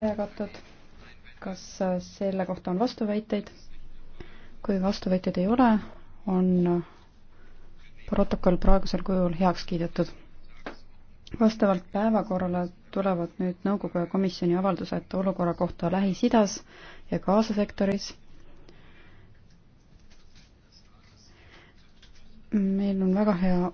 jagatud. kas äh, selle kohta on vastuväiteid? kui vastuväiteid ei ole, on äh, protokoll praegusel kujul heaks kiidetud. vastavalt päevakorrale tulevad nüüd nõukogu ja komisjoni avaldused olukorra kohta Lähis-Idas ja Gaza sektoris. meil on väga hea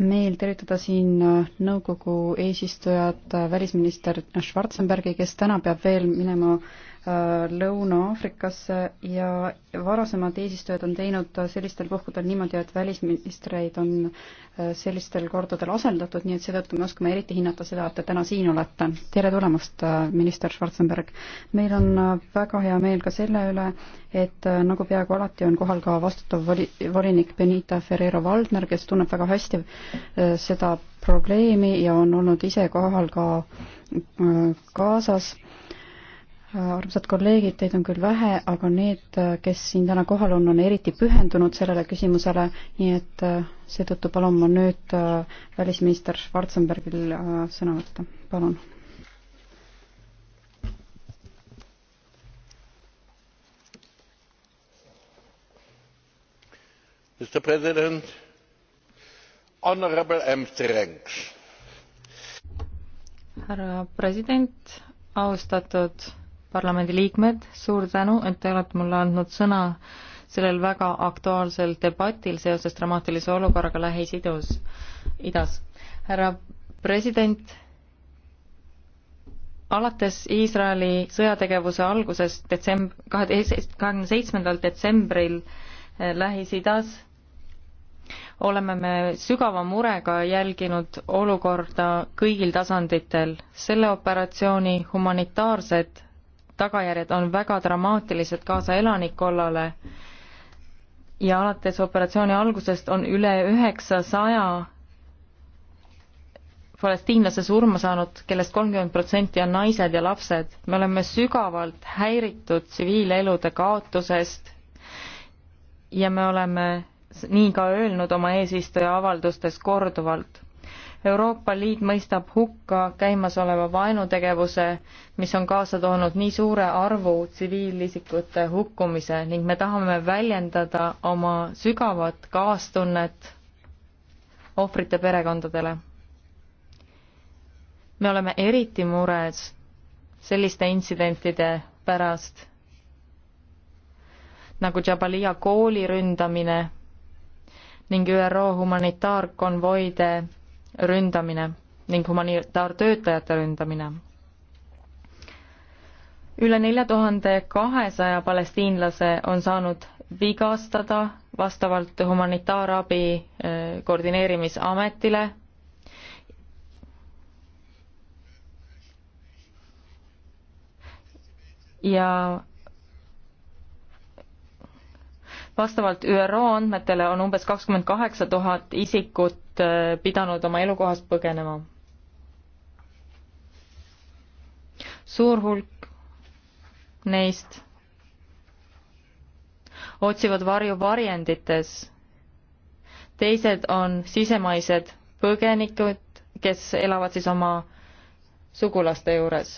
meel tervitada siin äh, nõukogu eesistujat, äh, välisminister Schwarzenbergi, kes täna peab veel minema Äh, Lõuna-Aafrikasse ja varasemad eesistujad on teinud äh, sellistel puhkudel niimoodi, et välisministreid on äh, sellistel kordadel asendatud, nii et seetõttu me oskame eriti hinnata seda, et te täna siin olete. tere tulemast, minister Schwarzenberg! meil on väga hea meel ka selle üle, et nagu peaaegu alati on kohal ka vastutav voli-, volinik Benita Ferrero-Valdner, kes tunneb väga hästi seda probleemi ja on olnud ise kohal ka Gazas armsad kolleegid, teid on küll vähe, aga need, kes siin täna kohal on, on eriti pühendunud sellele küsimusele, nii et äh, seetõttu palun ma nüüd äh, välisminister Schwarzenbergil äh, sõna võtta, palun. Mr President, honorable Amsterranks. härra president, austatud parlamendiliikmed, suur tänu, et te olete mulle andnud sõna sellel väga aktuaalsel debatil seoses dramaatilise olukorraga Lähis-Idus, idas. härra president, alates Iisraeli sõjategevuse algusest detsemb-, kaheteist, kahekümne seitsmendal detsembril eh, Lähis-Idas oleme me sügava murega jälginud olukorda kõigil tasanditel. selle operatsiooni humanitaarsed tagajärjed on väga dramaatilised Gaza elanikkonnale ja alates operatsiooni algusest on üle üheksasaja palestiinlase surma saanud, kellest kolmkümmend protsenti on naised ja lapsed. me oleme sügavalt häiritud tsiviilelude kaotusest ja me oleme nii ka öelnud oma eesistuja avaldustes korduvalt. Euroopa Liit mõistab hukka käimasoleva vaenutegevuse, mis on kaasa toonud nii suure arvu tsiviilisikute hukkumise ning me tahame väljendada oma sügavat kaastunnet ohvrite perekondadele. me oleme eriti mures selliste intsidentide pärast nagu Jabalia kooli ründamine ning ÜRO humanitaarkonvoide ründamine ning humanitaartöötajate ründamine. üle nelja tuhande kahesaja palestiinlase on saanud vigastada vastavalt humanitaarabi eh, koordineerimisametile ja vastavalt ÜRO andmetele on umbes kakskümmend kaheksa tuhat isikut äh, pidanud oma elukohast põgenema. suur hulk neist otsivad varju varjendites, teised on sisemaised põgenikud, kes elavad siis oma sugulaste juures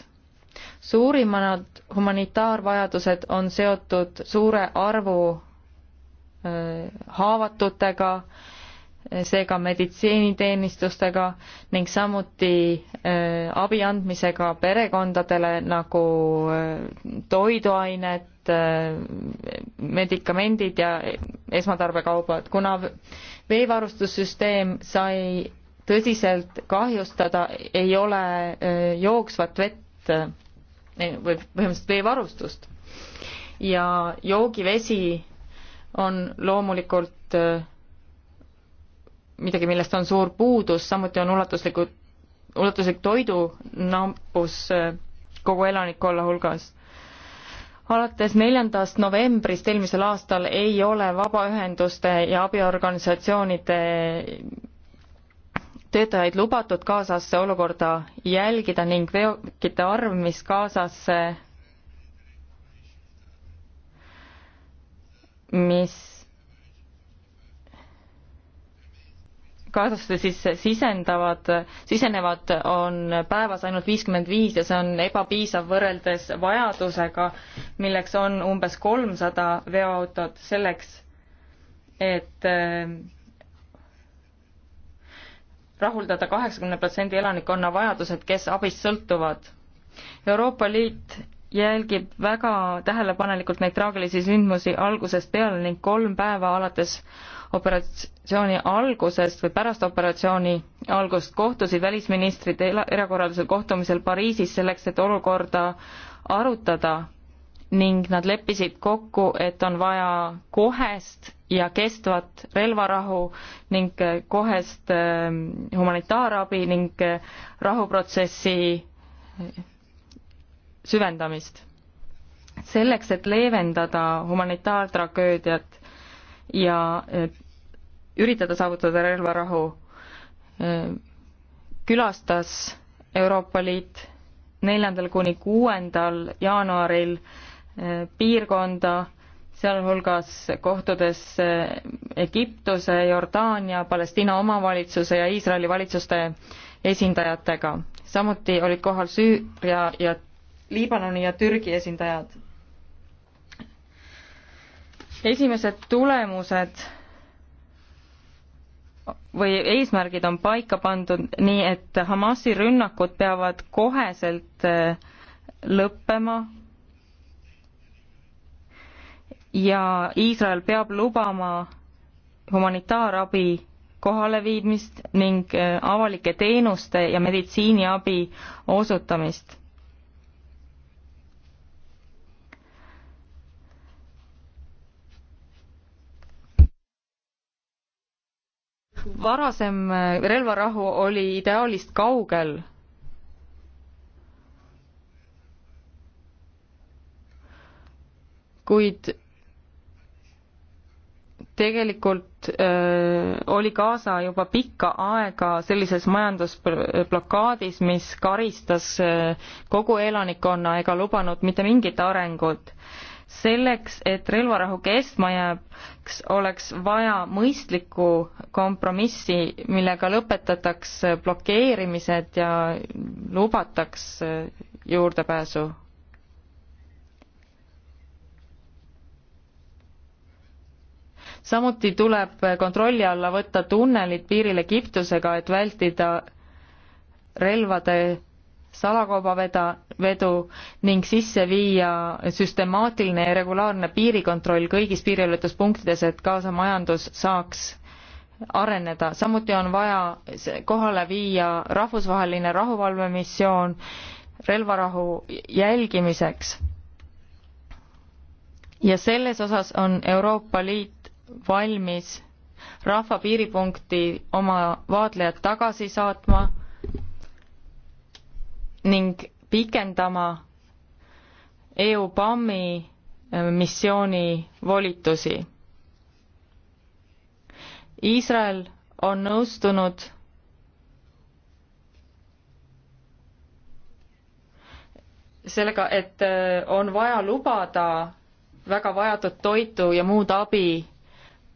suurimad humanitaarvajadused on seotud suure arvu haavatutega, seega meditsiiniteenistustega ning samuti äh, abi andmisega perekondadele nagu äh, toiduained, äh, medikamendid ja esmatarbekaubad, kuna veevarustussüsteem sai tõsiselt kahjustada, ei ole jooksvat vett või põhimõtteliselt veevarustust. ja joogivesi on loomulikult äh, midagi, millest on suur puudus, samuti on ulatuslikud, ulatuslik toidunappus äh, kogu elanikkonna hulgas. alates neljandast novembrist eelmisel aastal ei ole vabaühenduste ja abiorganisatsioonide töötajaid lubatud Gazasse olukorda jälgida ning veokite arv, mis Gazasse mis kaasasse siis sisendavad, sisenevad, on päevas ainult viiskümmend viis ja see on ebapiisav võrreldes vajadusega, milleks on umbes kolmsada veoautot selleks, et äh, rahuldada kaheksakümne protsendi elanikkonna vajadused, kes abist sõltuvad. Euroopa Liit jälgib väga tähelepanelikult neid traagilisi sündmusi algusest peale ning kolm päeva alates operatsiooni algusest või pärast operatsiooni algust kohtusid välisministrid erakorralisel kohtumisel Pariisis selleks, et olukorda arutada ning nad leppisid kokku, et on vaja kohest ja kestvat relvarahu ning äh, kohest ähm, humanitaarabi ning äh, rahuprotsessi äh, süvendamist. selleks, et leevendada humanitaartragöödiat ja eh, üritada saavutada relvarahu, eh, külastas Euroopa Liit neljandal kuni kuuendal jaanuaril eh, piirkonda, sealhulgas kohtudes Egiptuse, Jordaania, Palestiina omavalitsuse ja Iisraeli valitsuste esindajatega. samuti olid kohal Süüria ja Liibanoni ja Türgi esindajad. esimesed tulemused või eesmärgid on paika pandud nii, et Hamasi rünnakud peavad koheselt eh, lõppema ja Iisrael peab lubama humanitaarabi kohaleviimist ning eh, avalike teenuste ja meditsiiniabi osutamist varasem äh, relvarahu oli ideaalist kaugel. kuid tegelikult öö, äh, oli Gaza juba pikka aega sellises majandusblokaadis, mis karistas öö, äh, kogu elanikkonna ega lubanud mitte mingit arengut selleks, et relvarahu kestma jääks, oleks vaja mõistlikku kompromissi, millega lõpetataks blokeerimised ja lubataks juurdepääsu samuti tuleb kontrolli alla võtta tunnelid piiril Egiptusega, et vältida relvade salakaubavedu ning sisse viia süstemaatiline ja regulaarne piirikontroll kõigis piiriületuspunktides, et Gaza majandus saaks areneda, samuti on vaja kohale viia rahvusvaheline rahuvalvemissioon relvarahu jälgimiseks. ja selles osas on Euroopa Liit valmis rahva piiripunkti oma vaatlejad tagasi saatma ning pikendama EUBAM-i äh, missiooni volitusi. Iisrael on nõustunud sellega, et äh, on vaja lubada väga vajatud toitu ja muud abi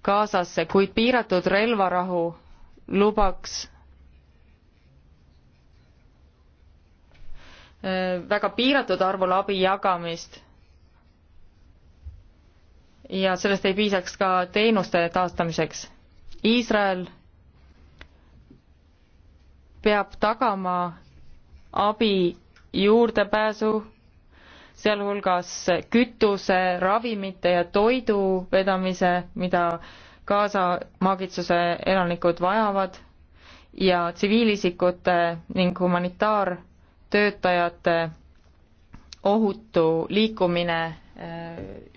Gazasse, kuid piiratud relvarahu lubaks Äh, väga piiratud arvul abi jagamist ja sellest ei piisaks ka teenuste taastamiseks. Iisrael peab tagama abi juurdepääsu, sealhulgas kütuse, ravimite ja toidu vedamise, mida Gaza maagitsuse elanikud vajavad ja tsiviilisikute ning humanitaar- töötajate ohutu liikumine äh,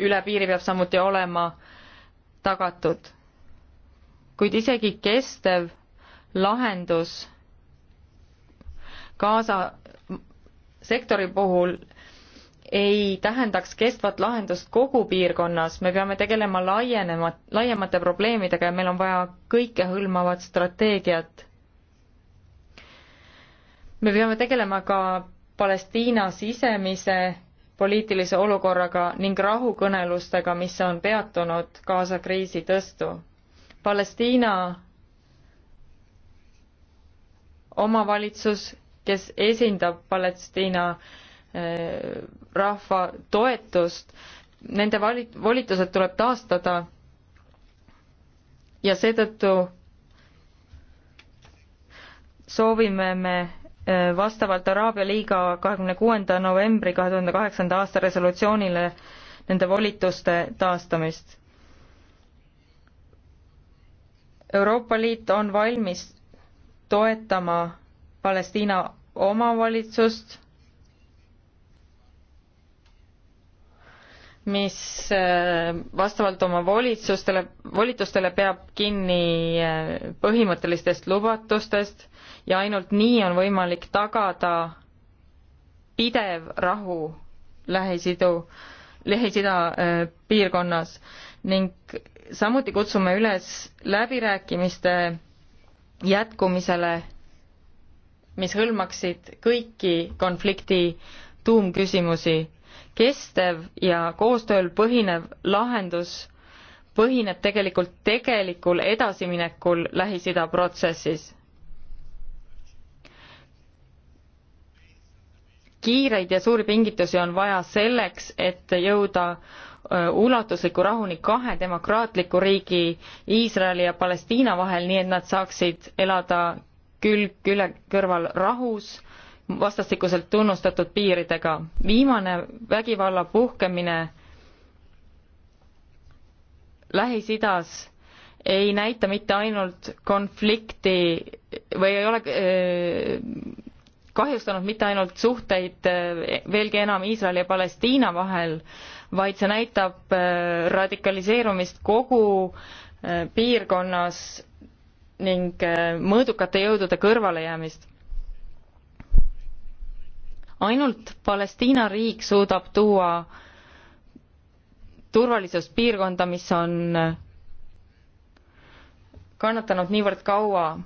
üle piiri peab samuti olema tagatud. kuid isegi kestev lahendus Gaza sektori puhul ei tähendaks kestvat lahendust kogu piirkonnas, me peame tegelema laienema, laiemate probleemidega ja meil on vaja kõikehõlmavat strateegiat me peame tegelema ka Palestiina sisemise poliitilise olukorraga ning rahukõnelustega, mis on peatunud Gaza kriisi tõttu. Palestiina omavalitsus, kes esindab Palestiina eh, rahva toetust, nende vali-, volitused tuleb taastada ja seetõttu soovime me vastavalt Araabia liiga kahekümne kuuenda novembri kahe tuhande kaheksanda aasta resolutsioonile nende volituste taastamist. Euroopa Liit on valmis toetama Palestiina omavalitsust, mis äh, vastavalt oma volitsustele, volitustele peab kinni äh, põhimõttelistest lubatustest ja ainult nii on võimalik tagada pidev rahu Lähis-Idu, Lähis-Ida äh, piirkonnas ning samuti kutsume üles läbirääkimiste jätkumisele, mis hõlmaksid kõiki konflikti tuumküsimusi. kestev ja koostööl põhinev lahendus põhineb tegelikult tegelikul edasiminekul Lähis-Ida protsessis kiireid ja suuri pingitusi on vaja selleks, et jõuda ulatusliku rahuni kahe demokraatliku riigi, Iisraeli ja Palestiina vahel, nii et nad saaksid elada külg külje kõrval rahus, vastastikuselt tunnustatud piiridega. viimane vägivalla puhkemine Lähis-Idas ei näita mitte ainult konflikti või ei ole kahjustanud mitte ainult suhteid eh, veelgi enam Iisraeli ja Palestiina vahel, vaid see näitab eh, radikaliseerumist kogu eh, piirkonnas ning mõõdukate jõudude kõrvalejäämist. ainult Palestiina riik suudab tuua turvalisust piirkonda, mis on kannatanud niivõrd kaua.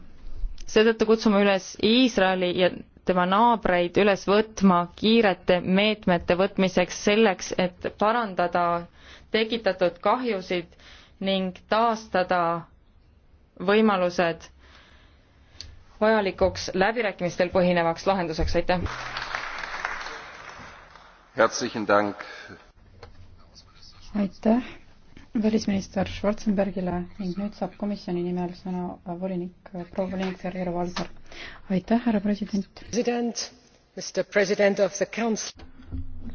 seetõttu kutsume üles Iisraeli ja tema naabreid üles võtma kiirete meetmete võtmiseks selleks, et parandada tekitatud kahjusid ning taastada võimalused vajalikuks läbirääkimistel põhinevaks lahenduseks, aitäh! aitäh välisminister Schwarzenbergile ning nüüd saab komisjoni nimel sõna volinik, proua volinik Sergei Revalver aitäh, härra president, president!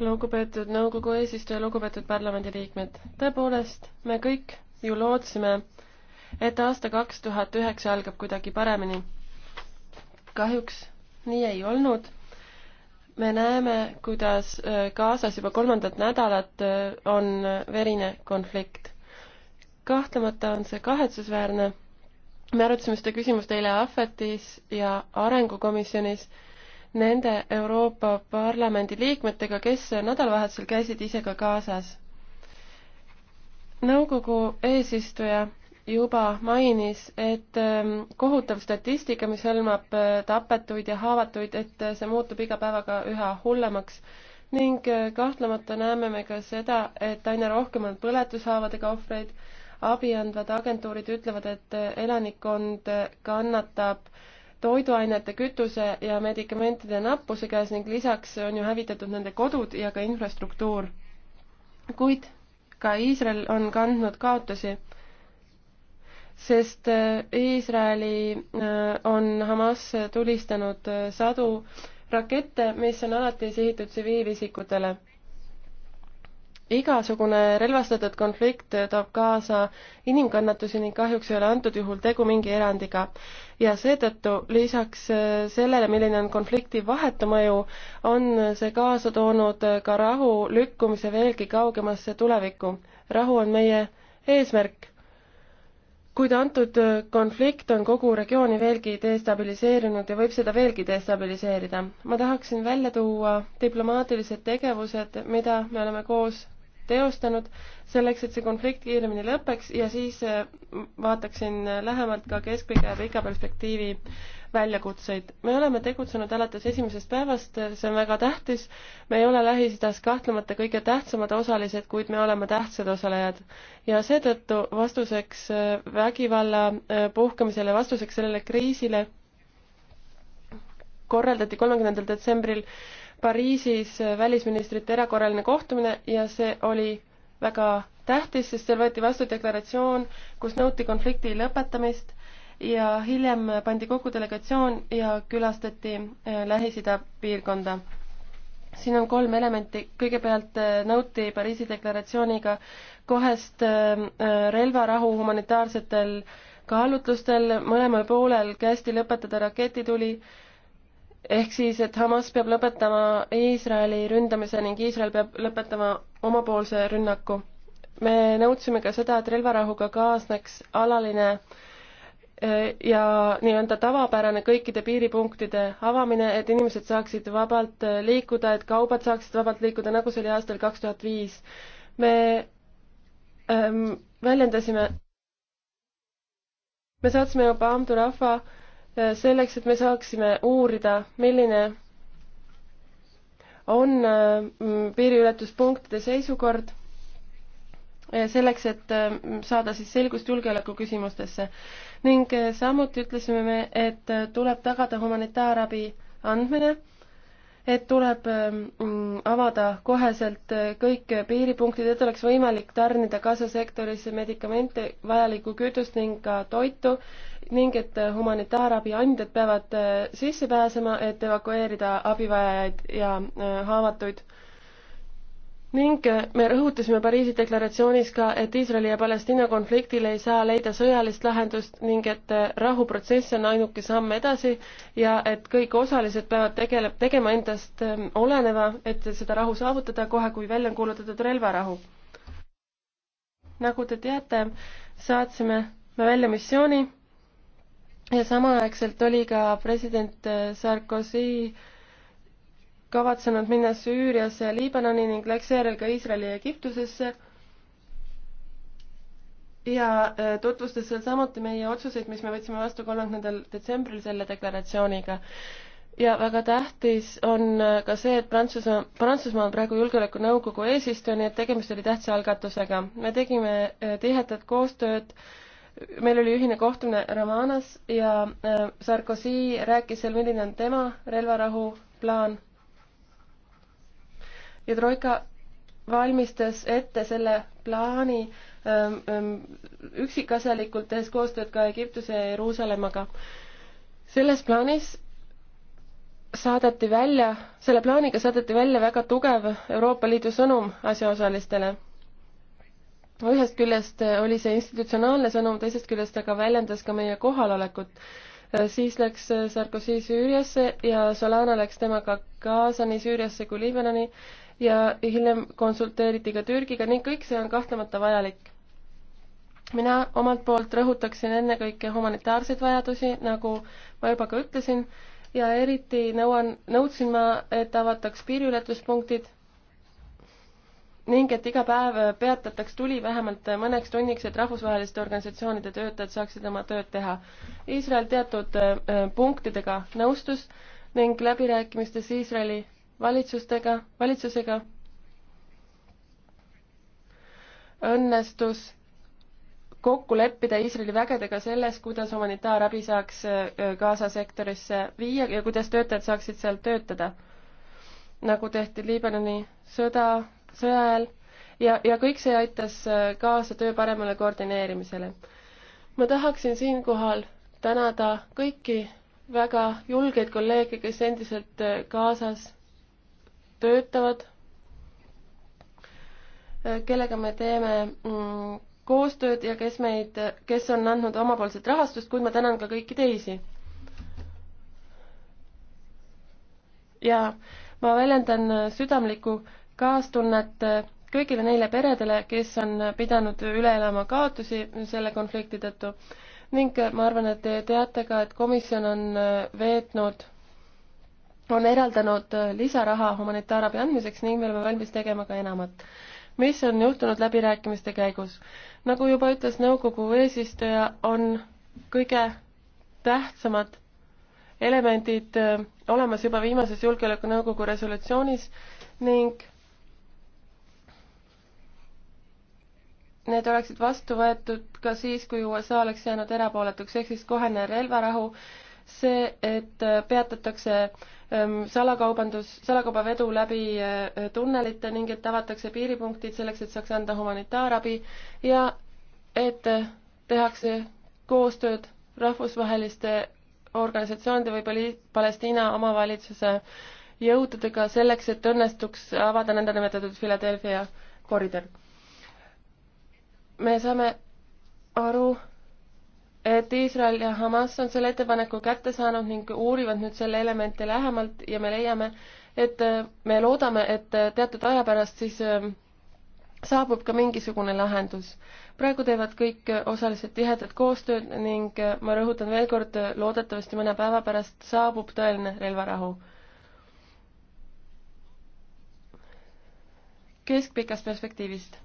lugupeetud nõukogu eesistuja, lugupeetud parlamendiliikmed, tõepoolest, me kõik ju lootsime, et aasta kaks tuhat üheksa algab kuidagi paremini. kahjuks nii ei olnud me näeme, kuidas Gazas äh, juba kolmandat nädalat äh, on verine konflikt. kahtlemata on see kahetsusväärne me arutasime seda küsimust eile Ahvetis ja Arengukomisjonis nende Euroopa Parlamendi liikmetega, kes nädalavahetusel käisid ise ka kaasas. nõukogu eesistuja juba mainis, et ähm, kohutav statistika, mis hõlmab äh, tapetuid ja haavatuid, et äh, see muutub iga päevaga üha hullemaks ning äh, kahtlemata näeme me ka seda, et aina rohkem on põletushaavadega ohvreid abi andvad agentuurid ütlevad, et elanikkond kannatab toiduainete, kütuse ja medikamentide nappuse käes ning lisaks on ju hävitatud nende kodud ja ka infrastruktuur. kuid ka Iisrael on kandnud kaotusi, sest äh, Iisraeli äh, on Hamas tulistanud äh, sadu rakette, mis on alati sihitud tsiviilisikutele igasugune relvastatud konflikt toob kaasa inimkannatusi ning kahjuks ei ole antud juhul tegu mingi erandiga. ja seetõttu lisaks äh, sellele, milline on konflikti vahetu mõju, on see kaasa toonud ka rahu lükkumise veelgi kaugemasse tulevikku. rahu on meie eesmärk kuid antud äh, konflikt on kogu regiooni veelgi destabiliseerinud ja võib seda veelgi destabiliseerida. ma tahaksin välja tuua diplomaatilised tegevused, mida me oleme koos teostanud, selleks et see konflikt kiiremini lõpeks ja siis äh, vaataksin äh, lähemalt ka keskpika ja pika perspektiivi väljakutseid. me oleme tegutsenud alates esimesest päevast, äh, see on väga tähtis. me ei ole Lähis-Idas kahtlemata kõige tähtsamad osalised, kuid me oleme tähtsad osalejad. ja seetõttu vastuseks vägivalla puhkemisele, vastuseks sellele kriisile korraldati kolmekümnendal detsembril Pariisis välisministrite erakorraline kohtumine ja see oli väga tähtis, sest seal võeti vastu deklaratsioon, kus nõuti konflikti lõpetamist ja hiljem pandi kokku delegatsioon ja külastati äh, Lähis-Ida piirkonda. siin on kolm elementi, kõigepealt äh, nõuti Pariisi deklaratsiooniga kohest äh, relvarahu humanitaarsetel kaalutlustel, mõlemal poolel kästi lõpetada raketituli ehk siis, et Hamas peab lõpetama Iisraeli ründamise ning Iisrael peab lõpetama omapoolse rünnaku. me nõudsime ka seda, et relvarahuga kaasneks alaline e, ja nii-öelda tavapärane kõikide piiripunktide avamine, et inimesed saaksid vabalt e, liikuda, et kaubad saaksid vabalt liikuda, nagu see oli aastal kaks tuhat viis. me ähm, väljendasime me saatsime Obamdu rahva selleks, et me saaksime uurida, milline on mm, piiriületuspunktide seisukord, selleks, et mm, saada siis selgust julgeoleku küsimustesse. ning samuti ütlesime me, et tuleb tagada humanitaarabi andmine et tuleb ähm, avada koheselt äh, kõik piiripunktid, et oleks võimalik tarnida kasvusektorisse medikamente, vajalikku kütust ning ka toitu ning et äh, humanitaarabi andjad peavad äh, sisse pääsema, et evakueerida abivajajaid ja haavatuid ning äh, me rõhutasime Pariisi deklaratsioonis ka, et Iisraeli ja Palestiina konfliktil ei saa leida sõjalist lahendust ning et äh, rahuprotsess on ainuke samm edasi ja et kõik osalised peavad tegele-, tegema endast ähm, oleneva, et seda rahu saavutada kohe, kui välja on kuulutatud relvarahu. nagu te teate, saatsime me välja missiooni ja samaaegselt oli ka president äh, Sarkozy kavatsenud minna Süüriasse ja Liibanoni ning läks seejärel ka Iisraeli ja Egiptusesse ja äh, tutvustas seal samuti meie otsuseid, mis me võtsime vastu kolmandal detsembril selle deklaratsiooniga. ja väga tähtis on äh, ka see, et Prantsusmaa, Prantsusmaa on praegu Julgeolekunõukogu eesistuja, nii et tegemist oli tähtsa algatusega. me tegime äh, tihedat koostööd meil oli ühine kohtumine Ramanas ja Sarkozy rääkis seal, milline on tema relvarahu plaan ja Troika valmistas ette selle plaani ähm, ähm, üksikasjalikult, tehes koostööd ka Egiptuse ja Jeruusalemmaga. selles plaanis saadeti välja, selle plaaniga saadeti välja väga tugev Euroopa Liidu sõnum asjaosalistele. ühest küljest oli see institutsionaalne sõnum, teisest küljest aga väljendas ka meie kohalolekut. Äh, siis läks äh, Sarkozy Süüriasse ja Solana läks temaga ka Kaasani Süüriasse kui Liibanoni ja hiljem konsulteeriti ka Türgiga ning kõik see on kahtlemata vajalik. mina omalt poolt rõhutaksin ennekõike humanitaarseid vajadusi, nagu ma juba ka ütlesin, ja eriti nõuan, nõudsin ma, et avataks piiriületuspunktid ning et iga päev peatataks tuli vähemalt mõneks tunniks, et rahvusvaheliste organisatsioonide töötajad saaksid oma tööd teha. Iisrael teatud äh, punktidega nõustus ning läbirääkimistes Iisraeli valitsustega, valitsusega õnnestus kokku leppida Iisraeli vägedega selles, kuidas humanitaarabi saaks äh, Gaza sektorisse viia ja kuidas töötajad saaksid seal töötada, nagu tehti Liibanoni sõda, sõja ajal ja, ja kõik see aitas kaasa äh, töö paremale koordineerimisele. ma tahaksin siinkohal tänada kõiki väga julgeid kolleege, kes endiselt äh, Gazas töötavad, kellega me teeme mm, koostööd ja kes meid, kes on andnud omapoolset rahastust, kuid ma tänan ka kõiki teisi. ja ma väljendan südamlikku kaastunnet kõigile neile peredele, kes on pidanud üle elama kaotusi selle konflikti tõttu ning ma arvan, et te teate ka, et komisjon on äh, veetnud on eraldanud äh, lisaraha humanitaarabi andmiseks ning me oleme valmis tegema ka enamat. mis on juhtunud läbirääkimiste käigus? nagu juba ütles nõukogu eesistuja, on kõige tähtsamad elemendid äh, olemas juba viimases Julgeolekunõukogu resolutsioonis ning need oleksid vastu võetud ka siis, kui USA oleks jäänud erapooletuks, ehk siis kohene relvarahu see, et peatatakse ähm, salakaubandus, salakaubavedu läbi äh, tunnelite ning et avatakse piiripunktid selleks, et saaks anda humanitaarabi ja et äh, tehakse koostööd rahvusvaheliste organisatsioonide või pali-, Palestiina omavalitsuse jõududega selleks, et õnnestuks avada nõndanimetatud Philadelphia koridor. me saame aru, et Iisrael ja Hamas on selle ettepaneku kätte saanud ning uurivad nüüd selle elemente lähemalt ja me leiame, et äh, me loodame, et äh, teatud aja pärast siis äh, saabub ka mingisugune lahendus. praegu teevad kõik osalised tihedat koostööd ning ma rõhutan veel kord, loodetavasti mõne päeva pärast saabub tõeline relvarahu. keskpikast perspektiivist.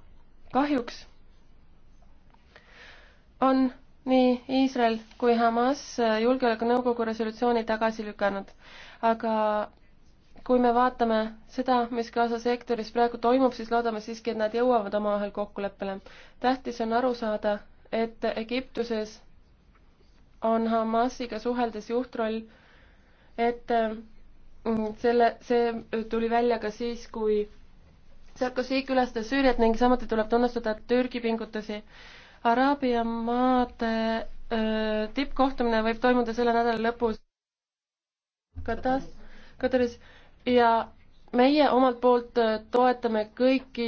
kahjuks on nii Iisrael kui Hamas äh, Julgeolekunõukogu resolutsiooni tagasi lükanud. aga kui me vaatame seda, mis Gaza sektoris praegu toimub, siis loodame siiski, et nad jõuavad omavahel kokkuleppele. tähtis on aru saada, et Egiptuses on Hamasiga suheldes juhtroll, et äh, mm, selle, see tuli välja ka siis, kui Sarkozy külastas Süüriat ning samuti tuleb tunnustada Türgi pingutusi Araabia maade tippkohtumine võib toimuda selle nädala lõpus Katas, Kataris ja meie omalt poolt toetame kõiki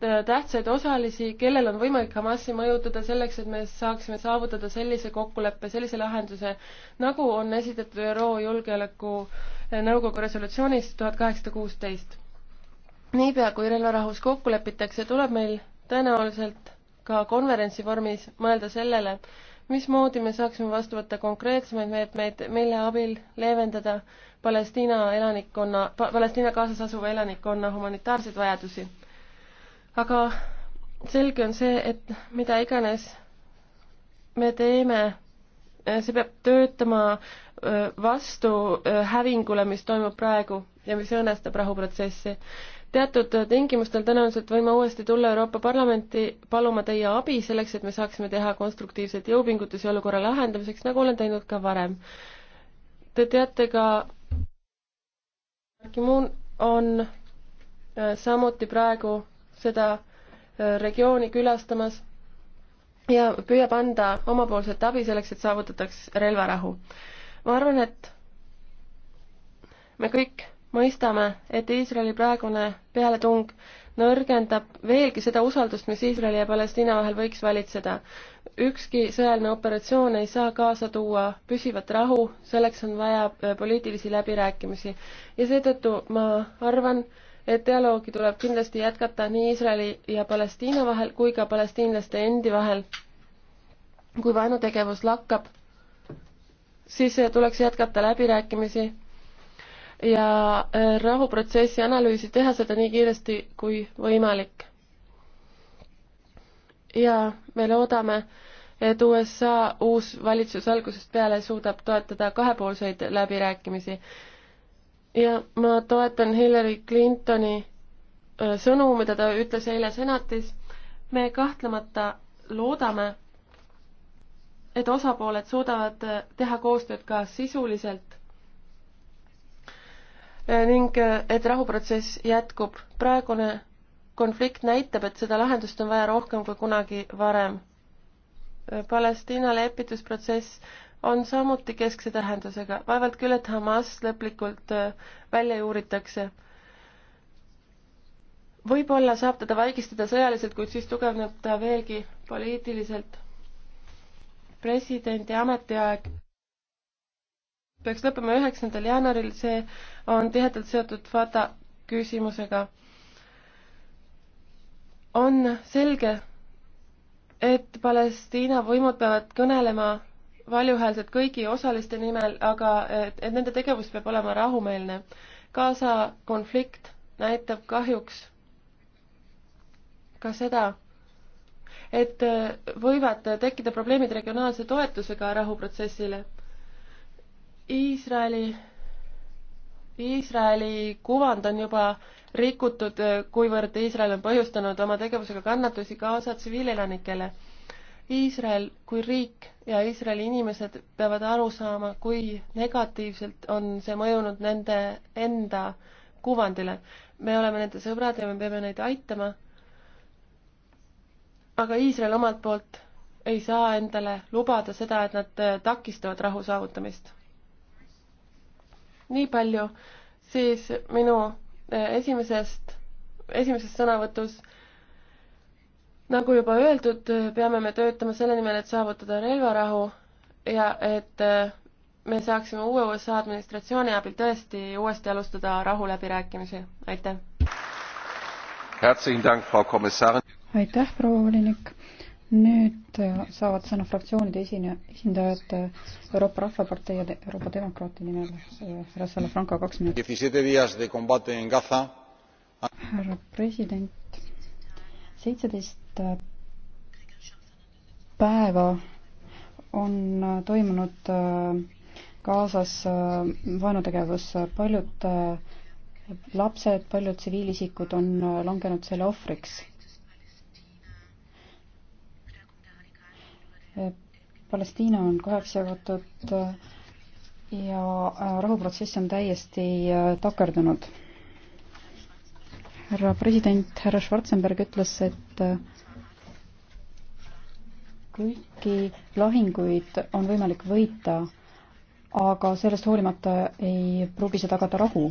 tähtsaid osalisi, kellel on võimalik Hamasi mõjutada selleks, et me saaksime saavutada sellise kokkuleppe, sellise lahenduse, nagu on esitatud ÜRO Julgeolekunõukogu resolutsioonis tuhat kaheksasada kuusteist. niipea, kui relvarahus kokku lepitakse, tuleb meil tõenäoliselt ka konverentsi vormis mõelda sellele, mismoodi me saaksime vastu võtta konkreetsemaid meetmeid, mille abil leevendada Palestiina elanikkonna, Palestiina kaasas asuva elanikkonna humanitaarseid vajadusi. aga selge on see, et mida iganes me teeme, see peab töötama vastu hävingule, mis toimub praegu ja mis õõnestab rahuprotsessi teatud tingimustel tõenäoliselt võime uuesti tulla Euroopa Parlamenti paluma teie abi selleks, et me saaksime teha konstruktiivseid jõupingutusi olukorra lahendamiseks, nagu olen teinud ka varem. Te teate ka, Kimun on äh, samuti praegu seda äh, regiooni külastamas ja püüab anda omapoolset abi selleks, et saavutataks relvarahu. ma arvan, et me kõik mõistame, et Iisraeli praegune pealetung nõrgendab veelgi seda usaldust, mis Iisraeli ja Palestiina vahel võiks valitseda. ükski sõjaline operatsioon ei saa kaasa tuua püsivat rahu, selleks on vaja äh, poliitilisi läbirääkimisi. ja seetõttu ma arvan, et dialoogi tuleb kindlasti jätkata nii Iisraeli ja Palestiina vahel kui ka palestiinlaste endi vahel. kui vaenutegevus lakkab, siis äh, tuleks jätkata läbirääkimisi ja äh, rahuprotsessi analüüsi teha seda nii kiiresti kui võimalik. ja me loodame, et USA uus valitsus algusest peale suudab toetada kahepoolseid läbirääkimisi. ja ma toetan Hillary Clintoni äh, sõnu, mida ta ütles eile senatis. me kahtlemata loodame, et osapooled suudavad äh, teha koostööd ka sisuliselt Äh, ning äh, et rahuprotsess jätkub. praegune konflikt näitab, et seda lahendust on vaja rohkem kui kunagi varem. Äh, Palestiina lepitusprotsess on samuti keskse tähendusega, vaevalt küll, et Hamas lõplikult välja juuritakse. võib-olla saab teda vaigistada sõjaliselt, kuid siis tugevneb ta veelgi poliitiliselt. presidendi ametiaeg peaks lõppema üheksandal jaanuaril, see on tihedalt seotud FATA küsimusega. on selge, et Palestiina võimud peavad kõnelema valjuhäälselt kõigi osaliste nimel, aga et, et nende tegevus peab olema rahumeelne. Gaza konflikt näitab kahjuks ka seda, et võivad tekkida probleemid regionaalse toetusega rahuprotsessile Iisraeli, Iisraeli kuvand on juba rikutud, kuivõrd Iisrael on põhjustanud oma tegevusega kannatusi kaasa tsiviilelanikele. Iisrael kui riik ja Iisraeli inimesed peavad aru saama, kui negatiivselt on see mõjunud nende enda kuvandile. me oleme nende sõbrad ja me peame neid aitama. aga Iisrael omalt poolt ei saa endale lubada seda, et nad takistavad rahu saavutamist nii palju siis minu äh, esimesest, esimeses sõnavõtus nagu juba öeldud, äh, peame me töötama selle nimel, et saavutada relvarahu ja et äh, me saaksime uue USA administratsiooni abil tõesti uuesti alustada rahuläbirääkimisi. aitäh! aitäh, proua volinik! nüüd äh, saavad sõna fraktsioonide esine-, esindajad äh, Euroopa Rahvapartei ja Euroopa Demokraati nimel. Äh, härra Salafranco, kaks minutit. härra president, seitseteist päeva on toimunud Gazas vaenutegevus, paljud lapsed, paljud tsiviilisikud on langenud selle ohvriks Palestiina on kaheks jagatud äh, ja äh, rahuprotsess on täiesti äh, takerdunud. härra president, härra Schwarzenberg ütles, et kõiki lahinguid on võimalik võita, aga sellest hoolimata ei pruugi see tagada rahu.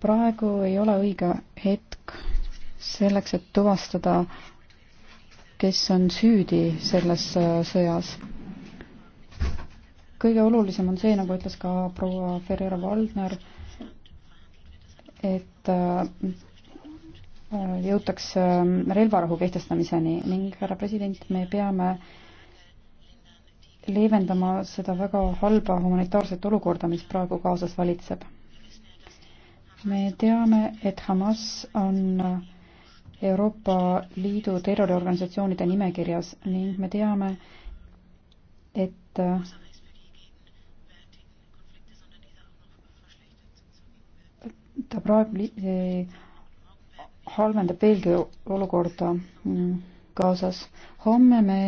praegu ei ole õige hetk selleks, et tuvastada kes on süüdi selles äh, sõjas. kõige olulisem on see, nagu ütles ka proua Ferrero Valdner, et äh, jõutakse äh, relvarahu kehtestamiseni ning härra president, me peame leevendama seda väga halba humanitaarset olukorda, mis praegu Gazas valitseb. me teame, et Hamas on Euroopa Liidu terroriorganisatsioonide nimekirjas ning me teame, et ta praegu halvendab veelgi olukorda mm, Gazas. homme me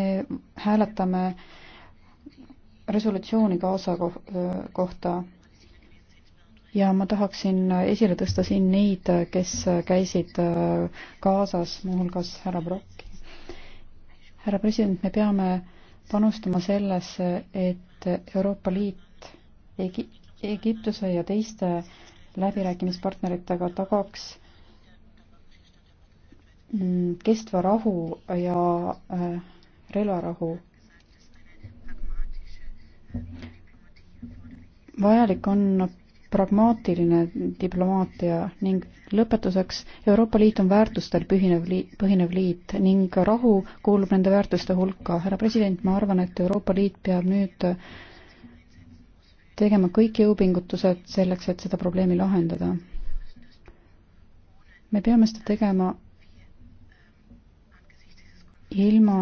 hääletame resolutsiooni Gaza kohta ja ma tahaksin esile tõsta siin neid, kes käisid Gazas, äh, muuhulgas härra Brocki. härra president, me peame panustama sellesse, et Euroopa Liit Egi-, Egiptuse ja teiste läbirääkimispartneritega tagaks mm, kestva rahu ja äh, relvarahu vajalik on pragmaatiline diplomaatia ning lõpetuseks, Euroopa Liit on väärtustel pühinev liit, põhinev liit ning rahu kuulub nende väärtuste hulka. härra president, ma arvan, et Euroopa Liit peab nüüd tegema kõik jõupingutused selleks, et seda probleemi lahendada. me peame seda tegema ilma,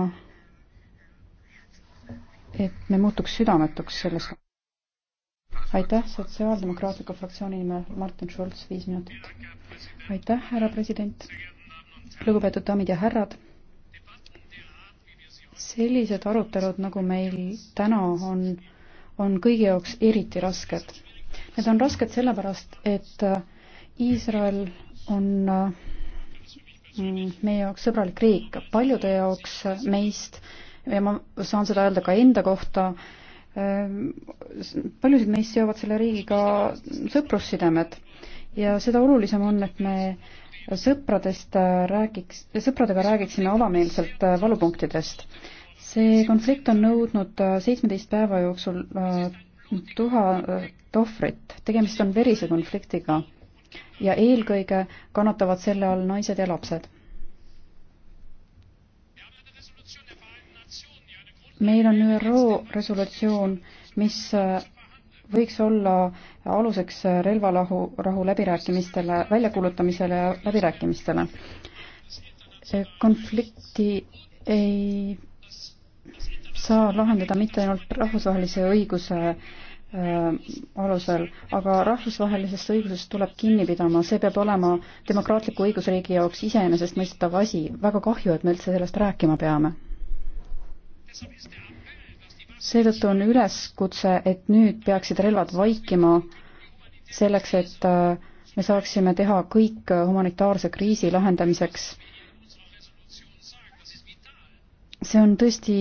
et me muutuks südametuks selles aitäh, Sotsiaaldemokraatliku fraktsiooni nimel Martin Schulz, viis minutit. aitäh, härra president. lugupeetud daamid ja härrad. sellised arutelud, nagu meil täna on, on kõigi jaoks eriti rasked. Need on rasked sellepärast, et äh, Iisrael on äh, meie jaoks sõbralik riik, paljude jaoks meist ja ma saan seda öelda ka enda kohta, Ehm, paljusid meist seovad selle riigiga sõprussidemed ja seda olulisem on, et me sõpradest äh, räägiks, sõpradega räägiksime avameelselt äh, valupunktidest. see konflikt on nõudnud äh, seitsmeteist päeva jooksul tuhat ohvrit, tegemist on verise konfliktiga ja eelkõige kannatavad selle all naised ja lapsed meil on ÜRO resolutsioon, mis äh, võiks olla aluseks relvarahu, rahu läbirääkimistele, väljakuulutamisele ja läbirääkimistele. konflikti ei saa lahendada mitte ainult rahvusvahelise õiguse äh, alusel, aga rahvusvahelisest õigusest tuleb kinni pidama, see peab olema demokraatliku õigusriigi jaoks iseenesestmõistetav asi. väga kahju, et me üldse sellest rääkima peame seetõttu on üleskutse, et nüüd peaksid relvad vaikima selleks, et äh, me saaksime teha kõik humanitaarse kriisi lahendamiseks. see on tõesti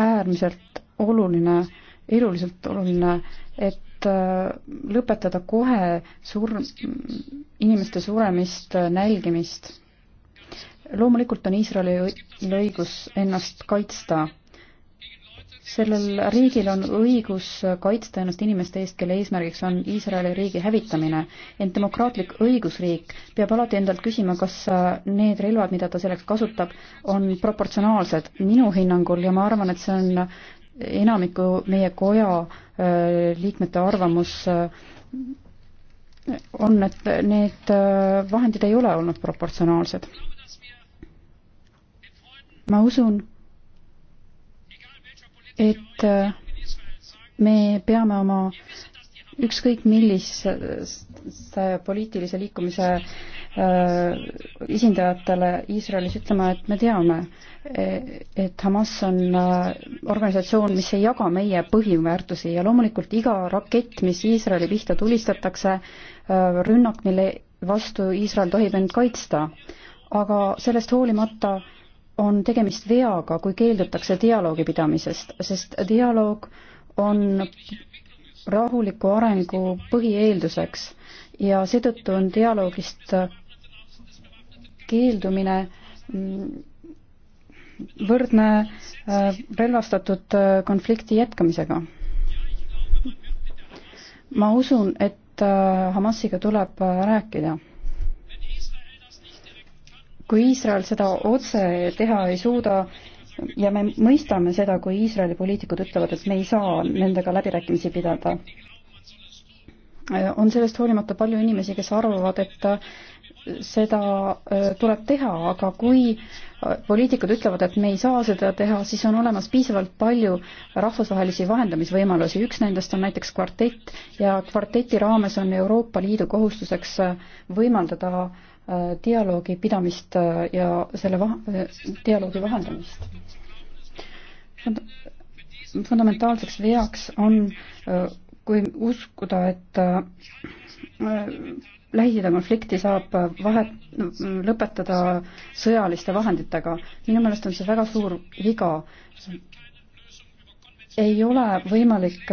äärmiselt oluline, eluliselt oluline, et äh, lõpetada kohe sur-, inimeste suremist, äh, nälgimist. loomulikult on Iisraelil õigus ennast kaitsta sellel riigil on õigus kaitsta ennast inimeste eest, kelle eesmärgiks on Iisraeli riigi hävitamine. ent demokraatlik õigusriik peab alati endalt küsima, kas need relvad, mida ta selleks kasutab, on proportsionaalsed minu hinnangul ja ma arvan, et see on enamiku meie koja äh, liikmete arvamus äh, on, et need äh, vahendid ei ole olnud proportsionaalsed. ma usun et äh, me peame oma ükskõik millise äh, poliitilise liikumise äh, esindajatele Iisraelis ütlema, et me teame, e, et Hamas on organisatsioon, mis ei jaga meie põhiväärtusi ja loomulikult iga rakett, mis Iisraeli pihta tulistatakse, rünnak, mille vastu Iisrael tohib end kaitsta. aga sellest hoolimata äh, on tegemist veaga, kui keeldutakse dialoogi pidamisest, sest dialoog on rahuliku arengu põhieelduseks ja seetõttu on dialoogist keeldumine mm, võrdne äh, relvastatud äh, konflikti jätkamisega. ma usun, et äh, Hamasiga tuleb rääkida kui Iisrael seda otse teha ei suuda ja me mõistame seda, kui Iisraeli poliitikud ütlevad, et me ei saa nendega läbirääkimisi pidada. on sellest hoolimata palju inimesi, kes arvavad, et seda äh, tuleb teha, aga kui äh, poliitikud ütlevad, et me ei saa seda teha, siis on olemas piisavalt palju rahvusvahelisi vahendamisvõimalusi, üks nendest on näiteks kvartett ja kvarteti raames on Euroopa Liidu kohustuseks äh, võimaldada äh, dialoogi pidamist äh, ja selle va-, dialoogi vahendamist. fundamentaalseks veaks on, äh, kui uskuda, et äh, Lähis-Ida konflikti saab vahet, lõpetada sõjaliste vahenditega. minu meelest on see väga suur viga. ei ole võimalik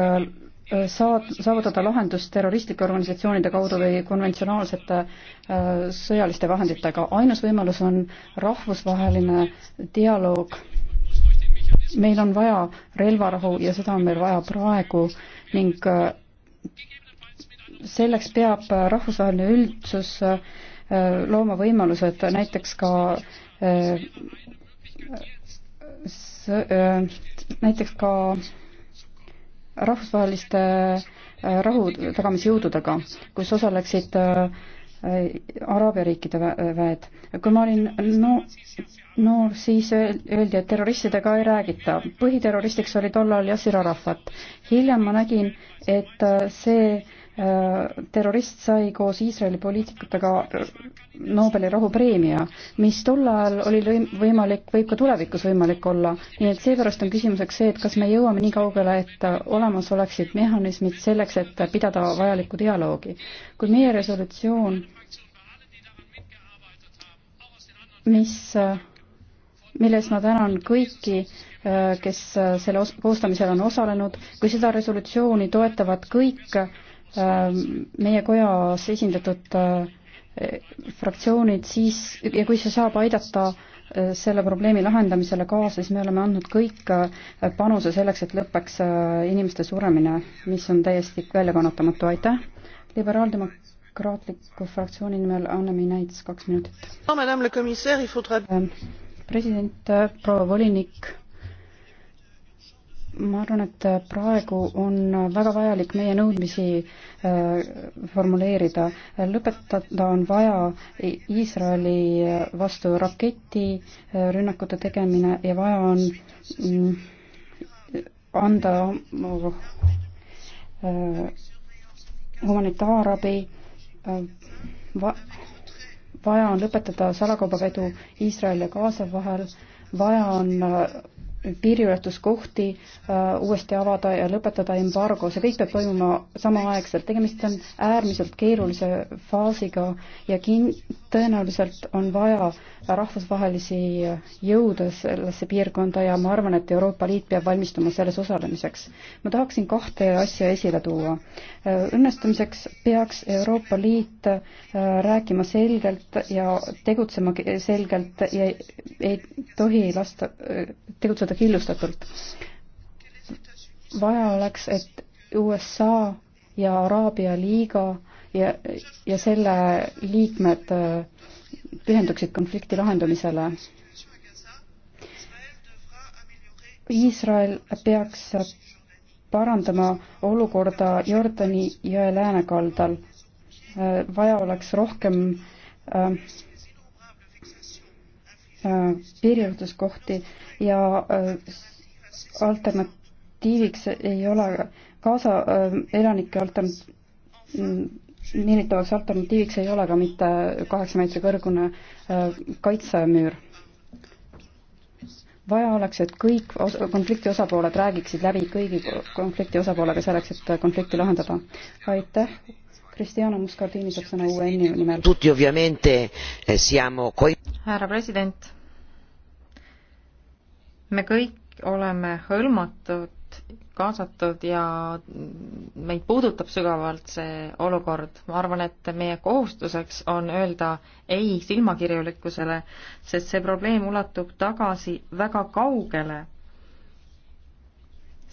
Äh, saad, saavutada lahendust terroristlike organisatsioonide kaudu või konventsionaalsete äh, sõjaliste vahenditega. ainus võimalus on rahvusvaheline dialoog. meil on vaja relvarahu ja seda on meil vaja praegu ning äh, selleks peab rahvusvaheline üldsus looma võimalused näiteks ka näiteks ka rahvusvaheliste äh, rahutagamisjõududega, kus osaleksid äh, Araabia riikide väed. kui ma olin no, noor, siis öeldi, et terroristidega ei räägita. põhiterroristiks oli tollal Yasser Arafat. hiljem ma nägin, et äh, see Äh, terrorist sai koos Iisraeli poliitikutega Nobeli rahupreemia, mis tol ajal oli võimalik, võib ka tulevikus võimalik olla. nii et seepärast on küsimuseks see, et kas me jõuame nii kaugele, et olemas oleksid mehhanismid selleks, et pidada vajalikku dialoogi. kui meie resolutsioon, mis, milles ma tänan kõiki äh, kes äh, selle koostamisel on osalenud, kui seda resolutsiooni toetavad kõik Ähm, meie kojas esindatud äh, fraktsioonid siis ja kui see saab aidata äh, selle probleemi lahendamisele kaasa, siis me oleme andnud kõik äh, panuse selleks, et lõpeks inimeste suremine, mis on täiesti väljakannatamatu, aitäh. liberaaldemokraatliku fraktsiooni nimel Anne-Mii Näits, kaks minutit. Ähm, president, proua volinik ma arvan, et praegu on väga vajalik meie nõudmisi äh, formuleerida. lõpetada on vaja Iisraeli vastu raketirünnakute äh, tegemine ja vaja on mm, anda äh, humanitaarabi va, vaja on lõpetada salakaubavedu Iisraeli ja Gaza vahel, vaja on piiriületuskohti äh, uuesti avada ja lõpetada embargo, see kõik peab toimuma samaaegselt, tegemist on äärmiselt keerulise faasiga ja kin-, tõenäoliselt on vaja rahvusvahelisi jõude sellesse piirkonda ja ma arvan, et Euroopa Liit peab valmistuma selles osalemiseks. ma tahaksin kahte asja esile tuua. Äh, õnnestumiseks peaks Euroopa Liit äh, rääkima selgelt ja tegutsema selgelt ja ei tohi lasta tegutseda killustatult. vaja oleks, et USA ja Araabia liiga ja, ja selle liikmed äh, pühenduksid konflikti lahendamisele. Iisrael peaks parandama olukorda Jordani jõe läänekaldal. Äh, vaja oleks rohkem äh, Äh, piiriületuskohti ja äh, alternatiiviks ei ole kaasa äh, elanike altern-, meelitavaks mm, alternatiiviks ei ole ka mitte kaheksa meetri kõrgune kaitsemüür vaja oleks, et kõik osa, konflikti osapooled räägiksid läbi kõigi konflikti osapoolega selleks, et konflikti lahendada. aitäh. Cristiano Muscardini saab sõna UN-i nimel. Eh, härra president, me kõik oleme hõlmatud, kaasatud ja meid puudutab sügavalt see olukord. ma arvan, et meie kohustuseks on öelda ei silmakirjulikkusele, sest see probleem ulatub tagasi väga kaugele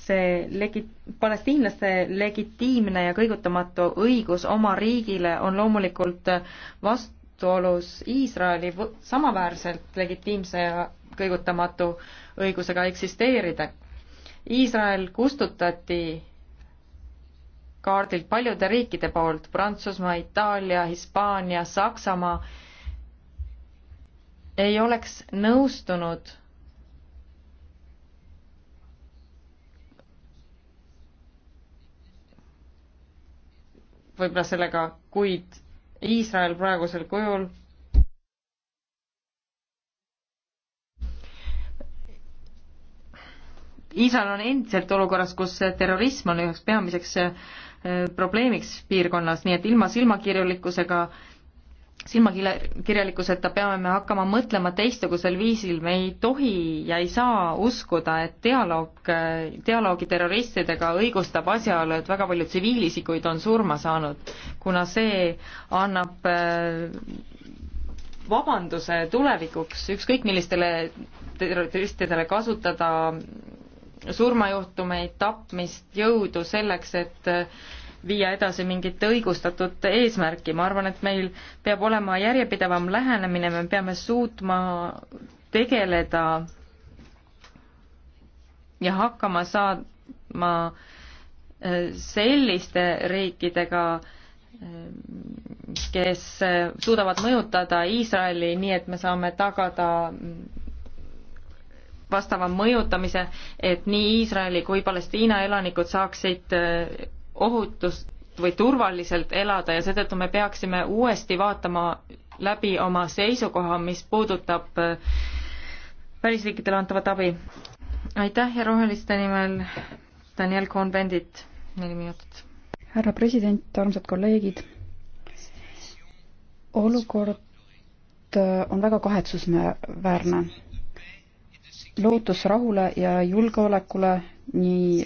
see legi-, palestiinlaste legitiimne ja kõigutamatu õigus oma riigile on loomulikult vastuolus Iisraeli samaväärselt legitiimse ja kõigutamatu õigusega eksisteerida. Iisrael kustutati kaardilt paljude riikide poolt, Prantsusmaa, Itaalia, Hispaania, Saksamaa, ei oleks nõustunud võib-olla sellega, kuid Iisrael praegusel kujul Iisrael on endiselt olukorras, kus terrorism on üheks peamiseks äh, probleemiks piirkonnas, nii et ilma silmakirjulikkusega silmakirjalikkuseta peame me hakkama mõtlema teistsugusel viisil, me ei tohi ja ei saa uskuda, et dialoog, äh, dialoogi terroristidega õigustab asjaolu, et väga palju tsiviilisikuid on surma saanud, kuna see annab äh, vabanduse tulevikuks ükskõik millistele terroristidele kasutada surmajuhtumeid, tapmist, jõudu selleks, et äh, viia edasi mingit õigustatud eesmärki, ma arvan, et meil peab olema järjepidevam lähenemine, me peame suutma tegeleda ja hakkama saama äh, selliste riikidega, äh, kes suudavad mõjutada Iisraeli nii, et me saame tagada mm, vastava mõjutamise, et nii Iisraeli kui Palestiina elanikud saaksid äh, ohutust või turvaliselt elada ja seetõttu me peaksime uuesti vaatama läbi oma seisukoha, mis puudutab äh, välisriikidele antavat abi. aitäh ja roheliste nimel Daniel Cohn-Bendit, neli minutit. härra president, armsad kolleegid, olukord äh, on väga kahetsusväärne lootus rahule ja julgeolekule nii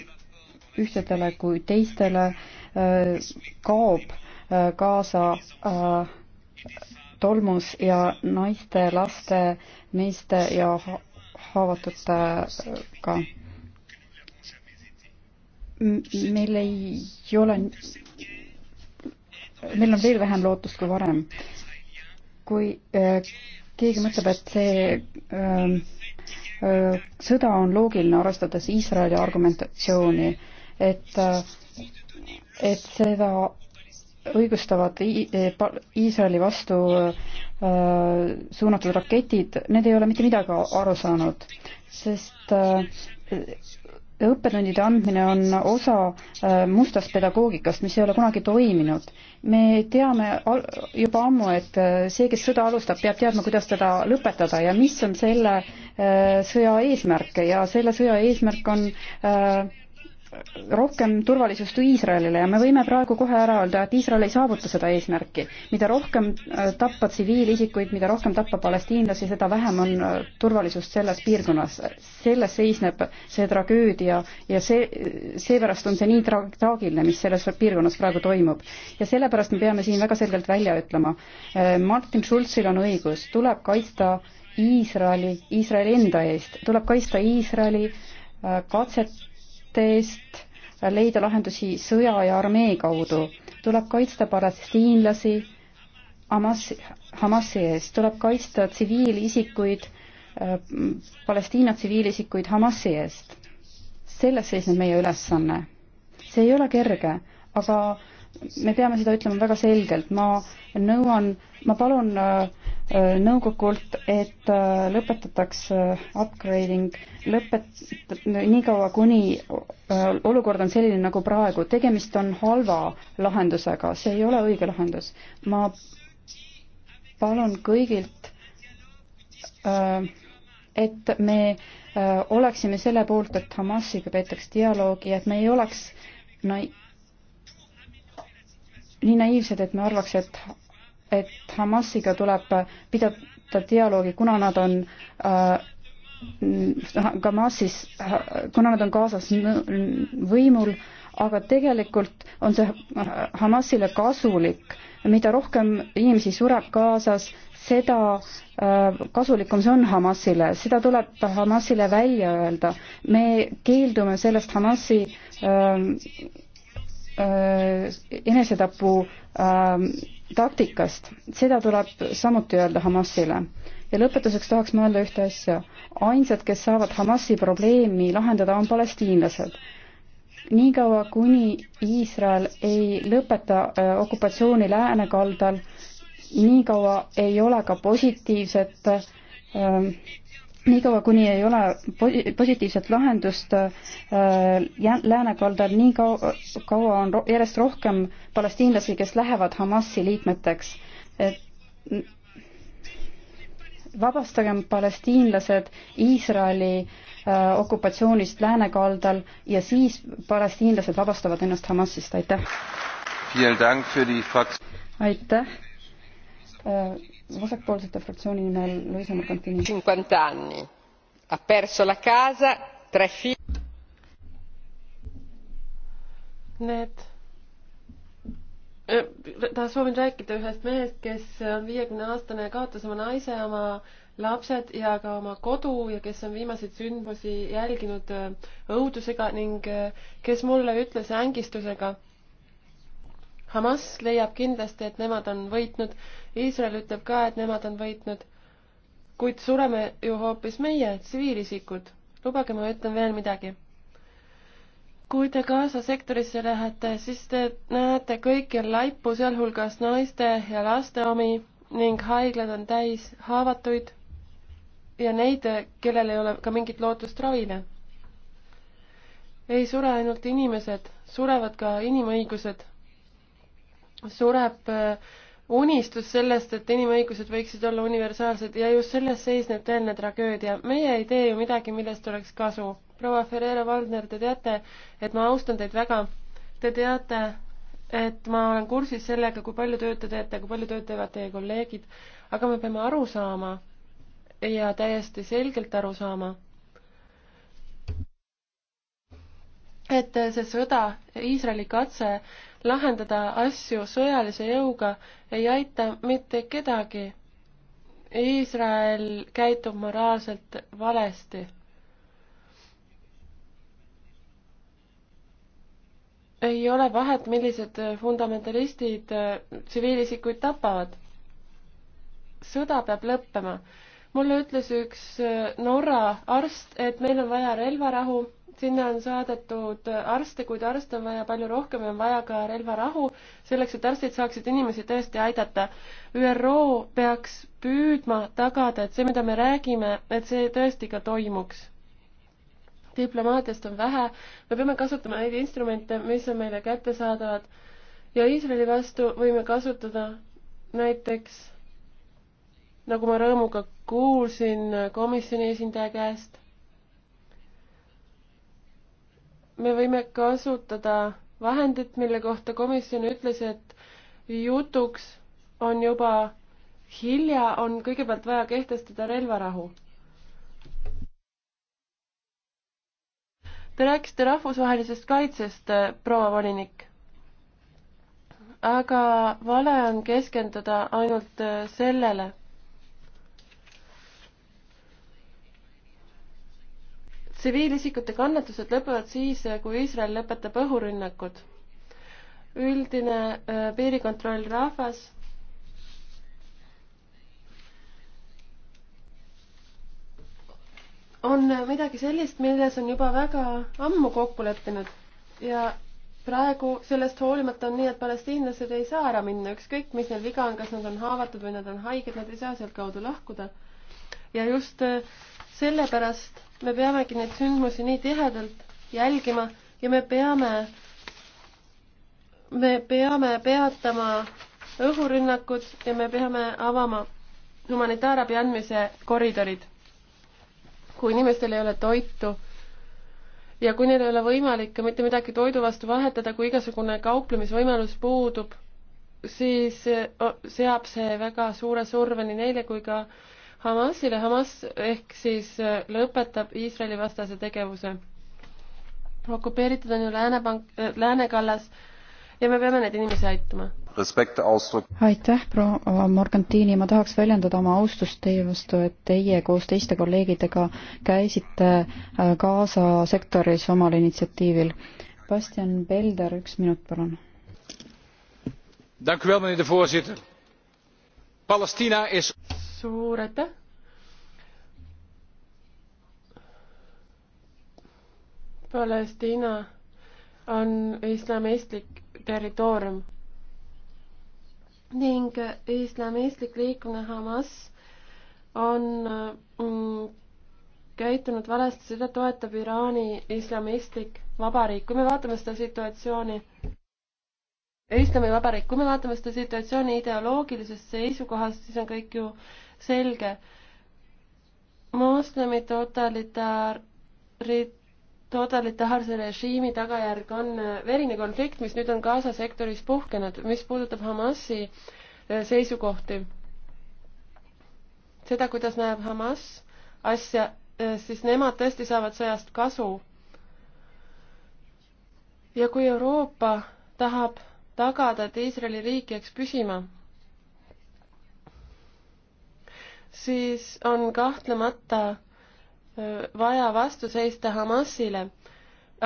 ühtedele kui teistele äh, kaob äh, kaasa äh, tolmus ja naiste, laste, meeste ja haavatutega. meil ei ole, meil on veel vähem lootust kui varem. kui keegi mõtleb, et see äh, sõda on loogiline, arvestades Iisraeli argumentatsiooni, et, et seda õigustavad e, Iisraeli vastu suunatud raketid, need ei ole mitte midagi aru saanud, sest õppetundide andmine on osa äh, mustast pedagoogikast, mis ei ole kunagi toiminud. me teame juba ammu, et äh, see, kes sõda alustab, peab teadma, kuidas teda lõpetada ja mis on selle äh, sõja eesmärk ja selle sõja eesmärk on äh, rohkem turvalisust Iisraelile ja me võime praegu kohe ära öelda, et Iisrael ei saavuta seda eesmärki. mida rohkem äh, tappa tsiviilisikuid, mida rohkem tappa palestiinlasi, seda vähem on äh, turvalisust selles piirkonnas. selles seisneb see tragöödia ja see, seepärast on see nii tra-, traagiline, mis selles piirkonnas praegu toimub. ja sellepärast me peame siin väga selgelt välja ütlema, äh, Martin Schulzil on õigus, tuleb kaitsta Iisraeli, Iisraeli enda eest, tuleb kaitsta Iisraeli katset eest leida lahendusi sõja ja armee kaudu. tuleb kaitsta palestiinlasi Hamas, Hamasi eest, tuleb kaitsta tsiviilisikuid, äh, Palestiina tsiviilisikuid Hamasi eest. selles seisneb meie ülesanne. see ei ole kerge, aga me peame seda ütlema väga selgelt, ma nõuan, ma palun äh, Äh, nõukogult, et äh, lõpetataks äh, upgrading lõpet-, niikaua, kuni olukord on selline nagu praegu. tegemist on halva lahendusega, see ei ole õige lahendus. ma palun kõigilt, et me oleksime selle poolt, et Hamasiga peetaks dialoogi, et me ei oleks nai- no,, nii naiivsed, et me arvaks, et et Hamasiga tuleb pidada dialoogi, kuna nad on äh, Hamasis, kuna nad on Gazas võimul, aga tegelikult on see Hamasile kasulik, mida rohkem inimesi sureb Gazas, seda äh, kasulikum see on Hamasile, seda tuleb Hamasile välja öelda. me keeldume sellest Hamasi äh, äh, enesetapu äh, taktikast, seda tuleb samuti öelda Hamasile. ja lõpetuseks tahaks ma öelda ühte asja. ainsad, kes saavad Hamasi probleemi lahendada, on palestiinlased. niikaua, kuni Iisrael ei lõpeta äh, okupatsiooni läänekaldal, niikaua ei ole ka positiivset äh, niikaua, kuni ei ole positiivset lahendust äh, läänekaldal, nii kaua, kaua on järjest rohkem palestiinlasi, kes lähevad Hamasi liikmeteks. vabastagem palestiinlased Iisraeli äh, okupatsioonist läänekaldal ja siis palestiinlased vabastavad ennast Hamasist, aitäh! aitäh! Äh, vasakpoolsete fraktsiooni nimel Luisa Mercantini. Ha perso la casa, tre figli. Need eh, ta soovin rääkida ühest mehest, kes on viiekümne aastane ja kaotas oma naise, oma lapsed ja ka oma kodu ja kes on viimaseid sündmusi jälginud eh, õudusega ning eh, kes mulle ütles ängistusega Hamas leiab kindlasti, et nemad on võitnud, Iisrael ütleb ka, et nemad on võitnud, kuid sureme ju hoopis meie, tsiviilisikud. lubage, ma ütlen veel midagi. kui te Gaza sektorisse lähete, siis te näete kõikjal laipu, sealhulgas naiste ja laste omi ning haiglad on täis haavatuid ja neid, kellel ei ole ka mingit lootust ravile ei sure ainult inimesed, surevad ka inimõigused sureb äh, unistus sellest, et inimõigused võiksid olla universaalsed ja just selles seisneb tõeline tragöödia. meie ei tee ju midagi, millest oleks kasu. proua Ferreira-Valdner, te teate, et ma austan teid väga. Te teate, et ma olen kursis sellega, kui palju tööd te teete, kui palju tööd teevad teie kolleegid, aga me peame aru saama ja täiesti selgelt aru saama, et see sõda, Iisraeli katse lahendada asju sõjalise jõuga ei aita mitte kedagi. Iisrael käitub moraalselt valesti. ei ole vahet, millised fundamentalistid äh, tsiviilisikuid tapavad. sõda peab lõppema mulle ütles üks äh, Norra arst, et meil on vaja relvarahu, sinna on saadetud arste, kuid arste on vaja palju rohkem ja on vaja ka relvarahu, selleks et arstid saaksid inimesi tõesti aidata. ÜRO peaks püüdma tagada, et see, mida me räägime, et see tõesti ka toimuks. diplomaatiast on vähe, me peame kasutama neid instrumente, mis on meile kättesaadavad ja Iisraeli vastu võime kasutada näiteks nagu ma rõõmuga kuulsin komisjoni esindaja käest, me võime kasutada vahendit, mille kohta komisjon ütles, et jutuks on juba hilja, on kõigepealt vaja kehtestada relvarahu. Te rääkisite rahvusvahelisest kaitsest, proua volinik. aga vale on keskenduda ainult sellele tsiviilisikute kannatused lõpevad siis, kui Iisrael lõpetab õhurünnakud. üldine äh, piirikontroll rahvas on midagi sellist, milles on juba väga ammu kokku leppinud ja praegu sellest hoolimata on nii, et palestiinlased ei saa ära minna, ükskõik mis neil viga on, kas nad on haavatud või nad on haiged, nad ei saa sealtkaudu lahkuda. ja just äh, sellepärast me peamegi neid sündmusi nii tihedalt jälgima ja me peame, me peame peatama õhurünnakud ja me peame avama humanitaarabi andmise koridorid. kui inimestel ei ole toitu ja kui neil ei ole võimalik ka mitte midagi toidu vastu vahetada, kui igasugune kauplemisvõimalus puudub, siis seab see väga suure surve nii neile kui ka äh, Hamasile. Hamas ehk siis äh, lõpetab Iisraeli vastase tegevuse. okupeeritud on ju läänepank, äh, läänekallas ja me peame neid inimesi aitama. aitäh, proua Morgantini, ma tahaks väljendada oma austust teie vastu, et teie koos teiste kolleegidega käisite äh, Gaza sektoris omal initsiatiivil. Bastian Belder, üks minut, palun. Dank u wel, meneer de voorzitter. Palestina is suur aitäh. Palestiina on islamistlik territoorium ning islamistlik liikumine Hamas on mm, käitunud valesti, seda toetab Iraani islamistlik vabariik. kui me vaatame seda situatsiooni, islamivabariik, kui me vaatame seda situatsiooni ideoloogilisest seisukohast, siis on kõik ju selge. moslemi totalitaar-, totalitaarse režiimi tagajärg on äh, verine konflikt, mis nüüd on Gaza sektoris puhkenud, mis puudutab Hamasi äh, seisukohti. seda, kuidas näeb Hamas asja, äh, siis nemad tõesti saavad sõjast kasu. ja kui Euroopa tahab tagada, et Iisraeli riik jääks püsima, siis on kahtlemata vaja vastu seista Hamasile.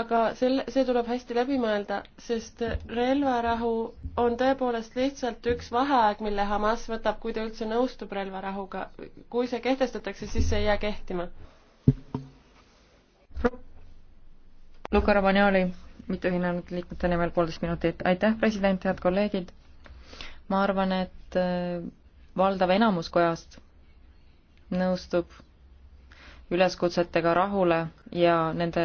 aga selle, see tuleb hästi läbi mõelda, sest relvarahu on tõepoolest lihtsalt üks vaheaeg, mille Hamas võtab, kui ta üldse nõustub relvarahuga. kui see kehtestatakse, siis see ei jää kehtima. Luka Rabanjali mitteühinenud liikmete nimel poolteist minutit. aitäh, president, head kolleegid! ma arvan, et äh, valdav enamus kojast nõustub üleskutsetega rahule ja nende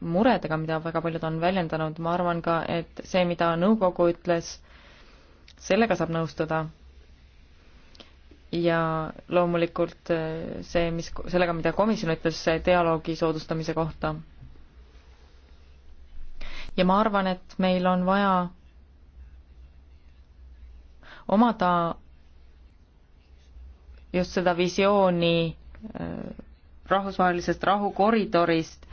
muredega, mida väga paljud on väljendanud, ma arvan ka, et see, mida nõukogu ütles, sellega saab nõustuda. ja loomulikult eh, see, mis, sellega, mida komisjon ütles dialoogi soodustamise kohta. ja ma arvan, et meil on vaja omada just seda visiooni äh, rahvusvahelisest rahukoridorist.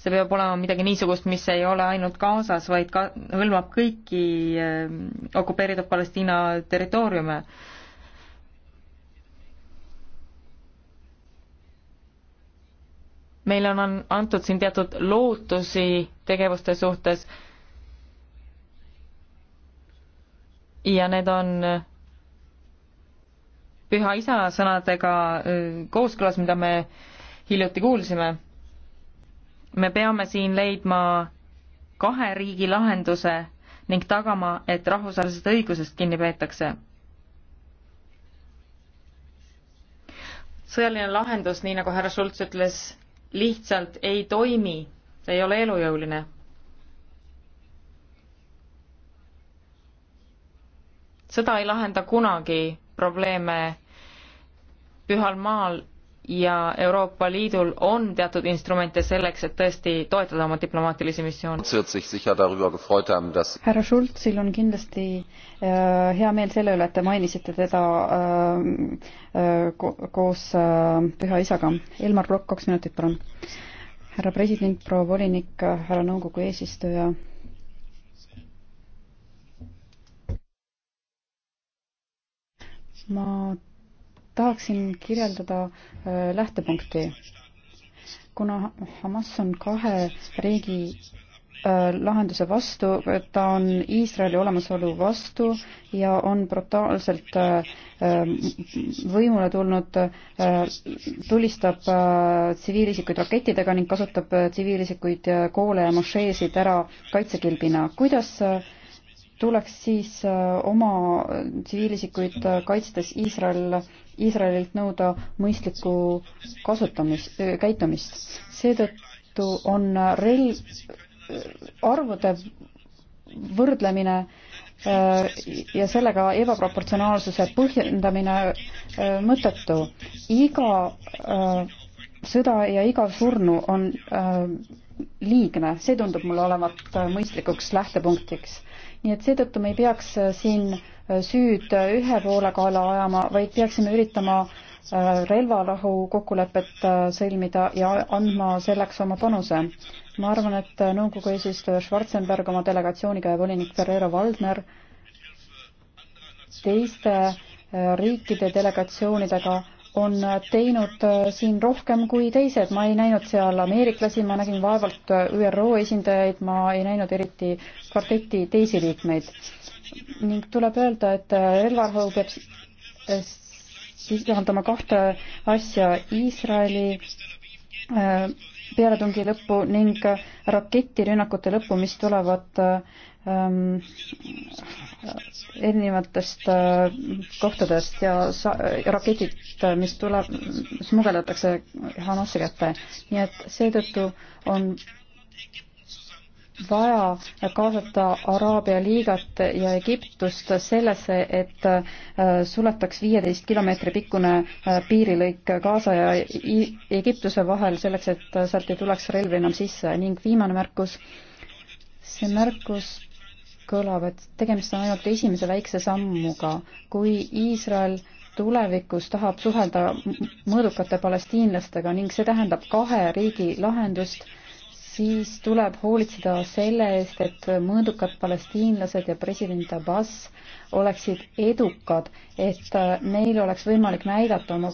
see peab olema midagi niisugust, mis ei ole ainult Gazas, vaid ka hõlmab kõiki äh, okupeeritud Palestiina territooriume. meile on antud siin teatud lootusi tegevuste suhtes ja need on äh, püha isa sõnadega äh, kooskõlas, mida me hiljuti kuulsime. me peame siin leidma kahe riigi lahenduse ning tagama, et rahvusvahelisest õigusest kinni peetakse. sõjaline lahendus, nii nagu härra Schultz ütles, lihtsalt ei toimi, see ei ole elujõuline sõda ei lahenda kunagi probleeme pühal maal ja Euroopa Liidul on teatud instrumente selleks, et tõesti toetada oma diplomaatilisi missioone. härra Schultzil on kindlasti äh, hea meel selle üle, et te mainisite teda äh, äh, koos püha isaga. Elmar Brokk, kaks minutit, palun. härra president, proua volinik, härra nõukogu eesistuja ma tahaksin kirjeldada äh, lähtepunkti. kuna Hamas on kahe riigi äh, lahenduse vastu, ta on Iisraeli olemasolu vastu ja on brutaalselt äh, võimule tulnud, tulistab tsiviilisikuid rakettidega ning kasutab tsiviilisikuid koole ja mošeesid ära kaitsekilbina. kuidas tuleks siis oma tsiviilisikuid kaitstes Iisrael Iisraelilt nõuda mõistlikku kasutamist, käitumist. seetõttu on rel-, arvude võrdlemine äh, ja sellega ebaproportsionaalsuse põhjendamine äh, mõttetu. iga äh, sõda ja iga surnu on liigne, see tundub mulle olevat mõistlikuks lähtepunktiks nii et seetõttu me ei peaks äh, siin äh, süüd äh, ühe poole kaela ajama, vaid peaksime üritama relvarahu kokkulepet sõlmida ja andma selleks oma panuse. ma arvan, et nõukogu eesistuja Schwarzenberg oma delegatsiooniga ja volinik Ferrero Valdner teiste riikide delegatsioonidega on teinud äh, siin rohkem kui teised, ma ei näinud seal ameeriklasi, ma nägin vaevalt äh, ÜRO esindajaid, ma ei näinud eriti kvarteti teisi liikmeid. ning tuleb öelda, et relvarahu äh, peab sisaldama kahte asja, Iisraeli pealetungi lõppu ning raketirünnakute lõppu, mis tulevad ähm, erinevatest äh, kohtadest ja sa-, raketid, mis tuleb, smugeldatakse Hamasi kätte. nii et seetõttu on vaja kaasata Araabia liigat ja Egiptust sellesse, et äh, suletaks viieteist kilomeetri pikkune äh, piirilõik Gaza ja Egiptuse vahel selleks, et sealt ei tuleks relvi enam sisse ning viimane märkus, see märkus kõlab, et tegemist on ainult esimese väikse sammuga, kui Iisrael tulevikus tahab suhelda mõõdukate palestiinlastega ning see tähendab kahe riigi lahendust siis tuleb hoolitseda selle eest, et mõõdukad palestiinlased ja president Abbas oleksid edukad, et äh, neil oleks võimalik näidata oma,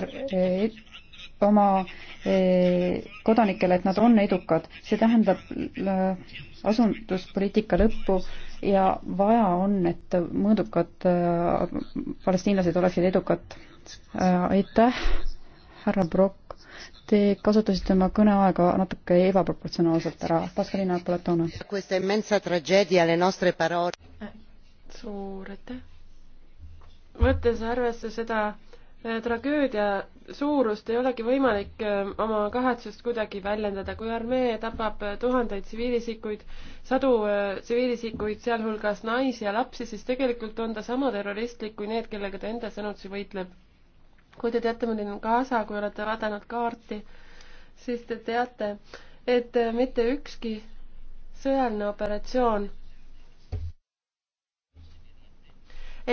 äh, oma äh, kodanikele, et nad on edukad. see tähendab asunduspoliitika lõppu ja vaja on, et mõõdukad palestiinlased oleksid edukad. aitäh, härra Brock. Te kasutasite oma kõneaega natuke ebaproportsionaalselt ära. Pascalina Platona. suur aitäh. võttes arvesse seda äh, tragöödia suurust ei olegi võimalik äh, oma kahetsust kuidagi väljendada, kui armee tapab äh, tuhandeid tsiviilisikuid, sadu tsiviilisikuid, sealhulgas naisi ja lapsi, siis tegelikult on ta sama terroristlik kui need, kellega ta enda sõnutsi võitleb kui te teate, milline on Gaza, kui olete vaadanud kaarti, siis te teate, et mitte ükski sõjaline operatsioon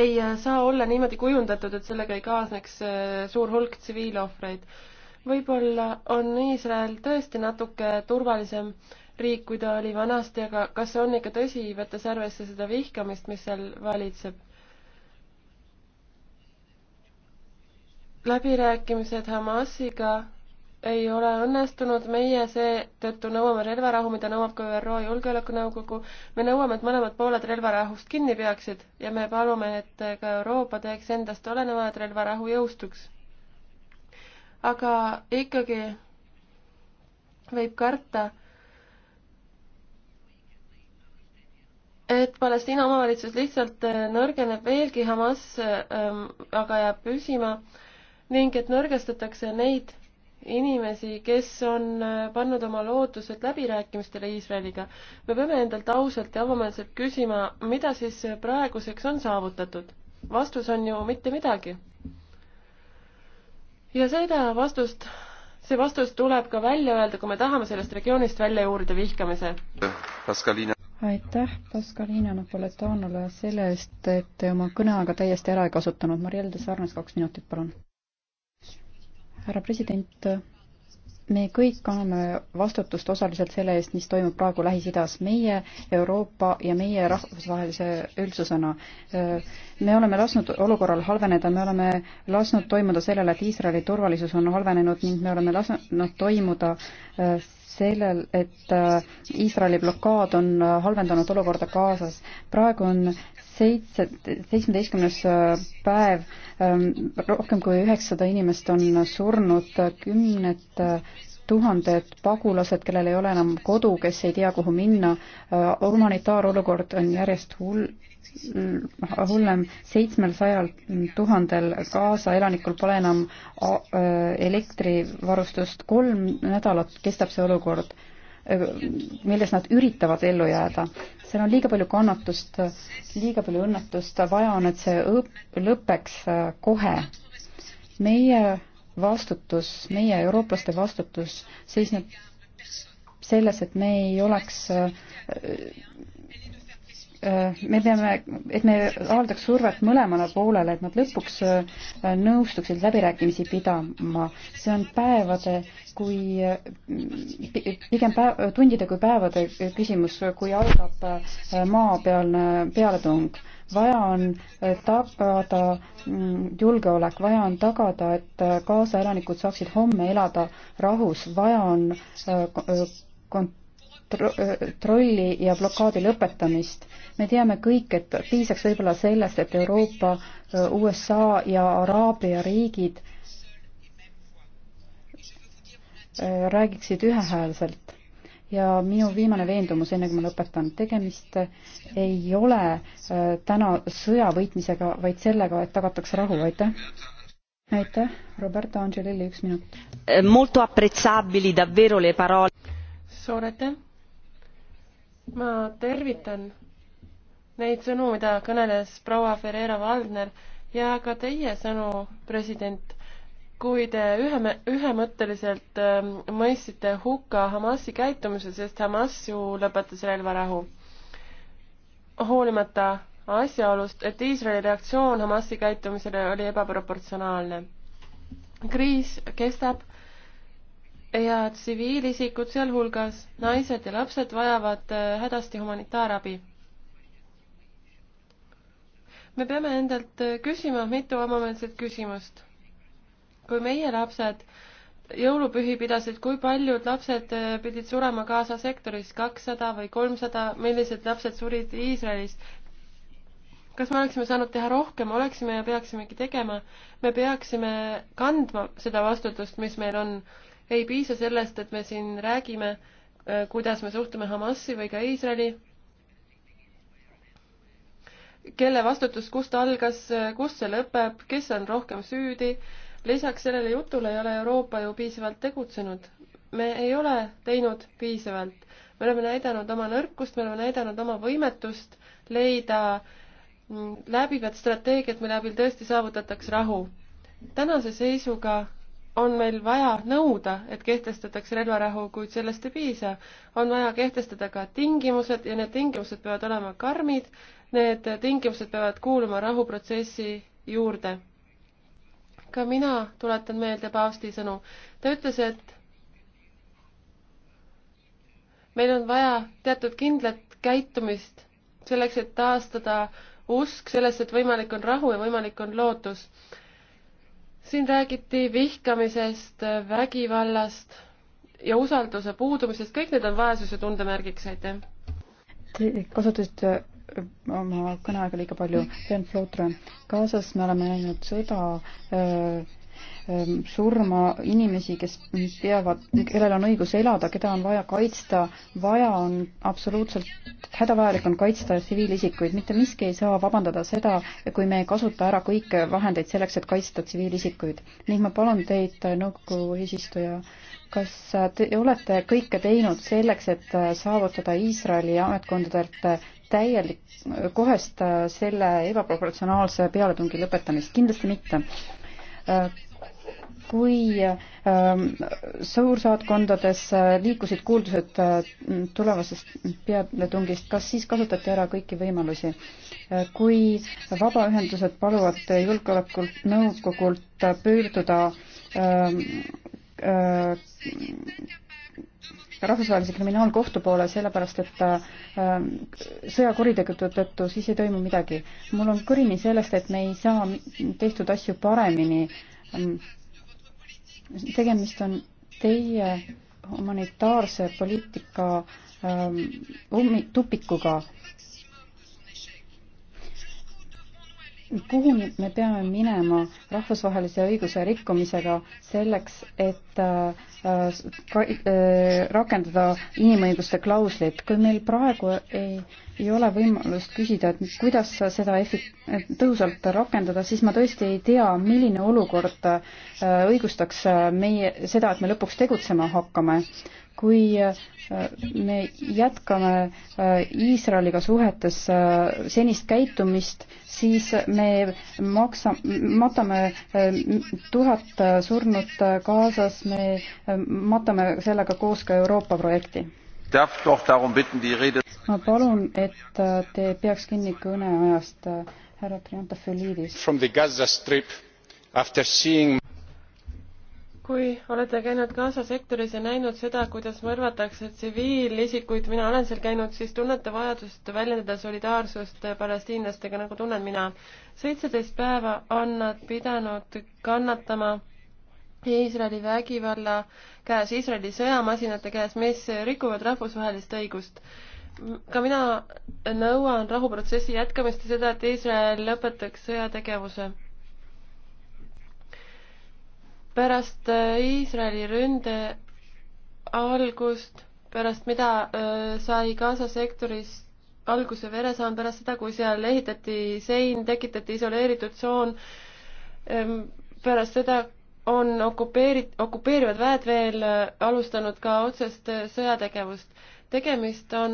ei saa olla niimoodi kujundatud, et sellega ei kaasneks äh, suur hulk tsiviilohvreid. võib-olla on Iisrael tõesti natuke turvalisem riik, kui ta oli vanasti, aga kas see on ikka tõsi, võttes arvesse seda vihkamist, mis seal valitseb? läbirääkimised Hamasiga ei ole õnnestunud, meie seetõttu nõuame relvarahu, mida nõuab ka ÜRO Julgeolekunõukogu. me nõuame, et mõlemad pooled relvarahust kinni peaksid ja me palume, et ka Euroopa teeks endast oleneva, et relvarahu jõustuks. aga ikkagi võib karta, et Palestiina omavalitsus lihtsalt nõrgeneb veelgi, Hamas ähm, aga jääb püsima ning et nõrgestatakse neid inimesi, kes on äh, pannud oma lootused läbirääkimistele Iisraeliga. me peame endalt ausalt ja avameelselt küsima, mida siis praeguseks on saavutatud. vastus on ju mitte midagi. ja seda vastust, see vastus tuleb ka välja öelda, kui me tahame sellest regioonist välja juurida vihkamise. Paskalina aitäh Pascalina Napoletanole selle eest, et te oma kõneaega täiesti ära ei kasutanud. Marielle de Sarnas, kaks minutit, palun härra president, me kõik kanname vastutust osaliselt selle eest, mis toimub praegu Lähis-Idas, meie Euroopa ja meie rahvusvahelise üldsusena. me oleme lasknud olukorral halveneda, me oleme lasknud toimuda sellele, et Iisraeli turvalisus on halvenenud ning me oleme lasknud toimuda äh, sellel, et äh, Iisraeli blokaad on äh, halvendanud olukorda Gazas. praegu on seitse, seitsmeteistkümnes äh, päev ähm, rohkem kui üheksasada inimest on surnud, kümned äh, tuhanded pagulased, kellel ei ole enam kodu, kes ei tea, kuhu minna, äh, humanitaarolukord on järjest hull, noh, hullem, seitsmesajal tuhandel Gaza elanikul pole enam elektrivarustust, kolm nädalat kestab see olukord Äh, milles nad üritavad ellu jääda. seal on liiga palju kannatust, liiga palju õnnetust, vaja on, et see õp-, lõpeks äh, kohe. meie vastutus, meie eurooplaste vastutus seisneb selles, et me ei oleks äh, Äh, me peame, et me avaldaks survet mõlemale poolele, et nad lõpuks äh, nõustuksid läbirääkimisi pidama. see on päevade kui, äh, pigem päev, tundide kui päevade küsimus, kui algab maapealne pealetung. vaja on tagada mm, julgeolek, vaja on tagada, et kaasaelanikud saaksid homme elada rahus, vaja on kont-, tro äh, trolli ja blokaadi lõpetamist. me teame kõik, et piisaks võib-olla sellest, et Euroopa, äh, USA ja Araabia riigid äh, räägiksid ühehäälselt ja minu viimane veendumus, enne kui ma lõpetan, tegemist ei ole täna sõja võitmisega, vaid sellega, et tagatakse rahu, aitäh. aitäh, Roberta Angelilli, üks minut. Molto apprezzabili davvero le parole. suur aitäh ma tervitan neid sõnu, mida kõneles proua Ferreira Valdner ja ka teie sõnu, president, kui te ühe, ühemõtteliselt ähm, mõistsite hukka Hamasi käitumise, sest Hamas ju lõpetas relvarahu. hoolimata asjaolust, et Iisraeli reaktsioon Hamasi käitumisele oli ebaproportsionaalne. kriis kestab ja tsiviilisikud, sealhulgas naised ja lapsed, vajavad äh, hädasti humanitaarabi. me peame endalt äh, küsima mitu omameelset küsimust. kui meie lapsed jõulupühi pidasid, kui paljud lapsed äh, pidid surema Gaza sektoris, kakssada või kolmsada, millised lapsed surid Iisraelis? kas me oleksime saanud teha rohkem, oleksime ja peaksimegi tegema? me peaksime kandma seda vastutust, mis meil on ei piisa sellest, et me siin räägime, äh, kuidas me suhtume Hamasi või ka Iisraeli, kelle vastutus kust algas, äh, kus see lõpeb, kes on rohkem süüdi. lisaks sellele jutule ei ole Euroopa ju piisavalt tegutsenud. me ei ole teinud piisavalt. me oleme näidanud oma nõrkust, me oleme näidanud oma võimetust leida mm, läbivat strateegiat, mille abil tõesti saavutatakse rahu. tänase seisuga on meil vaja nõuda, et kehtestatakse relvarahu, kuid sellest ei piisa. on vaja kehtestada ka tingimused ja need tingimused peavad olema karmid, need tingimused peavad kuuluma rahuprotsessi juurde. ka mina tuletan meelde paavsti sõnu. ta ütles, et meil on vaja teatud kindlat käitumist selleks, et taastada usk sellesse, et võimalik on rahu ja võimalik on lootus siin räägiti vihkamisest, vägivallast ja usalduse puudumisest, kõik need on vaesuse tundemärgiks, aitäh. Te kasutasite oma kõneaega liiga palju, Sten Flotre, Gazas me oleme näinud sõda öö, Ähm, surma inimesi, kes peavad, kellel on õigus elada, keda on vaja kaitsta, vaja on absoluutselt, hädavajalik on kaitsta tsiviilisikuid, mitte miski ei saa vabandada seda, kui me ei kasuta ära kõiki vahendeid selleks, et kaitsta tsiviilisikuid. ning ma palun teid, äh, nõukogu eesistuja, kas äh, te olete kõike teinud selleks, et äh, saavutada Iisraeli ametkondadelt täielik, kohest selle ebaproportsionaalse pealetungi lõpetamist? kindlasti mitte kui ähm, suursaatkondades äh, liikusid kuuldused äh, tulevasest pealetungist, kas siis kasutati ära kõiki võimalusi? Äh, kui vabaühendused paluvad julgeolekult nõukogult pöörduda ähm, rahvusvahelise kriminaalkohtu poole, sellepärast et sõjakuritegude tõttu siis ei toimu midagi. mul on kõrini sellest, et me ei saa tehtud asju paremini tegemist on teie humanitaarse poliitika ähm, ummi-, tupikuga kuhu me peame minema rahvusvahelise õiguse rikkumisega selleks, et äh, ka, äh, rakendada inimõiguste klauslit, kui meil praegu ei, ei ole võimalust küsida, et kuidas seda effi-, tõhusalt rakendada, siis ma tõesti ei tea, milline olukord äh, õigustaks meie, seda, et me lõpuks tegutsema hakkame kui äh, me jätkame äh, Iisraeliga suhetes äh, senist käitumist, siis me maksa, matame tuhat surnut Gazas, me matame sellega koos ka Euroopa projekti. ma palun, et te peaks kinni kõneajast, härra Triantafylidis. From the Gaza strip after seeing kui olete käinud Gaza sektoris ja näinud seda, kuidas mõrvatakse tsiviilisikuid, mina olen seal käinud, siis tunnete vajadust väljendada solidaarsust palestiinlastega, nagu tunnen mina. seitseteist päeva on nad pidanud kannatama Iisraeli vägivalla käes, Iisraeli sõjamasinate käes, mis rikuvad rahvusvahelist õigust ka mina nõuan rahuprotsessi jätkamist ja seda, et Iisrael lõpetaks sõjategevuse pärast äh, Iisraeli ründe algust, pärast mida äh, sai Gaza sektoris alguse veresaun, pärast seda, kui seal ehitati sein, tekitati isoleeritud tsoon, ähm, pärast seda on okupeerit-, okupeerivad väed veel äh, alustanud ka otsest sõjategevust. tegemist on,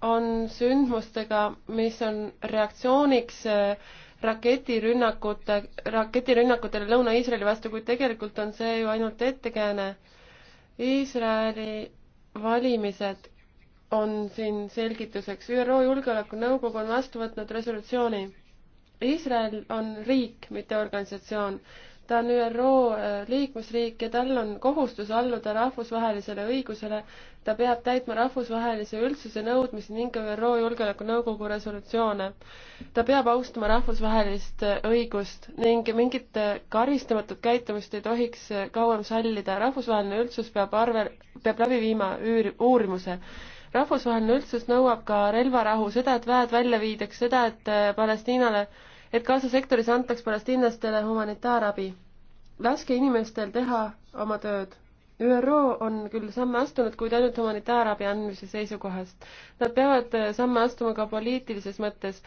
on sündmustega, mis on reaktsiooniks äh, raketirünnakute, raketirünnakutele Lõuna-Iisraeli vastu, kuid tegelikult on see ju ainult ettekääne. Iisraeli valimised on siin selgituseks. ÜRO Julgeolekunõukogu on vastu võtnud resolutsiooni. Iisrael on riik, mitte organisatsioon ta on ÜRO äh, liikmesriik ja tal on kohustus alluda rahvusvahelisele õigusele. ta peab täitma rahvusvahelise üldsuse nõudmisi ning ÜRO Julgeolekunõukogu resolutsioone. ta peab austama rahvusvahelist äh, õigust ning mingit äh, karistamatut käitumist ei tohiks kauem sallida. rahvusvaheline üldsus peab arve, peab läbi viima üür-, uurimuse rahvusvaheline üldsus nõuab ka relvarahu, seda, et väed välja viidaks, seda, et Palestiinale äh, et Gaza sektoris antaks palestiinlastele humanitaarabi. laske inimestel teha oma tööd. ÜRO on küll samme astunud, kuid ainult humanitaarabi andmise seisukohast. Nad peavad äh, samme astuma ka poliitilises mõttes,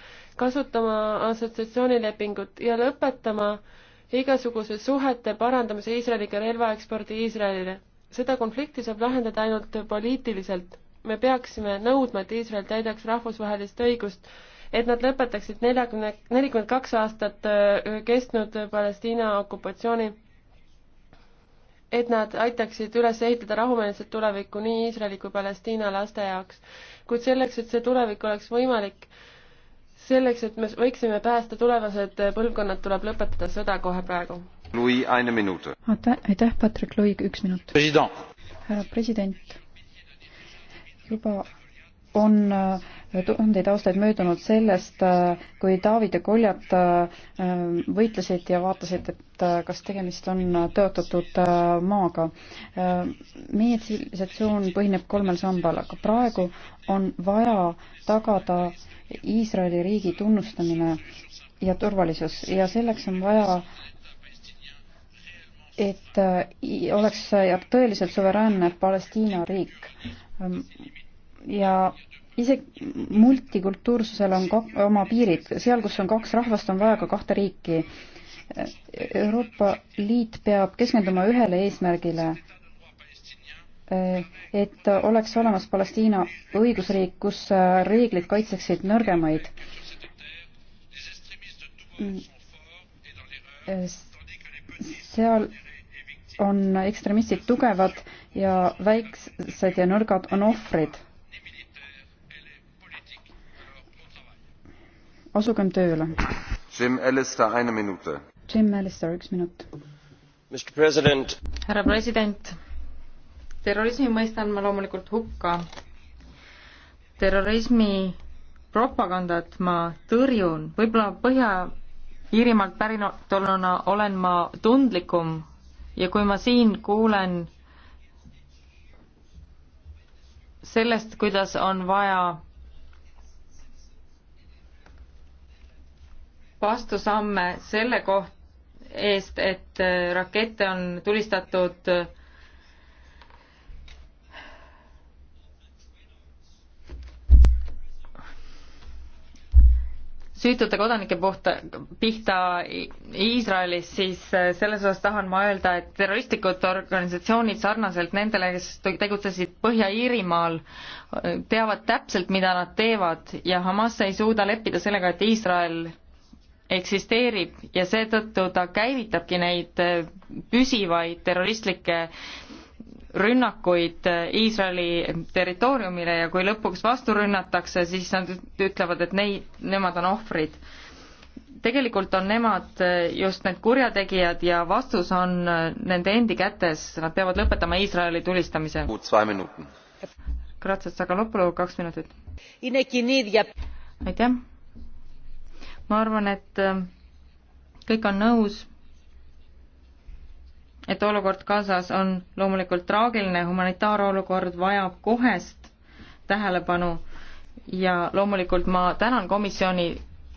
kasutama assotsiatsioonilepingut ja lõpetama igasuguse suhete parandamise Iisraeliga relvaekspordi Iisraelile. seda konflikti saab lahendada ainult poliitiliselt. me peaksime nõudma, et Iisrael täidaks rahvusvahelist õigust et nad lõpetaksid neljakümne, nelikümmend kaks aastat kestnud Palestiina okupatsiooni, et nad aitaksid üles ehitada rahumeelset tulevikku nii Iisraeli kui Palestiina laste jaoks. kuid selleks, et see tulevik oleks võimalik, selleks, et me võiksime päästa tulevased põlvkonnad, tuleb lõpetada sõda kohe praegu. aitäh, Patrick Luik, üks minut. härra president, juba on tuhandeid aastaid möödunud sellest, kui David ja Koljat äh, võitlesid ja vaatasid, et äh, kas tegemist on tõotatud äh, maaga. meie tsivilisatsioon põhineb kolmel sambal, aga praegu on vaja tagada Iisraeli riigi tunnustamine ja turvalisus ja selleks on vaja et oleks tõeliselt suveräänne Palestiina riik ja isegi multikultuursusel on oma piirid, seal, kus on kaks rahvast, on vaja ka kahte riiki. Euroopa Liit peab keskenduma ühele eesmärgile, et oleks olemas Palestiina õigusriik, kus reeglid kaitseksid nõrgemaid. seal on ekstremistid tugevad ja väiksed ja nõrgad on ohvrid asugem tööle. Jim Allister, eine minute. Jim Allister, üks minut. härra president, terrorismi mõistan ma loomulikult hukka. terrorismi propagandat ma tõrjun, võib-olla Põhja-Iirimaalt pärinud olnuna olen ma tundlikum ja kui ma siin kuulen sellest, kuidas on vaja vastusamme selle koht-, eest, et äh, rakette on tulistatud süütute kodanike puhta, pihta Iisraelis, siis äh, selles osas tahan ma öelda, et terroristlikud organisatsioonid sarnaselt nendele, kes tegutsesid Põhja-Iirimaal, äh, teavad täpselt, mida nad teevad ja Hamas ei suuda leppida sellega, et Iisrael eksisteerib ja seetõttu ta käivitabki neid äh, püsivaid terroristlikke rünnakuid äh, Iisraeli territooriumile ja kui lõpuks vastu rünnatakse, siis nad ütlevad, et neid, nemad on ohvrid. tegelikult on nemad äh, just need kurjategijad ja vastus on nende endi kätes, nad peavad lõpetama Iisraeli tulistamise. Kratsat Sakalopulu, kaks minutit. aitäh ma arvan, et ähm, kõik on nõus, et olukord Gazas on loomulikult traagiline, humanitaarolukord vajab kohest tähelepanu ja loomulikult ma tänan komisjoni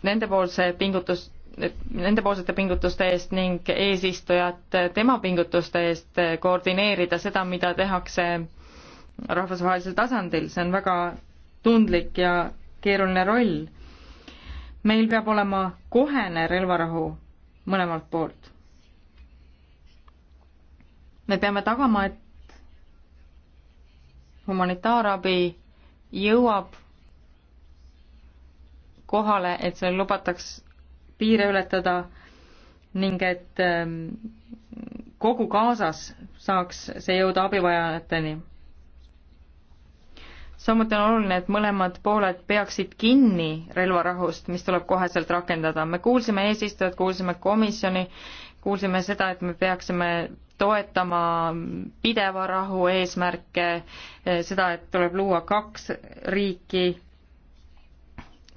nendepoolse pingutus, nendepoolsete pingutuste eest ning eesistujat tema pingutuste eest koordineerida seda, mida tehakse rahvusvahelisel tasandil, see on väga tundlik ja keeruline roll meil peab olema kohene relvarahu mõlemalt poolt. me peame tagama, et humanitaarabi jõuab kohale, et seal lubataks piire ületada ning et ähm, kogu Gazas saaks see jõuda abivajajateni samuti on oluline, et mõlemad pooled peaksid kinni relvarahust, mis tuleb koheselt rakendada. me kuulsime eesistujat, kuulsime komisjoni, kuulsime seda, et me peaksime toetama pideva rahu eesmärke, seda, et tuleb luua kaks riiki,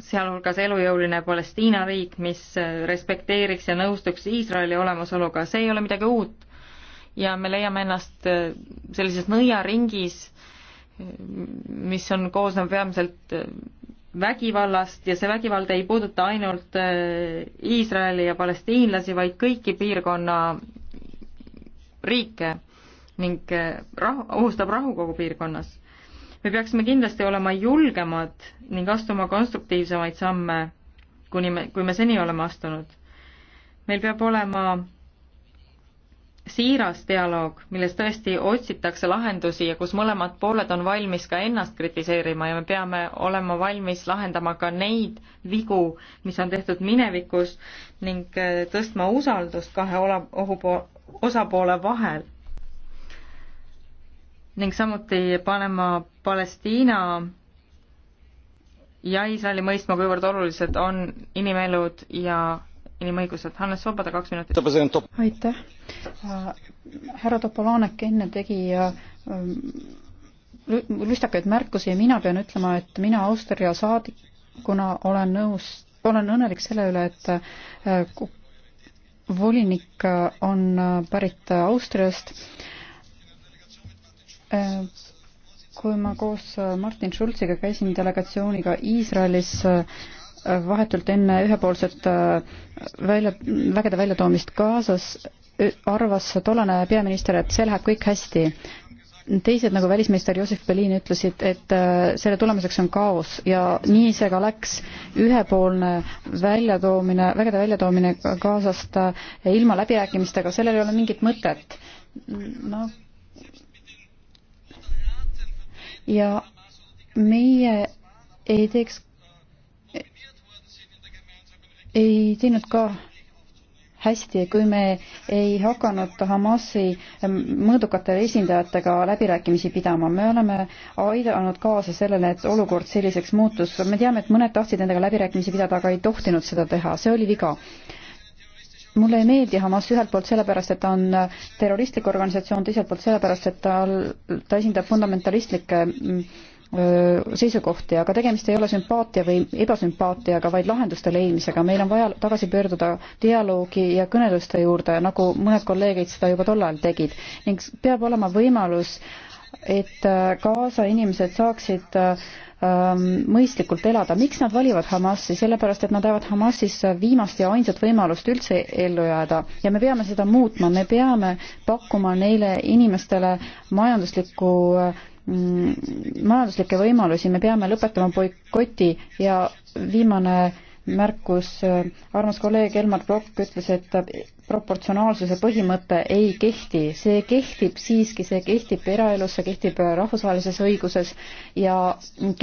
sealhulgas elujõuline Palestiina riik, mis respekteeriks ja nõustuks Iisraeli olemasoluga, see ei ole midagi uut. ja me leiame ennast sellises nõiaringis, mis on koosnev peamiselt äh, vägivallast ja see vägivald ei puuduta ainult äh, Iisraeli ja palestiinlasi, vaid kõiki piirkonna riike ning äh, rahu, ohustab rahu kogu piirkonnas. me peaksime kindlasti olema julgemad ning astuma konstruktiivsemaid samme, kuni me, kui me seni oleme astunud. meil peab olema siiras dialoog, milles tõesti otsitakse lahendusi ja kus mõlemad pooled on valmis ka ennast kritiseerima ja me peame olema valmis lahendama ka neid vigu, mis on tehtud minevikus ning äh, tõstma usaldust kahe ohupo-, osapoole vahel. ning samuti panema Palestiina ja Iisraeli mõistma, kuivõrd olulised on inimelud ja inimõigused. Hannes Vabada, kaks minutit. aitäh. Äh, härra Topolanek enne tegi äh, lüstakaid märkusi ja mina pean ütlema, et mina Austria saadikuna olen nõus, olen õnnelik selle üle, et äh, volinik on pärit Austriast kui ma koos Martin Schulziga käisin delegatsiooniga Iisraelis, vahetult enne ühepoolset äh, välja, vägede väljatoomist Gazas arvas tollane peaminister, et see läheb kõik hästi. teised, nagu välisminister Joosep Belin ütlesid, et äh, selle tulemuseks on kaos ja nii see ka läks. ühepoolne väljatoomine, vägede väljatoomine Gazast äh, ilma läbirääkimistega, sellel ei ole mingit mõtet. no ja meie ei teeks ei teinud ka hästi, kui me ei hakanud Hamasi ähm, mõõdukatele esindajatega läbirääkimisi pidama. me oleme aidanud kaasa sellele, et olukord selliseks muutus. me teame, et mõned tahtsid nendega läbirääkimisi pidada, aga ei tohtinud seda teha, see oli viga mulle ei meeldi Hamas ühelt poolt sellepärast, et ta on äh, terroristlik organisatsioon, teiselt poolt sellepärast, et ta, ta esindab fundamentalistlikke mm, seisukohti, aga tegemist ei ole sümpaatia või ebasümpaatiaga, vaid lahenduste leidmisega. meil on vaja tagasi pöörduda dialoogi ja kõneluste juurde, nagu mõned kolleegid seda juba tol ajal tegid ning peab olema võimalus et Gaza äh, inimesed saaksid äh, ähm, mõistlikult elada. miks nad valivad Hamasi? sellepärast, et nad näevad Hamasis äh, viimast ja ainsat võimalust üldse ellu jääda ja me peame seda muutma, me peame pakkuma neile inimestele majanduslikku Mm, majanduslikke võimalusi, me peame lõpetama boikoti ja viimane märkus, armas kolleeg Elmar Brokk ütles, et proportsionaalsuse põhimõte ei kehti, see kehtib siiski, see kehtib eraelus, see kehtib rahvusvahelises õiguses ja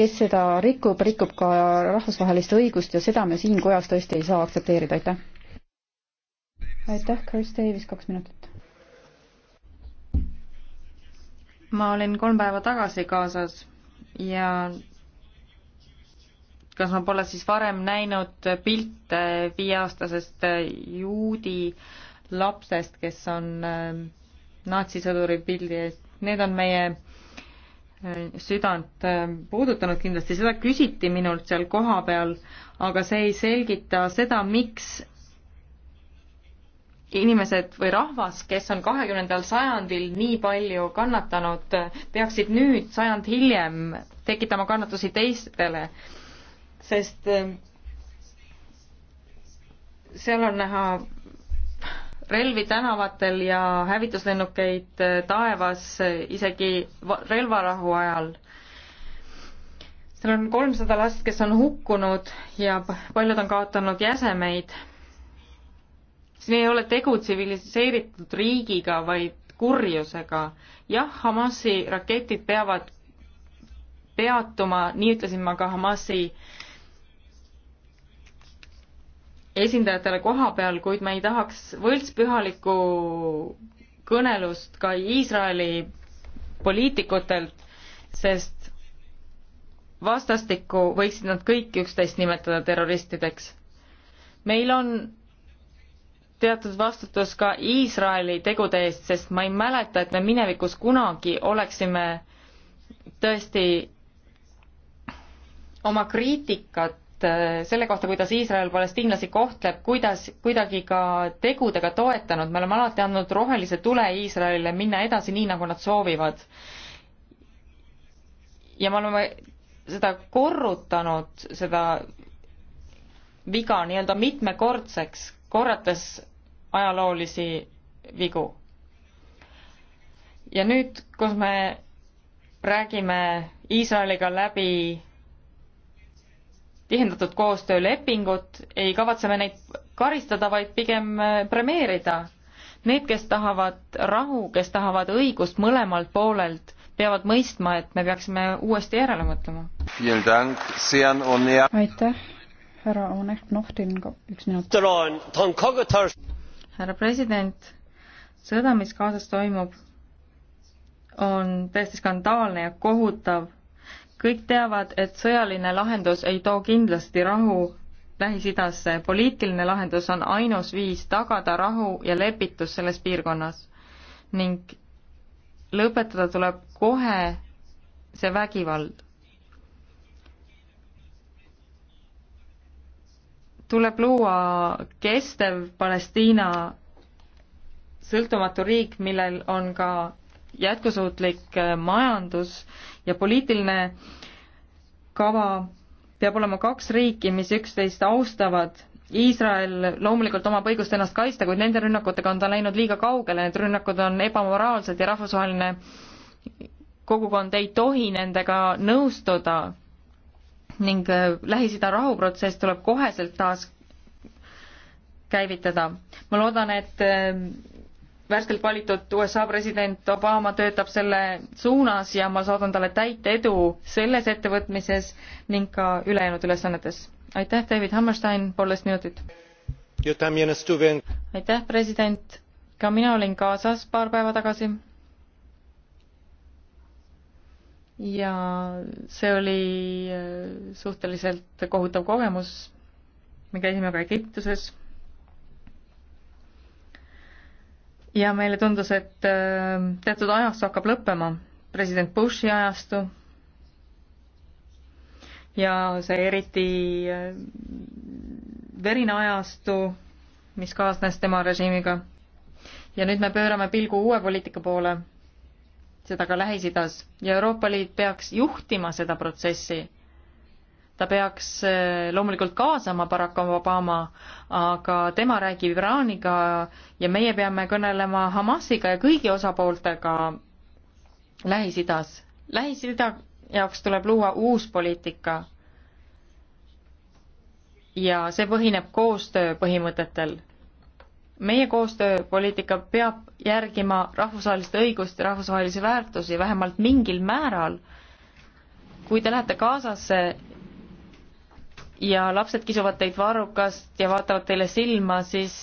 kes seda rikub, rikub ka rahvusvahelist õigust ja seda me siin kojas tõesti ei saa aktsepteerida, aitäh. aitäh, Chris Davis, kaks minutit. ma olin kolm päeva tagasi kaasas ja kas ma pole siis varem näinud pilte viieaastasest juudi lapsest, kes on äh, natsisõduri pildi ees, need on meie äh, südant äh, puudutanud kindlasti, seda küsiti minult seal kohapeal, aga see ei selgita seda, miks inimesed või rahvas, kes on kahekümnendal sajandil nii palju kannatanud, peaksid nüüd, sajand hiljem, tekitama kannatusi teistele, sest eh, seal on näha relvi tänavatel ja hävituslennukeid eh, taevas eh, isegi relvarahu ajal seal on kolmsada last, kes on hukkunud ja paljud on kaotanud jäsemeid siin ei ole tegu tsiviliseeritud riigiga, vaid kurjusega. jah, Hamasi raketid peavad peatuma, nii ütlesin ma ka Hamasi esindajatele koha peal, kuid me ei tahaks võltspühalikku kõnelust ka Iisraeli poliitikutelt, sest vastastikku võiksid nad kõik üksteist nimetada terroristideks. meil on teatud vastutus ka Iisraeli tegude eest, sest ma ei mäleta, et me minevikus kunagi oleksime tõesti oma kriitikat äh, selle kohta, kuidas Iisrael palestiinlasi kohtleb, kuidas kuidagi ka tegudega toetanud, me oleme alati andnud rohelise tule Iisraelile minna edasi nii, nagu nad soovivad. ja me oleme seda korrutanud, seda viga nii-öelda mitmekordseks, korrates ajaloolisi vigu. ja nüüd, kus me räägime Iisraeliga läbi tihendatud koostöölepingut, ei kavatse me neid karistada, vaid pigem äh, premeerida. Need, kes tahavad rahu, kes tahavad õigust mõlemalt poolelt, peavad mõistma, et me peaksime uuesti järele mõtlema. aitäh, härra Onek Nohtin, üks minut härra president, sõda, mis Gazas toimub, on täiesti skandaalne ja kohutav. kõik teavad, et sõjaline lahendus ei too kindlasti rahu Lähis-Idasse, poliitiline lahendus on ainus viis tagada rahu ja lepitus selles piirkonnas ning lõpetada tuleb kohe see vägivald tuleb luua kestev Palestiina sõltumatu riik, millel on ka jätkusuutlik äh, majandus ja poliitiline kava peab olema kaks riiki, mis üksteist austavad. Iisrael loomulikult omab õigust ennast kaitsta, kuid nende rünnakutega on ta läinud liiga kaugele, need rünnakud on ebamoraalsed ja rahvusvaheline kogukond ei tohi nendega nõustuda ning äh, Lähis-Ida rahuprotsess tuleb koheselt taas käivitada. ma loodan, et äh, värskelt valitud USA president Obama töötab selle suunas ja ma saadan talle täit edu selles ettevõtmises ning ka ülejäänud ülesannetes. aitäh, David Hammerstein, poolteist minutit. aitäh, president. ka mina olin Gazas paar päeva tagasi ja see oli äh, suhteliselt kohutav kogemus, me käisime ka Egiptuses ja meile tundus, et äh, teatud ajastu hakkab lõppema, president Bushi ajastu ja see eriti äh, verine ajastu, mis kaasnes tema režiimiga. ja nüüd me pöörame pilgu uue poliitika poole seda ka Lähis-Idas ja Euroopa Liit peaks juhtima seda protsessi. ta peaks eh, loomulikult kaasama Barack Obama, aga tema räägib Iraaniga ja meie peame kõnelema Hamasiga ja kõigi osapooltega Lähis-Idas. Lähis-Ida jaoks tuleb luua uus poliitika ja see põhineb koostöö põhimõtetel meie koostööpoliitika peab järgima rahvusvahelist õigust ja rahvusvahelisi väärtusi vähemalt mingil määral. kui te lähete Gazasse ja lapsed kisuvad teid varrukast ja vaatavad teile silma, siis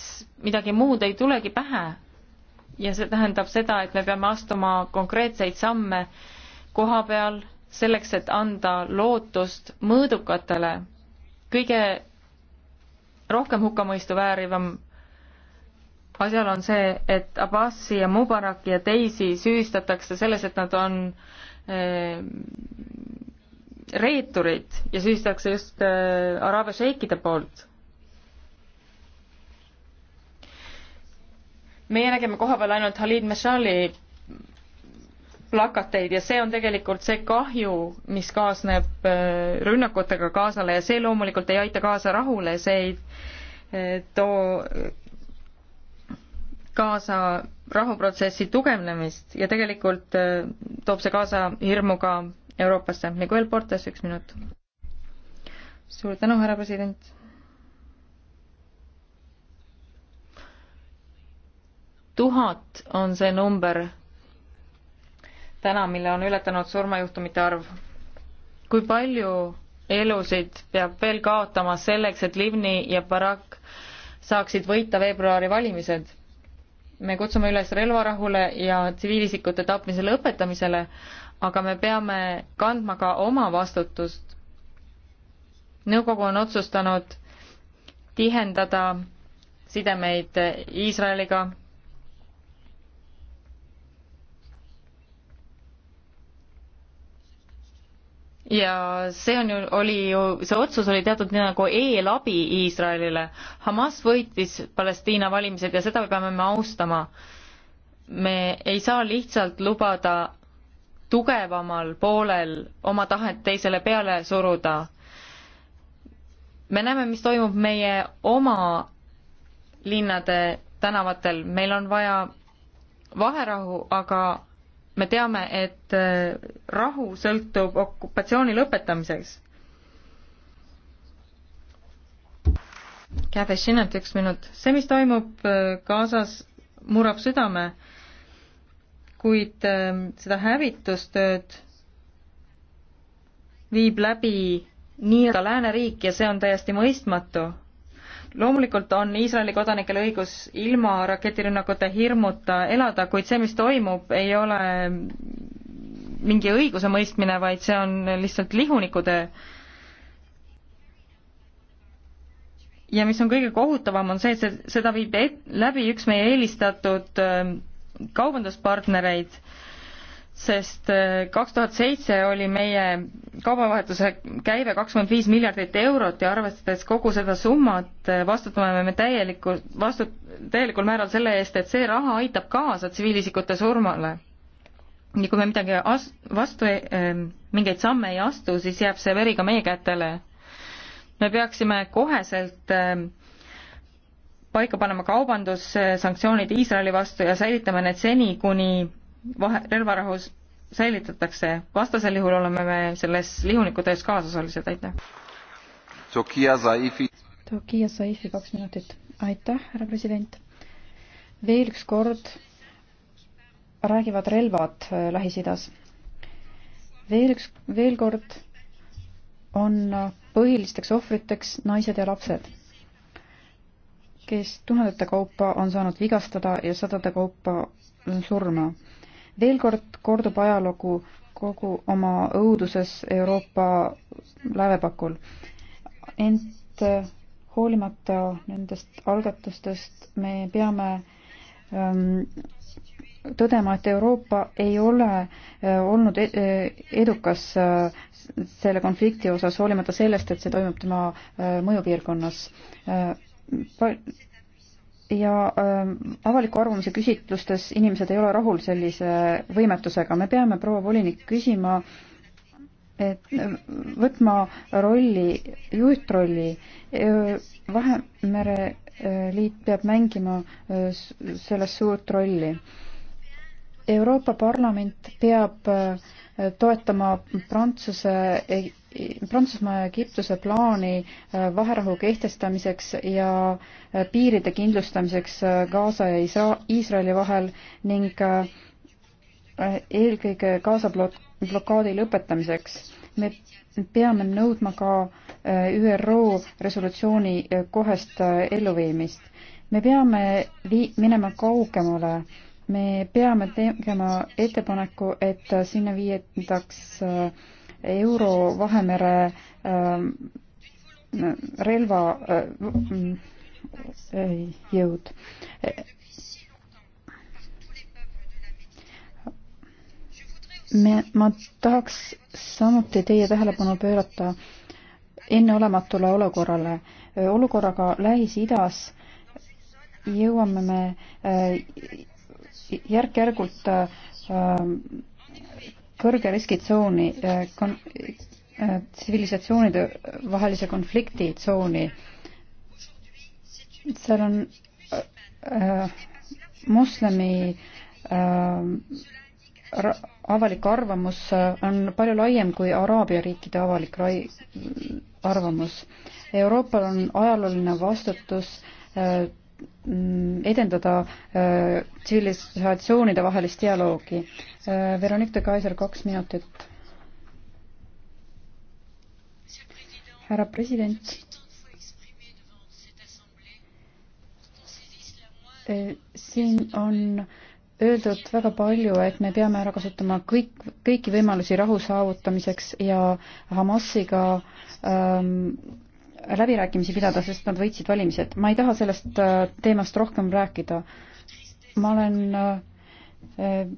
midagi muud ei tulegi pähe. ja see tähendab seda, et me peame astuma konkreetseid samme koha peal selleks, et anda lootust mõõdukatele, kõige rohkem hukkamõistu väärivam asjal on see, et Abbasi ja Mubaraki ja teisi süüdistatakse selles, et nad on eh, reeturid ja süüdistatakse just eh, araabia šeikide poolt. meie nägime kohapeal ainult Halid Meshali plakateid ja see on tegelikult see kahju, mis kaasneb eh, rünnakutega Gazale ja see loomulikult ei aita kaasa rahule, see ei too kaasa rahuprotsessi tugevnemist ja tegelikult äh, toob see kaasa hirmu ka Euroopasse. Miguel Portes, üks minut. suur tänu, härra president. tuhat on see number täna, mille on ületanud surmajuhtumite arv. kui palju elusid peab veel kaotama selleks, et Livni ja Barak saaksid võita veebruari valimised? me kutsume üles relvarahule ja tsiviilisikute tapmise lõpetamisele, aga me peame kandma ka oma vastutust. nõukogu on otsustanud tihendada sidemeid Iisraeliga ja see on ju, oli ju, see otsus oli teatud nii nagu eelabi Iisraelile. Hamas võitis Palestiina valimised ja seda peame me austama. me ei saa lihtsalt lubada tugevamal poolel oma tahet teisele peale suruda. me näeme, mis toimub meie oma linnade tänavatel, meil on vaja vaherahu, aga me teame, et äh, rahu sõltub okupatsiooni lõpetamiseks. Kävešinat üks minut. see, mis toimub äh, Gazas, murrab südame, kuid ähm, seda hävitustööd viib läbi nii-öelda lääneriik ja see on täiesti mõistmatu loomulikult on Iisraeli kodanikel õigus ilma raketirünnakute hirmuta elada, kuid see, mis toimub, ei ole mingi õigusemõistmine, vaid see on lihtsalt lihunikutöö. ja mis on kõige kohutavam, on see, et see, seda viib et, läbi üks meie eelistatud äh, kaubanduspartnereid äh, sest äh, kaks tuhat seitse oli meie kaubavahetuse käive kakskümmend viis miljardit eurot ja arvestades kogu seda summat, äh, vastutame me täieliku, vastu-, täielikul määral selle eest, et see raha aitab kaasa tsiviilisikute surmale. ja kui me midagi as-, vastu äh,, mingeid samme ei astu, siis jääb see veri ka meie kätele. me peaksime koheselt äh, paika panema kaubandussanktsioonid äh, Iisraeli vastu ja säilitama need seni, kuni vahe, relvarahus säilitatakse, vastasel juhul oleme me selles lihunikutöös kaasosalised, aitäh. Tokia Zaifi. Tokia Zaifi, kaks minutit. aitäh, härra president. veel üks kord räägivad relvad äh, Lähis-Idas. veel üks, veel kord on äh, põhilisteks ohvriteks naised ja lapsed, kes tuhandete kaupa on saanud vigastada ja sadade kaupa surma veel kord kordub ajalugu kogu oma õuduses Euroopa laevapakul. ent äh, hoolimata nendest algatustest me peame ähm, tõdema, et Euroopa ei ole äh, olnud e-, e-, edukas äh, selle konflikti osas, hoolimata sellest, et see toimub tema mõjupiirkonnas ja äh, avaliku arvamuse küsitlustes inimesed ei ole rahul sellise võimetusega. me peame, proua volinik, küsima, et ähm, võtma rolli, juhtrolli. Vahemere äh, Liit peab mängima äh, selles suurt rolli. Euroopa Parlament peab äh, toetama Prantsuse e-, Prantsusmaa ja Egiptuse plaani äh, vaherahu kehtestamiseks ja äh, piiride kindlustamiseks äh, Gaza ja Iisraeli vahel ning eelkõige Gaza blokaadi lõpetamiseks. me peame nõudma ka ÜRO resolutsiooni kohest elluviimist. me peame vii-, minema kaugemale me peame tegema ettepaneku, et sinna viiendaks äh, Euro Vahemere ähm, relva äh, äh, jõud. me, ma tahaks samuti teie tähelepanu pöörata enneolematule olukorrale. Äh, olukorraga Lähis-Idas jõuame me järk-järgult kõrge riskitsooni, äh, äh, tsivilisatsioonide vahelise konflikti tsooni. seal on äh, äh moslemi äh, avalik arvamus on palju laiem kui Araabia riikide avalik rai, arvamus. Euroopal on ajalooline vastutus äh, Mm, edendada äh, tsivilisatsioonide vahelist dialoogi. Äh, Veronique de Kaiser, kaks minutit. härra president. siin on öeldud väga palju, et me peame ära kasutama kõik, kõiki võimalusi rahu saavutamiseks ja Hamasiga ähm, läbirääkimisi pidada, sest nad võitsid valimised. ma ei taha sellest äh, teemast rohkem rääkida. ma olen äh,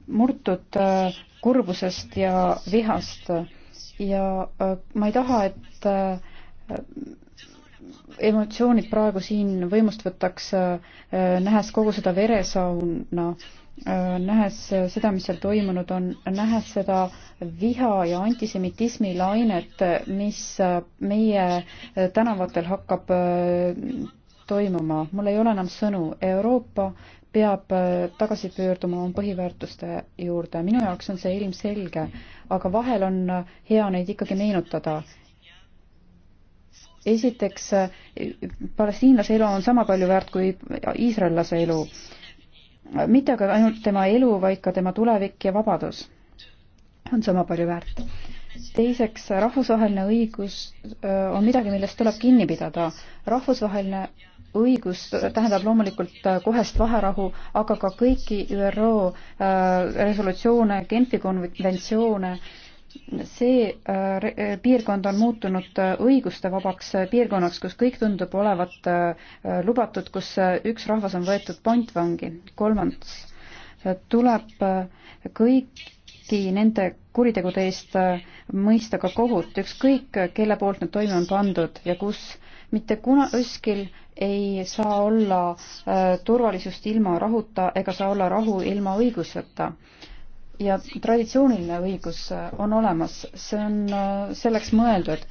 murtud äh, kurbusest ja vihast ja ma ei taha, et emotsioonid praegu siin võimust võtaks, nähes kogu seda veresauna Äh, nähes seda, mis seal toimunud on, nähes seda viha ja antisemitismi lainet, mis äh, meie äh, tänavatel hakkab toimuma. mul ei ole enam sõnu. Euroopa peab tagasi pöörduma oma põhiväärtuste juurde. minu jaoks on see ilmselge, aga vahel on hea neid ikkagi meenutada esiteks palestiinlase elu on sama palju väärt kui iisraellase elu mitte aga ainult tema elu, vaid ka tema tulevik ja vabadus on sama palju väärt. teiseks, rahvusvaheline õigus on midagi, millest tuleb kinni pidada. rahvusvaheline õigus tähendab loomulikult kohest vaherahu, aga ka kõiki ÜRO resolutsioone, Genfi konventsioone äh, see äh, äh, piirkond on muutunud äh, õiguste vabaks piirkonnaks, kus kõik tundub olevat lubatud, kus üks rahvas on võetud pantvangi. kolmandaks tuleb kõiki nende kuritegude eest mõista ka kohut, ükskõik kelle poolt need toime on pandud ja kus mitte kuna kuskil ei saa olla turvalisust ilma rahuta ega saa olla rahu ilma õiguseta ja traditsiooniline õigus äh, on olemas, see on äh, selleks mõeldud.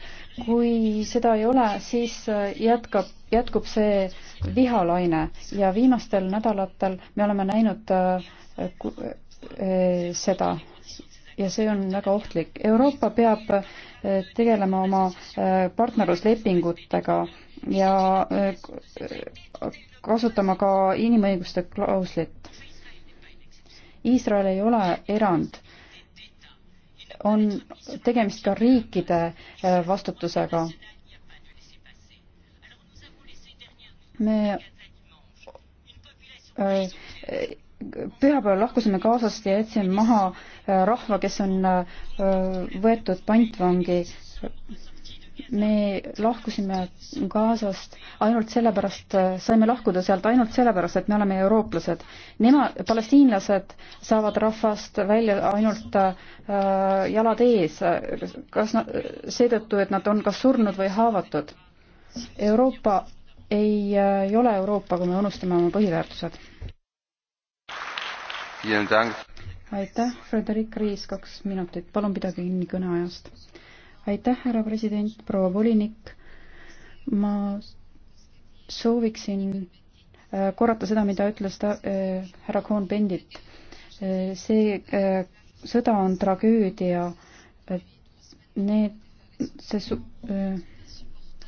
kui seda ei ole, siis äh, jätkab, jätkub see vihalaine ja viimastel nädalatel me oleme näinud seda ja see on väga ohtlik. Euroopa peab tegelema oma partnerluslepingutega ja kasutama ka inimõiguste klauslit Iisrael ei ole erand. on tegemist ka riikide äh, vastutusega. me äh, pühapäeval lahkusime Gazast ja jätsime maha äh, rahva, kes on võetud pantvangi me lahkusime Gazast ainult sellepärast, äh, saime lahkuda sealt ainult sellepärast, et me oleme eurooplased. Nemad, palestiinlased saavad rahvast välja ainult äh, jalad ees, kas nad, seetõttu, et nad on kas surnud või haavatud. Euroopa ei, äh, ei ole Euroopa, kui me unustame oma põhiväärtused. aitäh, Frederik Riis, kaks minutit, palun pidage kinni kõneajast aitäh, härra president, proua volinik. ma sooviksin äh, korrata seda, mida ütles ta äh,, härra Cohn-Bendit. Äh, see äh, sõda on tragöödia. Äh, need, see su, äh,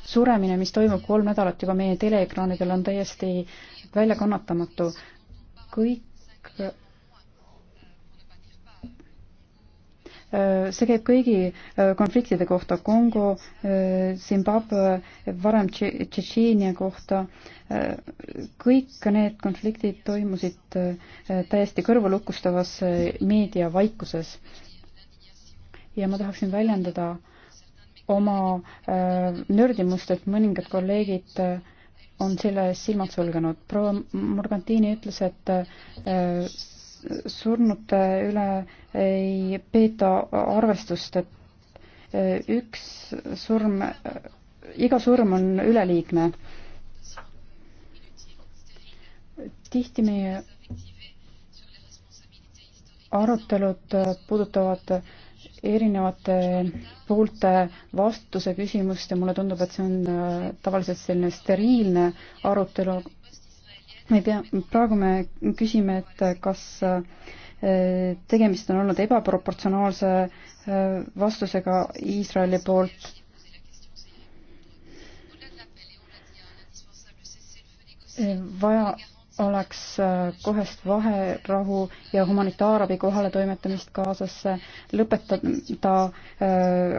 suremine, mis toimub kolm nädalat juba meie teleekraanidel, on täiesti väljakannatamatu. kõik see käib kõigi äh, konfliktide kohta, Kongo, äh, Zimbabwe, varem Tšetšeenia kohta, äh, kõik need konfliktid toimusid täiesti kõrvulukustavas meediavaikuses. ja ma tahaksin väljendada oma nördimust, et mõningad kolleegid on selle ees silmad sulgenud. proua Morgantini ütles, et surnute üle ei peeta arvestust, et eh, üks surm, iga surm on üleliigne. tihti meie arutelud puudutavad erinevate poolte vastutuse küsimust ja mulle tundub, et see on eh, tavaliselt selline steriilne arutelu, me pea, praegu me küsime, et kas eh, tegemist on olnud ebaproportsionaalse eh, vastusega Iisraeli poolt. vaja oleks eh, kohest vaherahu ja humanitaarabi kohaletoimetamist kaasasse, lõpetada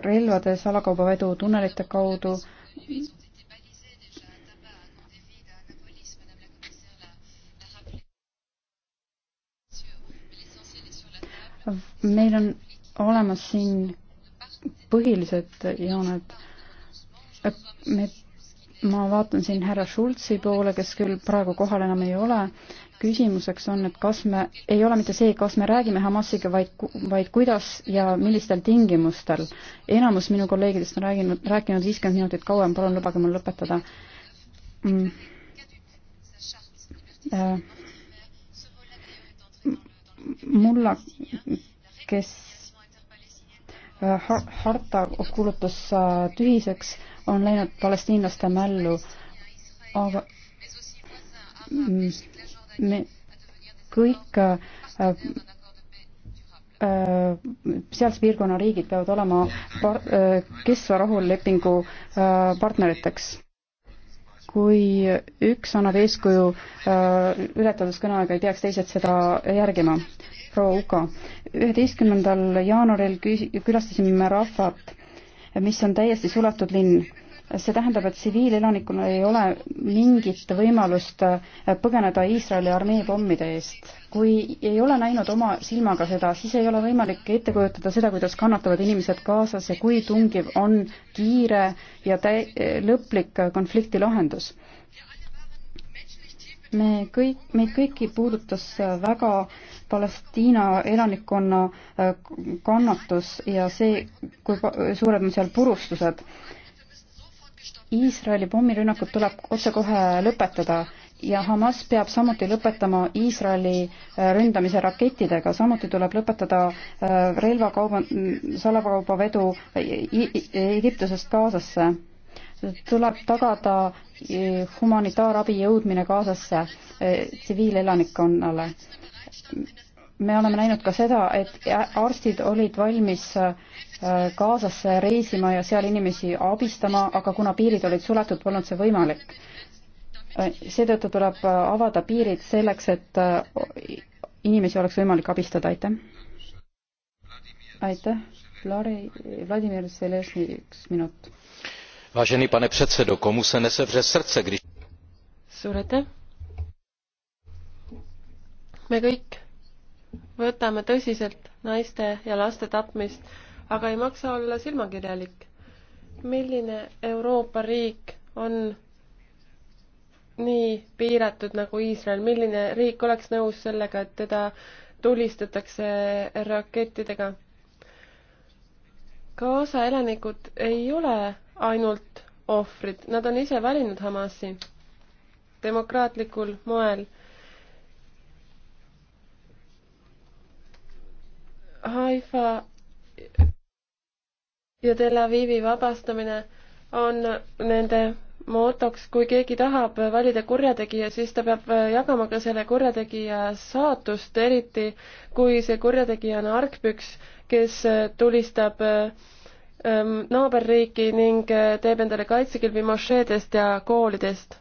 relvade salakaubavedu tunnelite kaudu, meil on olemas siin põhilised jooned. me, ma vaatan siin härra Schultzi poole, kes küll praegu kohal enam ei ole. küsimuseks on, et kas me, ei ole mitte see, kas me räägime Hamasiga, vaid, vaid kuidas ja millistel tingimustel. enamus minu kolleegidest on rääginud, rääkinud viiskümmend minutit kauem, palun lubage mul lõpetada mm.. Äh, mulla, kes äh, harta kuulutas äh, tühiseks, on läinud palestiinlaste mällu, aga me kõik äh, sealse piirkonna riigid peavad olema par-, kestva rahulepingu partneriteks kui üks annab eeskuju äh, ületades kõneaega, ei peaks teised seda järgima. proua Uka, üheteistkümnendal jaanuaril külastasime rahvat, mis on täiesti suletud linn see tähendab, et tsiviilelanikul ei ole mingit võimalust põgeneda Iisraeli armee pommide eest. kui ei ole näinud oma silmaga seda, siis ei ole võimalik ette kujutada seda, kuidas kannatavad inimesed kaasas ja kui tungiv on kiire ja tä-, lõplik konflikti lahendus. me kõik, meid kõiki puudutas väga Palestiina elanikkonna kannatus ja see, kui suured on seal purustused Iisraeli pommirünnakud tuleb otsekohe lõpetada ja Hamas peab samuti lõpetama Iisraeli äh, ründamise rakettidega, samuti tuleb lõpetada äh, relvakauba, mm, salavakaubavedu äh, Egiptusest Gazasse. tuleb tagada humanitaarabi jõudmine Gazasse tsiviilelanikkonnale me oleme näinud ka seda, et arstid olid valmis äh, Gazasse reisima ja seal inimesi abistama, aga kuna piirid olid suletud, polnud see võimalik. Äh, seetõttu tuleb äh, avada piirid selleks, et inimesi oleks võimalik abistada, aitäh. aitäh, Vladimir Selesni, üks minut. Vážený pane předsedo, komu se nese vře srdce, když... Suur aitäh! me kõik võtame tõsiselt naiste ja laste tapmist, aga ei maksa olla silmakirjalik. milline Euroopa riik on nii piiratud nagu Iisrael, milline riik oleks nõus sellega, et teda tulistatakse rakettidega? Gaza elanikud ei ole ainult ohvrid, nad on ise valinud Hamasi demokraatlikul moel Haifa ja Tel Avivi vabastamine on nende motoks, kui keegi tahab valida kurjategija, siis ta peab jagama ka selle kurjategija saatust, eriti kui see kurjategija on argpüks, kes tulistab ähm, naaberriiki ning teeb endale kaitsekilbi mošeedest ja koolidest.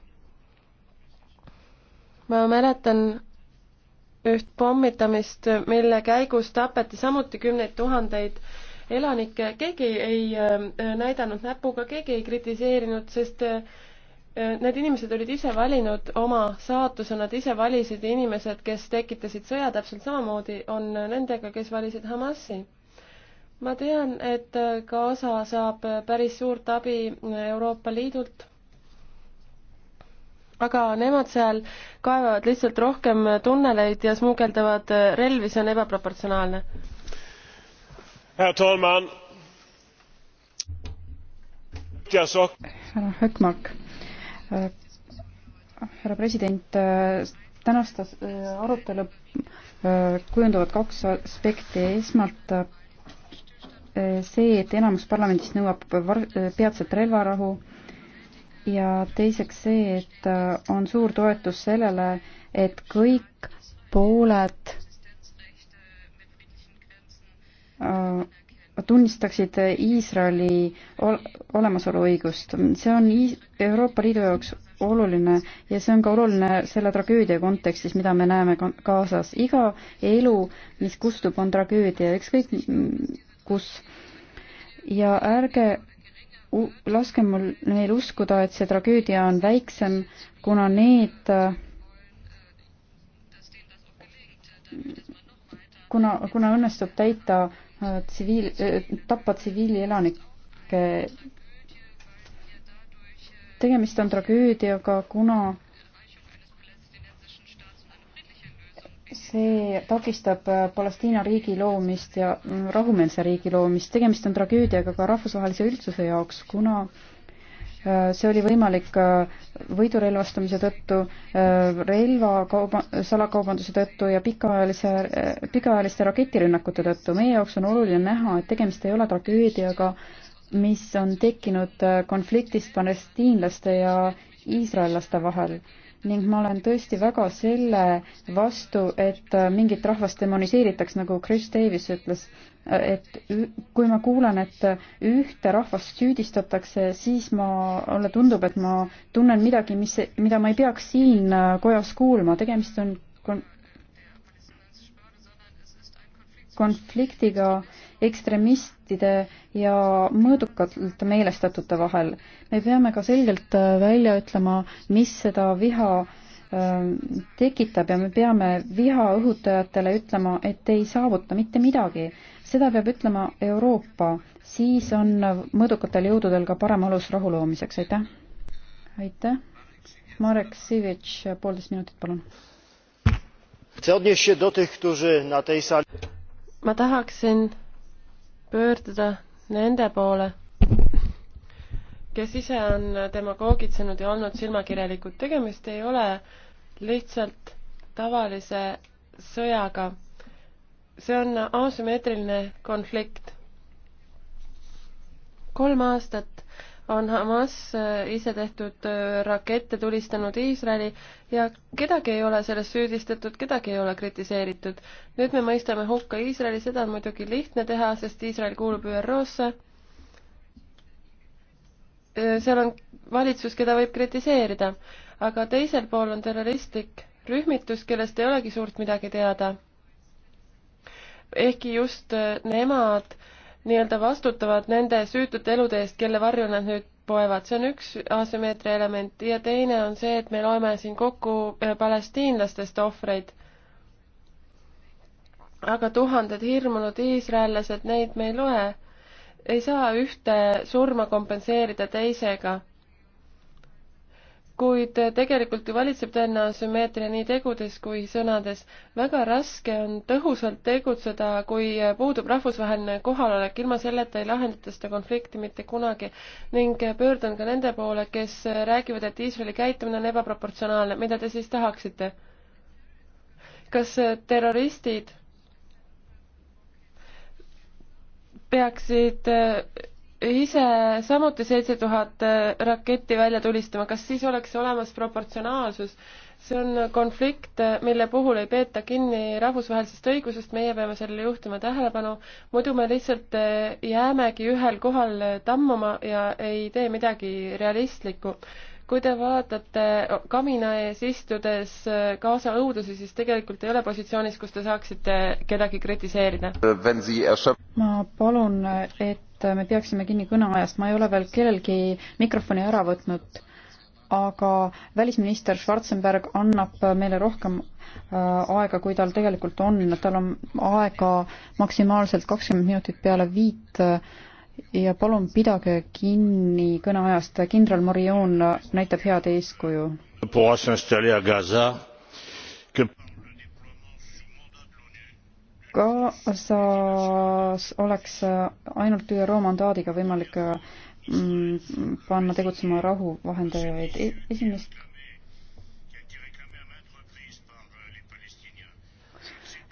ma mäletan üht pommitamist, mille käigus tapeti samuti kümneid tuhandeid elanikke, keegi ei äh, näidanud näpuga, keegi ei kritiseerinud, sest äh, need inimesed olid ise valinud oma saatuse, nad ise valisid inimesed, kes tekitasid sõja, täpselt samamoodi on nendega, kes valisid Hamasi. ma tean, et äh, Gaza saab päris suurt abi Euroopa Liidult aga nemad seal kaevavad lihtsalt rohkem tunneleid ja smugeldavad relvi, see on ebaproportsionaalne. härra Tolman. härra Hökmark, äh, härra president, äh, tänast äh, arutelu kujunduvad kaks aspekti, esmalt see, et enamus parlamendist nõuab peatset relvarahu ja teiseks see, et äh, on suur toetus sellele, et kõik pooled äh, tunnistaksid Iisraeli olemasoluõigust. see on Euroopa Liidu jaoks oluline ja see on ka oluline selle tragöödia kontekstis, mida me näeme kaasas. iga elu, mis kustub, on tragöödia, ükskõik kus. ja ärge laske mul neil uskuda, et see tragöödia on väiksem, kuna need, kuna, kuna õnnestub täita äh, tsiviil, äh, tappa tsiviilelanikke. tegemist on tragöödiaga, kuna see takistab äh, Palestiina riigi loomist ja mm, rahumeelse riigi loomist. tegemist on tragöödiaga ka rahvusvahelise üldsuse jaoks, kuna äh, see oli võimalik äh, võidurelvastumise tõttu, relvakauba, salakaubanduse tõttu ja pikaajalise, pikaajaliste raketirünnakute tõttu. meie jaoks on oluline näha, et tegemist ei ole tragöödiaga, mis on tekkinud konfliktist palestiinlaste ja iisraellaste vahel ning ma olen tõesti väga selle vastu, et äh, mingit rahvast demoniseeritaks, nagu Chris Davis ütles, äh, et kui ma kuulen, et äh, ühte rahvast süüdistatakse, siis ma, mulle tundub, et ma tunnen midagi, mis, mida ma ei peaks siin kojas kuulma, tegemist on kon konfliktiga äh, ekstremistide ja mõõdukalt meelestatute vahel. me peame ka selgelt äh, välja ütlema, mis seda viha ähm, tekitab ja me peame viha õhutajatele ütlema, et ei saavuta mitte midagi. seda peab ütlema Euroopa, siis on mõõdukatel jõududel ka parem alus rahu loomiseks, aitäh. aitäh. Marek Sivitš, poolteist minutit, palun. ma tahaksin pöörduda nende poole, kes ise on demagoogitsenud ja olnud silmakirjalikud. tegemist ei ole lihtsalt tavalise sõjaga. see on asümmeetriline konflikt. kolm aastat on Hamas äh, ise tehtud äh, rakette tulistanud Iisraeli ja kedagi ei ole selles süüdistatud, kedagi ei ole kritiseeritud. nüüd me mõistame hukka Iisraeli, seda on muidugi lihtne teha, sest Iisrael kuulub ÜRO-sse. Äh, seal on valitsus, keda võib kritiseerida, aga teisel pool on terroristlik rühmitus, kellest ei olegi suurt midagi teada. ehkki just nemad äh, nii-öelda vastutavad nende süütute elude eest, kelle varju nad nüüd poevad, see on üks asümmeetria element ja teine on see, et me loeme siin kokku äh, palestiinlastest ohvreid. aga tuhanded hirmunud iisraellased, neid me ei loe. ei saa ühte surma kompenseerida teisega kuid äh, tegelikult ju valitseb tõenäoline sümmeetria nii tegudes kui sõnades. väga raske on tõhusalt tegutseda, kui äh, puudub rahvusvaheline kohalolek, ilma selleta ei lahendata seda konflikti mitte kunagi. ning äh, pöördun ka nende poole, kes räägivad, et Iisraeli käitumine on ebaproportsionaalne, mida te siis tahaksite? kas terroristid peaksid ise samuti seitse tuhat äh, raketti välja tulistama, kas siis oleks olemas proportsionaalsus? see on konflikt, äh, mille puhul ei peeta kinni rahvusvahelisest õigusest, meie peame sellele juhtima tähelepanu, muidu me lihtsalt äh, jäämegi ühel kohal tammuma ja ei tee midagi realistlikku kui te vaatate kamina ees istudes Gaza äh, õudusi, siis tegelikult ei ole positsioonis, kus te saaksite kedagi kritiseerida. ma palun, et me peaksime kinni kõneajast, ma ei ole veel kellelgi mikrofoni ära võtnud, aga välisminister Schwarzenberg annab meile rohkem äh, aega, kui tal tegelikult on, tal on aega maksimaalselt kakskümmend minutit peale viit äh, ja palun pidage kinni kõneajast, kindral Morion näitab head eeskuju. Gazas oleks ainult ÜRO mandaadiga võimalik mm, panna tegutsema rahuvahendajaid. E-, esimest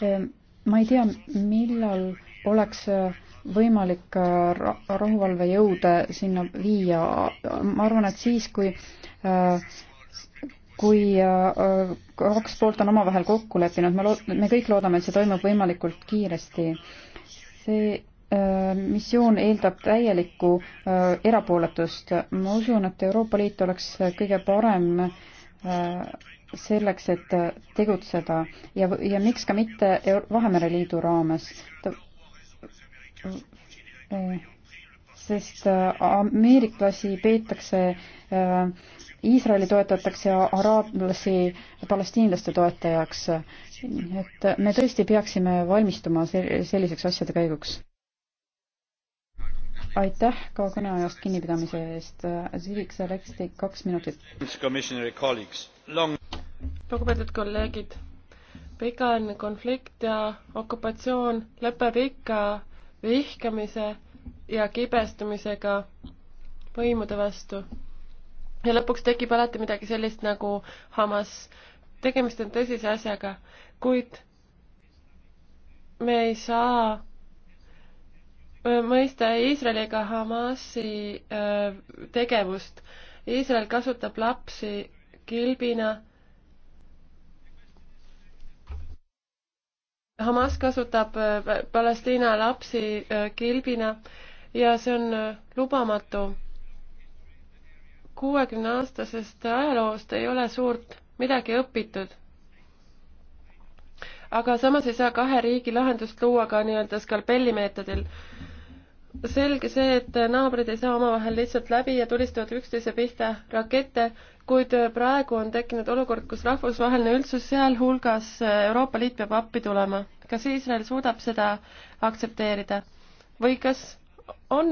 ehm, ma ei tea, millal oleks äh, võimalik äh, rahuvalvejõude sinna viia. ma arvan, et siis, kui äh, kui äh, kaks poolt on omavahel kokku leppinud, ma lood-, me kõik loodame, et see toimub võimalikult kiiresti. see missioon eeldab täielikku erapooletust. ma usun, et Euroopa Liit oleks kõige parem selleks, et tegutseda ja, ja miks ka mitte Vahemere Liidu raames. Äh, sest äh, ameeriklasi peetakse, äh, Iisraeli toetatakse ja araablasi palestiinlaste toetajaks. et me tõesti peaksime valmistuma selliseks asjade käiguks. aitäh ka kõneajast kinnipidamise eest. Siviks Aleksei, kaks minutit. lugupeetud kolleegid, pikaajaline konflikt ja okupatsioon lõpeb ikka vihkamise ja kibestumisega võimude vastu. ja lõpuks tekib alati midagi sellist nagu Hamas. tegemist on tõsise asjaga, kuid me ei saa äh, mõista Iisraeli ega Hamasi äh, tegevust. Iisrael kasutab lapsi kilbina Hamas kasutab äh, Palestiina lapsi äh, kilbina ja see on äh, lubamatu. kuuekümne aastasest ajaloost ei ole suurt midagi õpitud. aga samas ei saa kahe riigi lahendust luua ka nii-öelda skalpellimeetodil selge see, et naabrid ei saa omavahel lihtsalt läbi ja tulistavad üksteise pihta rakette, kuid praegu on tekkinud olukord, kus rahvusvaheline üldsus, sealhulgas Euroopa Liit, peab appi tulema. kas Iisrael suudab seda aktsepteerida või kas on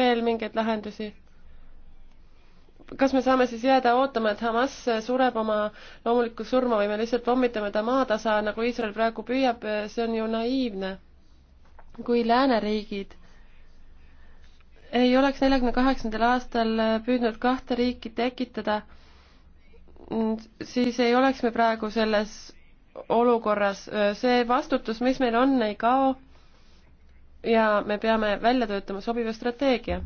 veel mingeid lahendusi? kas me saame siis jääda ootama, et Hamas sureb oma loomulikku surma või me lihtsalt pommitame ta maatasa, nagu Iisrael praegu püüab, see on ju naiivne kui lääneriigid ei oleks neljakümne kaheksandal aastal püüdnud kahte riiki tekitada, siis ei oleks me praegu selles olukorras. see vastutus, mis meil on, ei kao ja me peame välja töötama sobiva strateegia.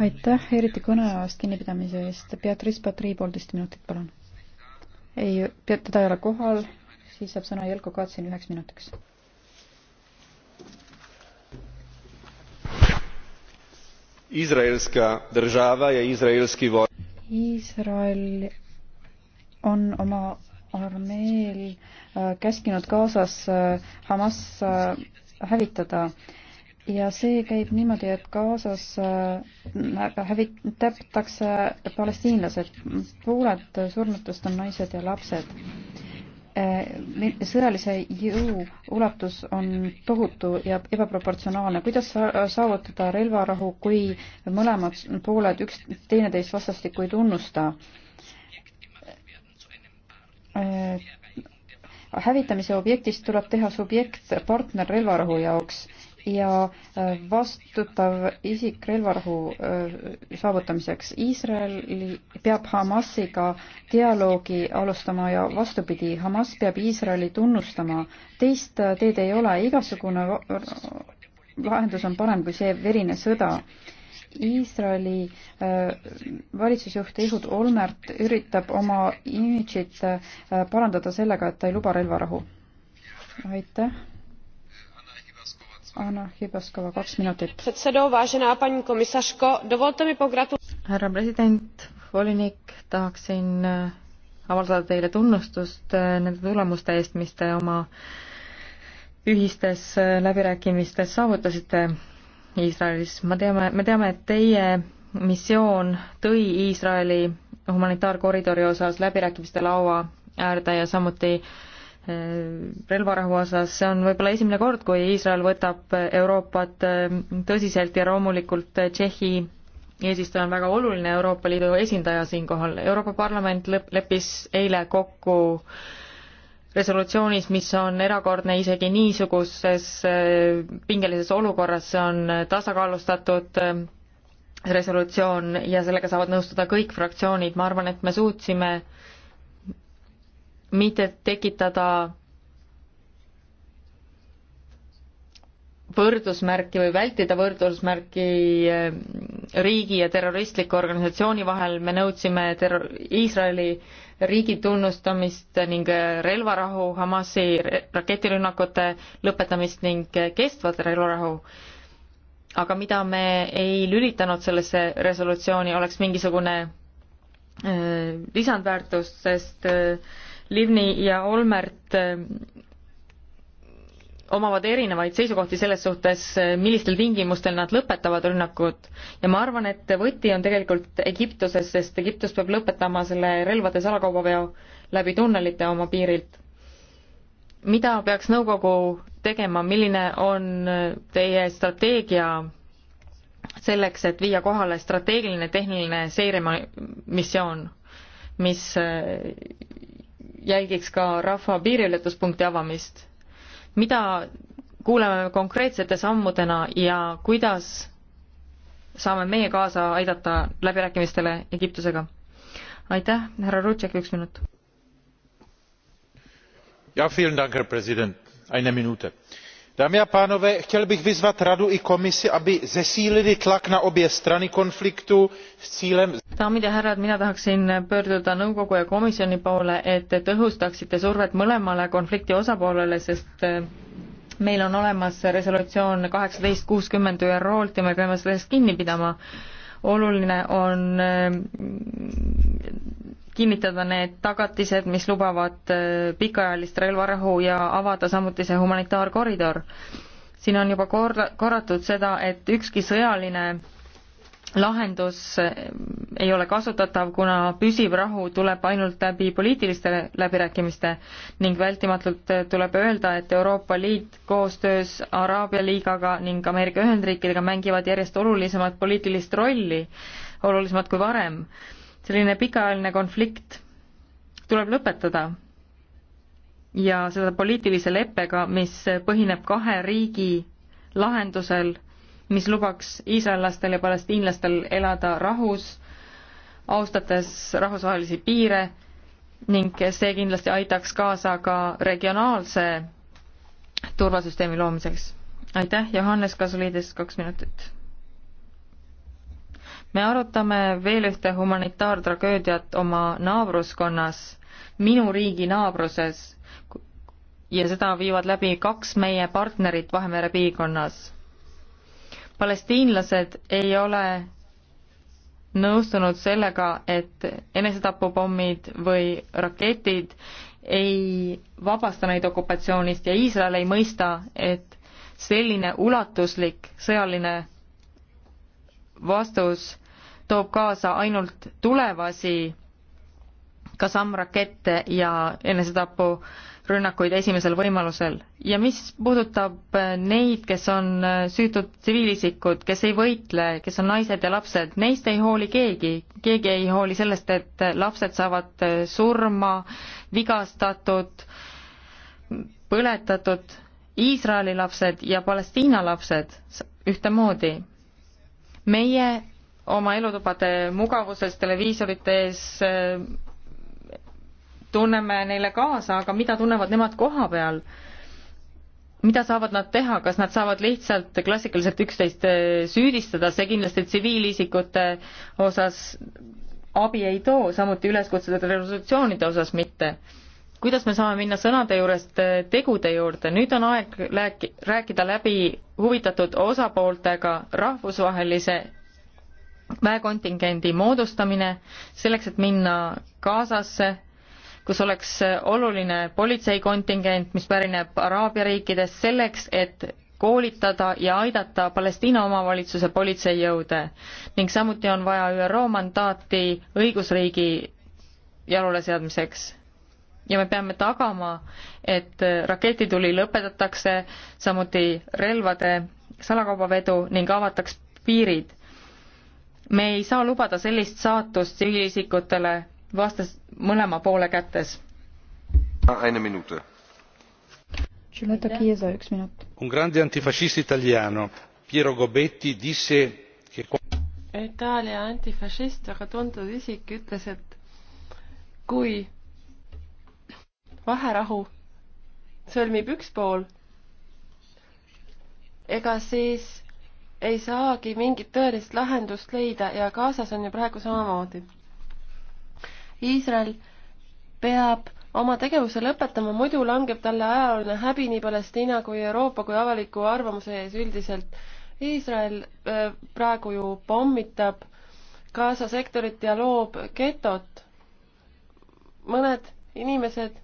aitäh, eriti kõneajast kinnipidamise eest. Beatrice Patrii, poolteist minutit, palun. ei, teda ei ole kohal, siis saab sõna Jelko Katsin üheks minutiks izraelska država ja izraelski vo- Iisrael on oma armeel äh, käskinud Gazas äh, Hamas äh, hävitada ja see käib niimoodi, et Gazas hävit-, täptakse palestiinlased, pooled surnutest on naised ja lapsed Eh, sõjalise jõu ulatus on tohutu ja ebaproportsionaalne. kuidas saavutada relvarahu, kui mõlemad pooled üks, teineteist vastastikku ei tunnusta? Eh, hävitamise objektist tuleb teha subjekt partner relvarahu jaoks ja äh, vastutav isik relvarahu äh, saavutamiseks. Iisrael peab Hamasiga dialoogi alustama ja vastupidi, Hamas peab Iisraeli tunnustama. teist äh, teed ei ole, igasugune lahendus on parem kui see verine sõda. Iisraeli valitsusjuht Ehud Olmert üritab oma imidžit parandada sellega, et ta ei luba relvarahu. aitäh Anna Hybaskova, kaks minutit. härra president, volinik, tahaksin äh, avaldada teile tunnustust äh, nende tulemuste eest, mis te oma ühistes äh, läbirääkimistes saavutasite Iisraelis. ma teame, me teame, et teie missioon tõi Iisraeli humanitaarkoridori osas läbirääkimiste laua äärde ja samuti äh, Äh, relvarahu osas, see on võib-olla esimene kord, kui Iisrael võtab äh, Euroopat äh, tõsiselt ja loomulikult Tšehhi eesistuja on väga oluline Euroopa Liidu esindaja siinkohal. Euroopa Parlament lõpp, leppis eile kokku resolutsioonis, mis on erakordne isegi niisuguses pingelises olukorras, see on tasakaalustatud resolutsioon ja sellega saavad nõustuda kõik fraktsioonid, ma arvan, et me suutsime äh, mitte tekitada võrdusmärki või vältida võrdusmärki eh, riigi ja terroristliku organisatsiooni vahel, me nõudsime terro-, Iisraeli riigi tunnustamist ning eh, relvarahu, Hamasi raketirünnakute lõpetamist ning eh, kestvat relvarahu. aga mida me ei lülitanud sellesse resolutsiooni, oleks mingisugune lisandväärtus, sest äh, Livni ja Olmert eh, omavad erinevaid seisukohti selles suhtes, eh, millistel tingimustel nad lõpetavad rünnakud ja ma arvan, et võti on tegelikult Egiptuses, sest Egiptus peab lõpetama selle relvade salakaubaveo läbi tunnelite oma piirilt. mida peaks nõukogu tegema, milline on eh, teie strateegia selleks, et viia kohale strateegiline tehniline seiremissioon, mis jälgiks ka rahva piiriületuspunkti avamist. mida kuuleme konkreetsete sammudena ja kuidas saame meie kaasa aidata läbirääkimistele Egiptusega? aitäh, härra Rutšek, üks minut. jah, vielen dank, härra president, eine minute dámy a pánové chtěl bych vyzvat radu i komisi aby zesílily tlak na obě strany konfliktu s cílem. daamid ja härrad mina tahaksin pöörduda nõukogu ja komisjoni poole et te tõhustaksite survet mõlemale konflikti osapoolele sest äh, meil on olemas resolutsioon kaheksateist kuuskümmend ürolt ja me peame sellest kinni pidama oluline on äh, kinnitada need tagatised, mis lubavad äh, pikaajalist relvarahu ja avada samuti see humanitaarkoridor. siin on juba korra-, korratud seda, et ükski sõjaline lahendus äh, ei ole kasutatav, kuna püsiv rahu tuleb ainult läbi poliitiliste läbirääkimiste ning vältimatult äh, tuleb öelda, et Euroopa Liit koostöös Araabia liigaga ning Ameerika Ühendriikidega mängivad järjest olulisemat poliitilist rolli, olulisemat kui varem selline pikaajaline konflikt tuleb lõpetada ja seda poliitilise leppega, mis põhineb kahe riigi lahendusel, mis lubaks iisraellastel ja palestiinlastel elada rahus, austates rahvusvahelisi piire ning see kindlasti aitaks kaasa ka regionaalse turvasüsteemi loomiseks. aitäh, Johannes Kasuliides, kaks minutit me arutame veel ühte humanitaartragöödiat oma naabruskonnas, minu riigi naabruses ja seda viivad läbi kaks meie partnerit Vahemere piirkonnas. palestiinlased ei ole nõustunud sellega, et enesetapupommid või raketid ei vabasta neid okupatsioonist ja Iisrael ei mõista, et selline ulatuslik sõjaline vastus toob kaasa ainult tulevasi ka sammrakette ja enesetapu rünnakuid esimesel võimalusel. ja mis puudutab neid, kes on süütud tsiviilisikud, kes ei võitle, kes on naised ja lapsed, neist ei hooli keegi. keegi ei hooli sellest, et lapsed saavad surma, vigastatud, põletatud, Iisraeli lapsed ja Palestiina lapsed ühtemoodi. meie oma elutubade mugavuses televiisorite ees tunneme neile kaasa, aga mida tunnevad nemad koha peal? mida saavad nad teha, kas nad saavad lihtsalt klassikaliselt üksteist eh, süüdistada, see kindlasti tsiviilisikute osas abi ei too, samuti üleskutsed resolutsioonide osas mitte. kuidas me saame minna sõnade juurest eh, tegude juurde, nüüd on aeg rääkida läbi huvitatud osapooltega rahvusvahelise väekontingendi moodustamine selleks, et minna Gazasse, kus oleks oluline politseikontingent, mis pärineb Araabia riikidest, selleks, et koolitada ja aidata Palestiina omavalitsuse politseijõude ning samuti on vaja ÜRO mandaati õigusriigi jaluleseadmiseks. ja me peame tagama, et raketituli lõpetatakse, samuti relvade salakaubavedu ning avataks piirid me ei saa lubada sellist saatust tsiviilisikutele vastas mõlema poole kätes. un grande antifascista italiano Piero Gobetti disse che Itaalia antifašist, väga tuntud isik ütles, et kui vaherahu sõlmib üks pool, ega siis ei saagi mingit tõelist lahendust leida ja Gazas on ju praegu samamoodi. Iisrael peab oma tegevuse lõpetama, muidu langeb talle ajalooline häbi nii Palestiina kui Euroopa kui avaliku arvamuse ees üldiselt. Iisrael äh, praegu ju pommitab Gaza sektorit ja loob getot. mõned inimesed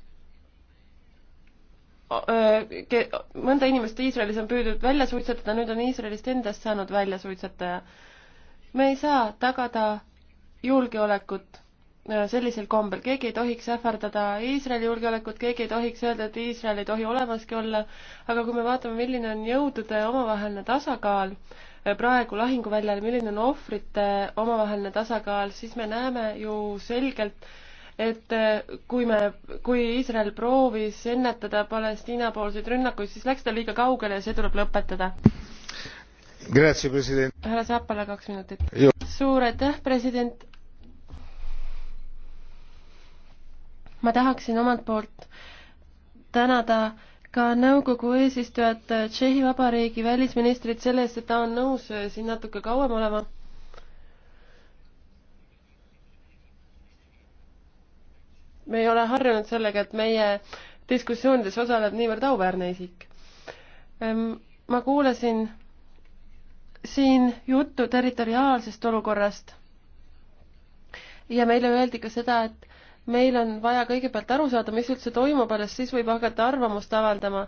mõnda inimest Iisraelis on püüdnud välja suitsetada, nüüd on Iisraelist endast saanud väljasuitsetaja. me ei saa tagada julgeolekut sellisel kombel, keegi ei tohiks ähvardada Iisraeli julgeolekut, keegi ei tohiks öelda, et Iisrael ei tohi olemaski olla, aga kui me vaatame, milline on jõudude omavaheline tasakaal praegu lahinguväljal, milline on ohvrite omavaheline tasakaal, siis me näeme ju selgelt, et äh, kui me, kui Iisrael proovis ennetada Palestiina poolseid rünnakuid, siis läks ta liiga kaugele ja see tuleb lõpetada. härra Saapale kaks minutit. suur aitäh, president. ma tahaksin omalt poolt tänada ka nõukogu eesistujat Tšehhi Vabariigi välisministrit selle eest, et ta on nõus äh, siin natuke kauem olema me ei ole harjunud sellega, et meie diskussioonides osaleb niivõrd auväärne isik. Ehm, ma kuulasin siin juttu territoriaalsest olukorrast ja meile öeldi ka seda, et meil on vaja kõigepealt aru saada, mis üldse toimub, alles siis võib hakata arvamust avaldama.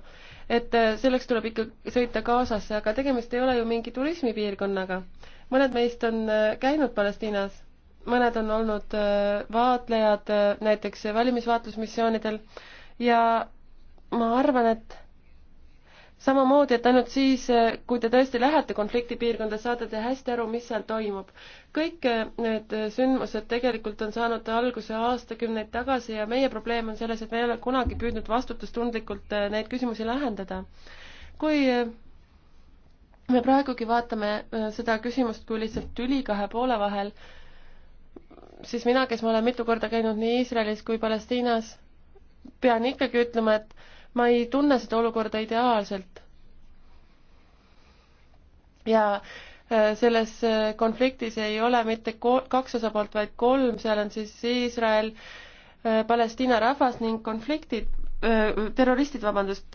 et äh, selleks tuleb ikka sõita Gazasse, aga tegemist ei ole ju mingi turismipiirkonnaga. mõned meist on äh, käinud Palestiinas mõned on olnud äh, vaatlejad äh, näiteks valimisvaatlusmissioonidel ja ma arvan, et samamoodi, et ainult siis, äh, kui te tõesti lähete konfliktipiirkonda, saate te hästi aru, mis seal toimub. kõik need sündmused tegelikult on saanud alguse aastakümneid tagasi ja meie probleem on selles, et me ei ole kunagi püüdnud vastutustundlikult neid küsimusi lahendada. kui me praegugi vaatame seda küsimust kui lihtsalt tüli kahe poole vahel, siis mina, kes ma olen mitu korda käinud nii Iisraelis kui Palestiinas, pean ikkagi ütlema, et ma ei tunne seda olukorda ideaalselt. ja äh, selles äh, konfliktis ei ole mitte kaks osapoolt, vaid kolm, seal on siis Iisrael, äh, Palestiina rahvas ning konfliktid, terroristid, vabandust,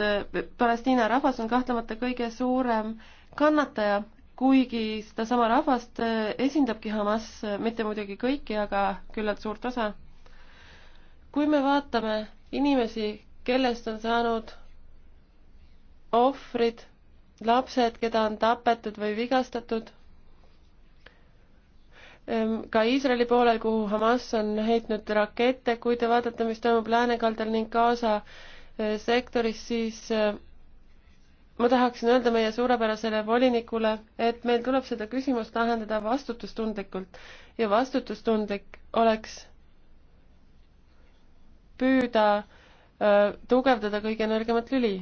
Palestiina rahvas on kahtlemata kõige suurem kannataja kuigi sedasama rahvast eh, esindabki Hamas, eh, mitte muidugi kõiki, aga küllalt suurt osa. kui me vaatame inimesi, kellest on saanud ohvrid, lapsed, keda on tapetud või vigastatud, ehm, ka Iisraeli poolel, kuhu Hamas on heitnud rakette, kui te vaatate, mis toimub läänekaldal ning Gaza eh, sektoris, siis ma tahaksin öelda meie suurepärasele volinikule, et meil tuleb seda küsimust lahendada vastutustundlikult ja vastutustundlik oleks püüda öö, tugevdada kõige nõrgemat lüli.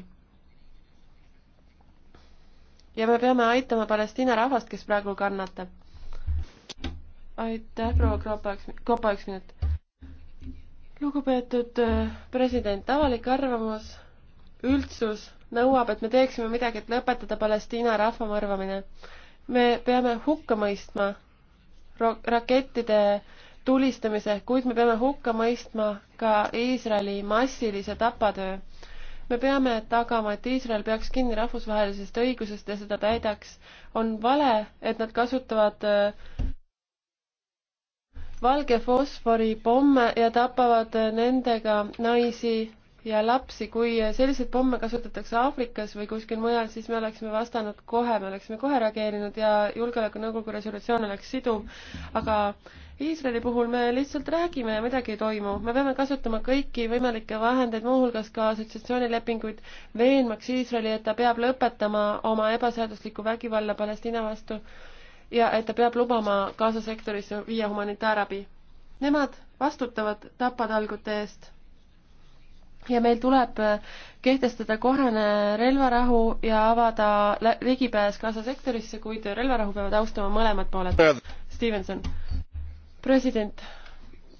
ja me peame aitama Palestiina rahvast, kes praegu kannatab. aitäh, proua Kropa, üks, Kopa, üks minut. lugupeetud öö, president, avalik arvamus üldsus nõuab, et me teeksime midagi, et lõpetada Palestiina rahva mõrvamine. me peame hukka mõistma rakettide tulistamise, kuid me peame hukka mõistma ka Iisraeli massilise tapatöö. me peame tagama, et Iisrael peaks kinni rahvusvahelisest õigusest ja seda täidaks. on vale, et nad kasutavad äh, valge fosfori pomme ja tapavad äh, nendega naisi ja lapsi, kui selliseid pomme kasutatakse Aafrikas või kuskil mujal, siis me oleksime vastanud kohe, me oleksime kohe reageerinud ja Julgeolekunõukogu resolutsioon oleks siduv, aga Iisraeli puhul me lihtsalt räägime ja midagi ei toimu. me peame kasutama kõiki võimalikke vahendeid, muuhulgas ka assotsiatsioonilepinguid, veenmaks Iisraeli, et ta peab lõpetama oma ebaseadusliku vägivalla Palestiina vastu ja et ta peab lubama Gaza sektorisse viia humanitaarabi. Nemad vastutavad tapatalgute eest ja meil tuleb äh, kehtestada kohane relvarahu ja avada ligipääs Gaza sektorisse, kuid relvarahu peavad austama mõlemad pooled. Stevenson, president,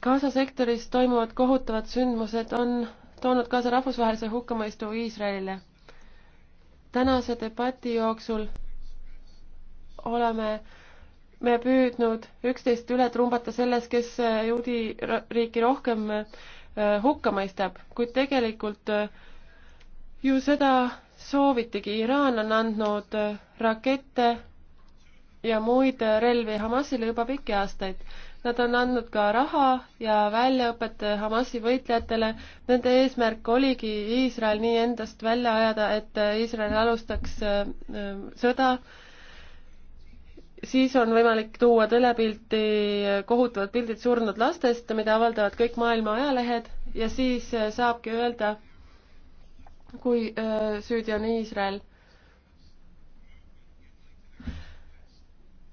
Gaza sektoris toimuvad kohutavad sündmused on toonud kaasa rahvusvahelise hukkamõistu Iisraelile. tänase debati jooksul oleme me püüdnud üksteist üle trumbata selles, kes äh, juudi riiki rohkem äh, Äh, hukka mõistab, kuid tegelikult äh, ju seda soovitigi, Iraan on andnud äh, rakette ja muid relvi Hamasile juba pikki aastaid. Nad on andnud ka raha ja väljaõpet Hamasi võitlejatele. Nende eesmärk oligi Iisrael nii endast välja ajada, et Iisrael alustaks sõda siis on võimalik tuua telepilti kohutavad pildid surnud lastest, mida avaldavad kõik maailma ajalehed ja siis äh, saabki öelda, kui äh, süüdi on Iisrael.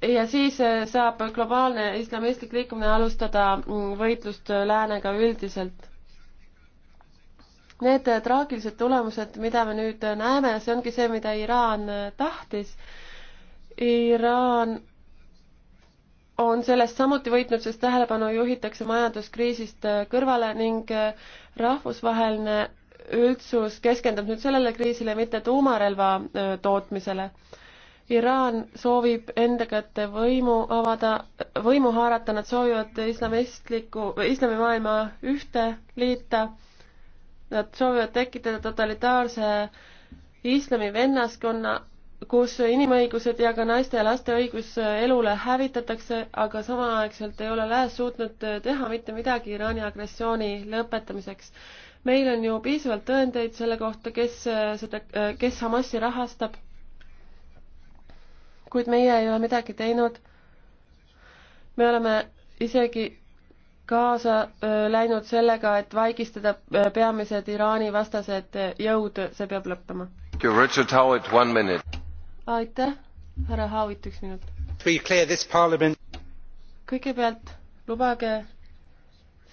ja siis äh, saab globaalne islamistlik liikumine alustada mm, võitlust läänega üldiselt need traagilised tulemused, mida me nüüd näeme, see ongi see, mida Iraan tahtis Iraan on sellest samuti võitnud, sest tähelepanu juhitakse majanduskriisist äh, kõrvale ning äh, rahvusvaheline üldsus keskendub nüüd sellele kriisile, mitte tuumarelva äh, tootmisele. Iraan soovib enda kätte võimu avada, võimu haarata, nad soovivad islamistliku, islamimaailma ühte liita, nad soovivad tekitada totalitaarse islami vennaskonna, kus inimõigused ja ka naiste ja laste õigus elule hävitatakse, aga samaaegselt ei ole lääs suutnud teha mitte midagi Iraani agressiooni lõpetamiseks. meil on ju piisavalt tõendeid selle kohta, kes seda, kes Hamasi rahastab. kuid meie ei ole midagi teinud. me oleme isegi kaasa läinud sellega, et vaigistada peamised Iraani vastased jõud, see peab lõppema. Richard Howitt, one minute aitäh, härra Haavit, üks minut. kõigepealt lubage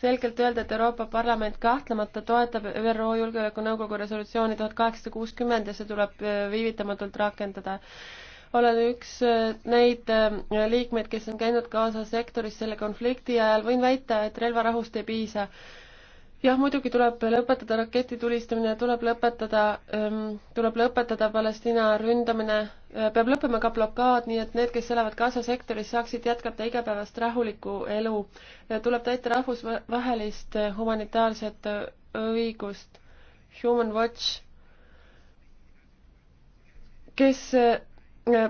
selgelt öelda, et Euroopa Parlament kahtlemata toetab ÜRO Julgeolekunõukogu resolutsiooni tuhat kaheksasada kuuskümmend ja see tuleb äh, viivitamatult rakendada. olen üks äh, neid äh, liikmeid, kes on käinud Gaza sektoris selle konflikti ajal, võin väita, et relvarahust ei piisa jah, muidugi tuleb lõpetada raketi tulistamine, tuleb lõpetada, ähm, tuleb lõpetada Palestiina ründamine, äh, peab lõppema ka blokaad, nii et need, kes elavad Gaza sektoris, saaksid jätkata igapäevast rahulikku elu. Äh, tuleb täita rahvusvahelist äh, humanitaarset õigust. Human Watch, kes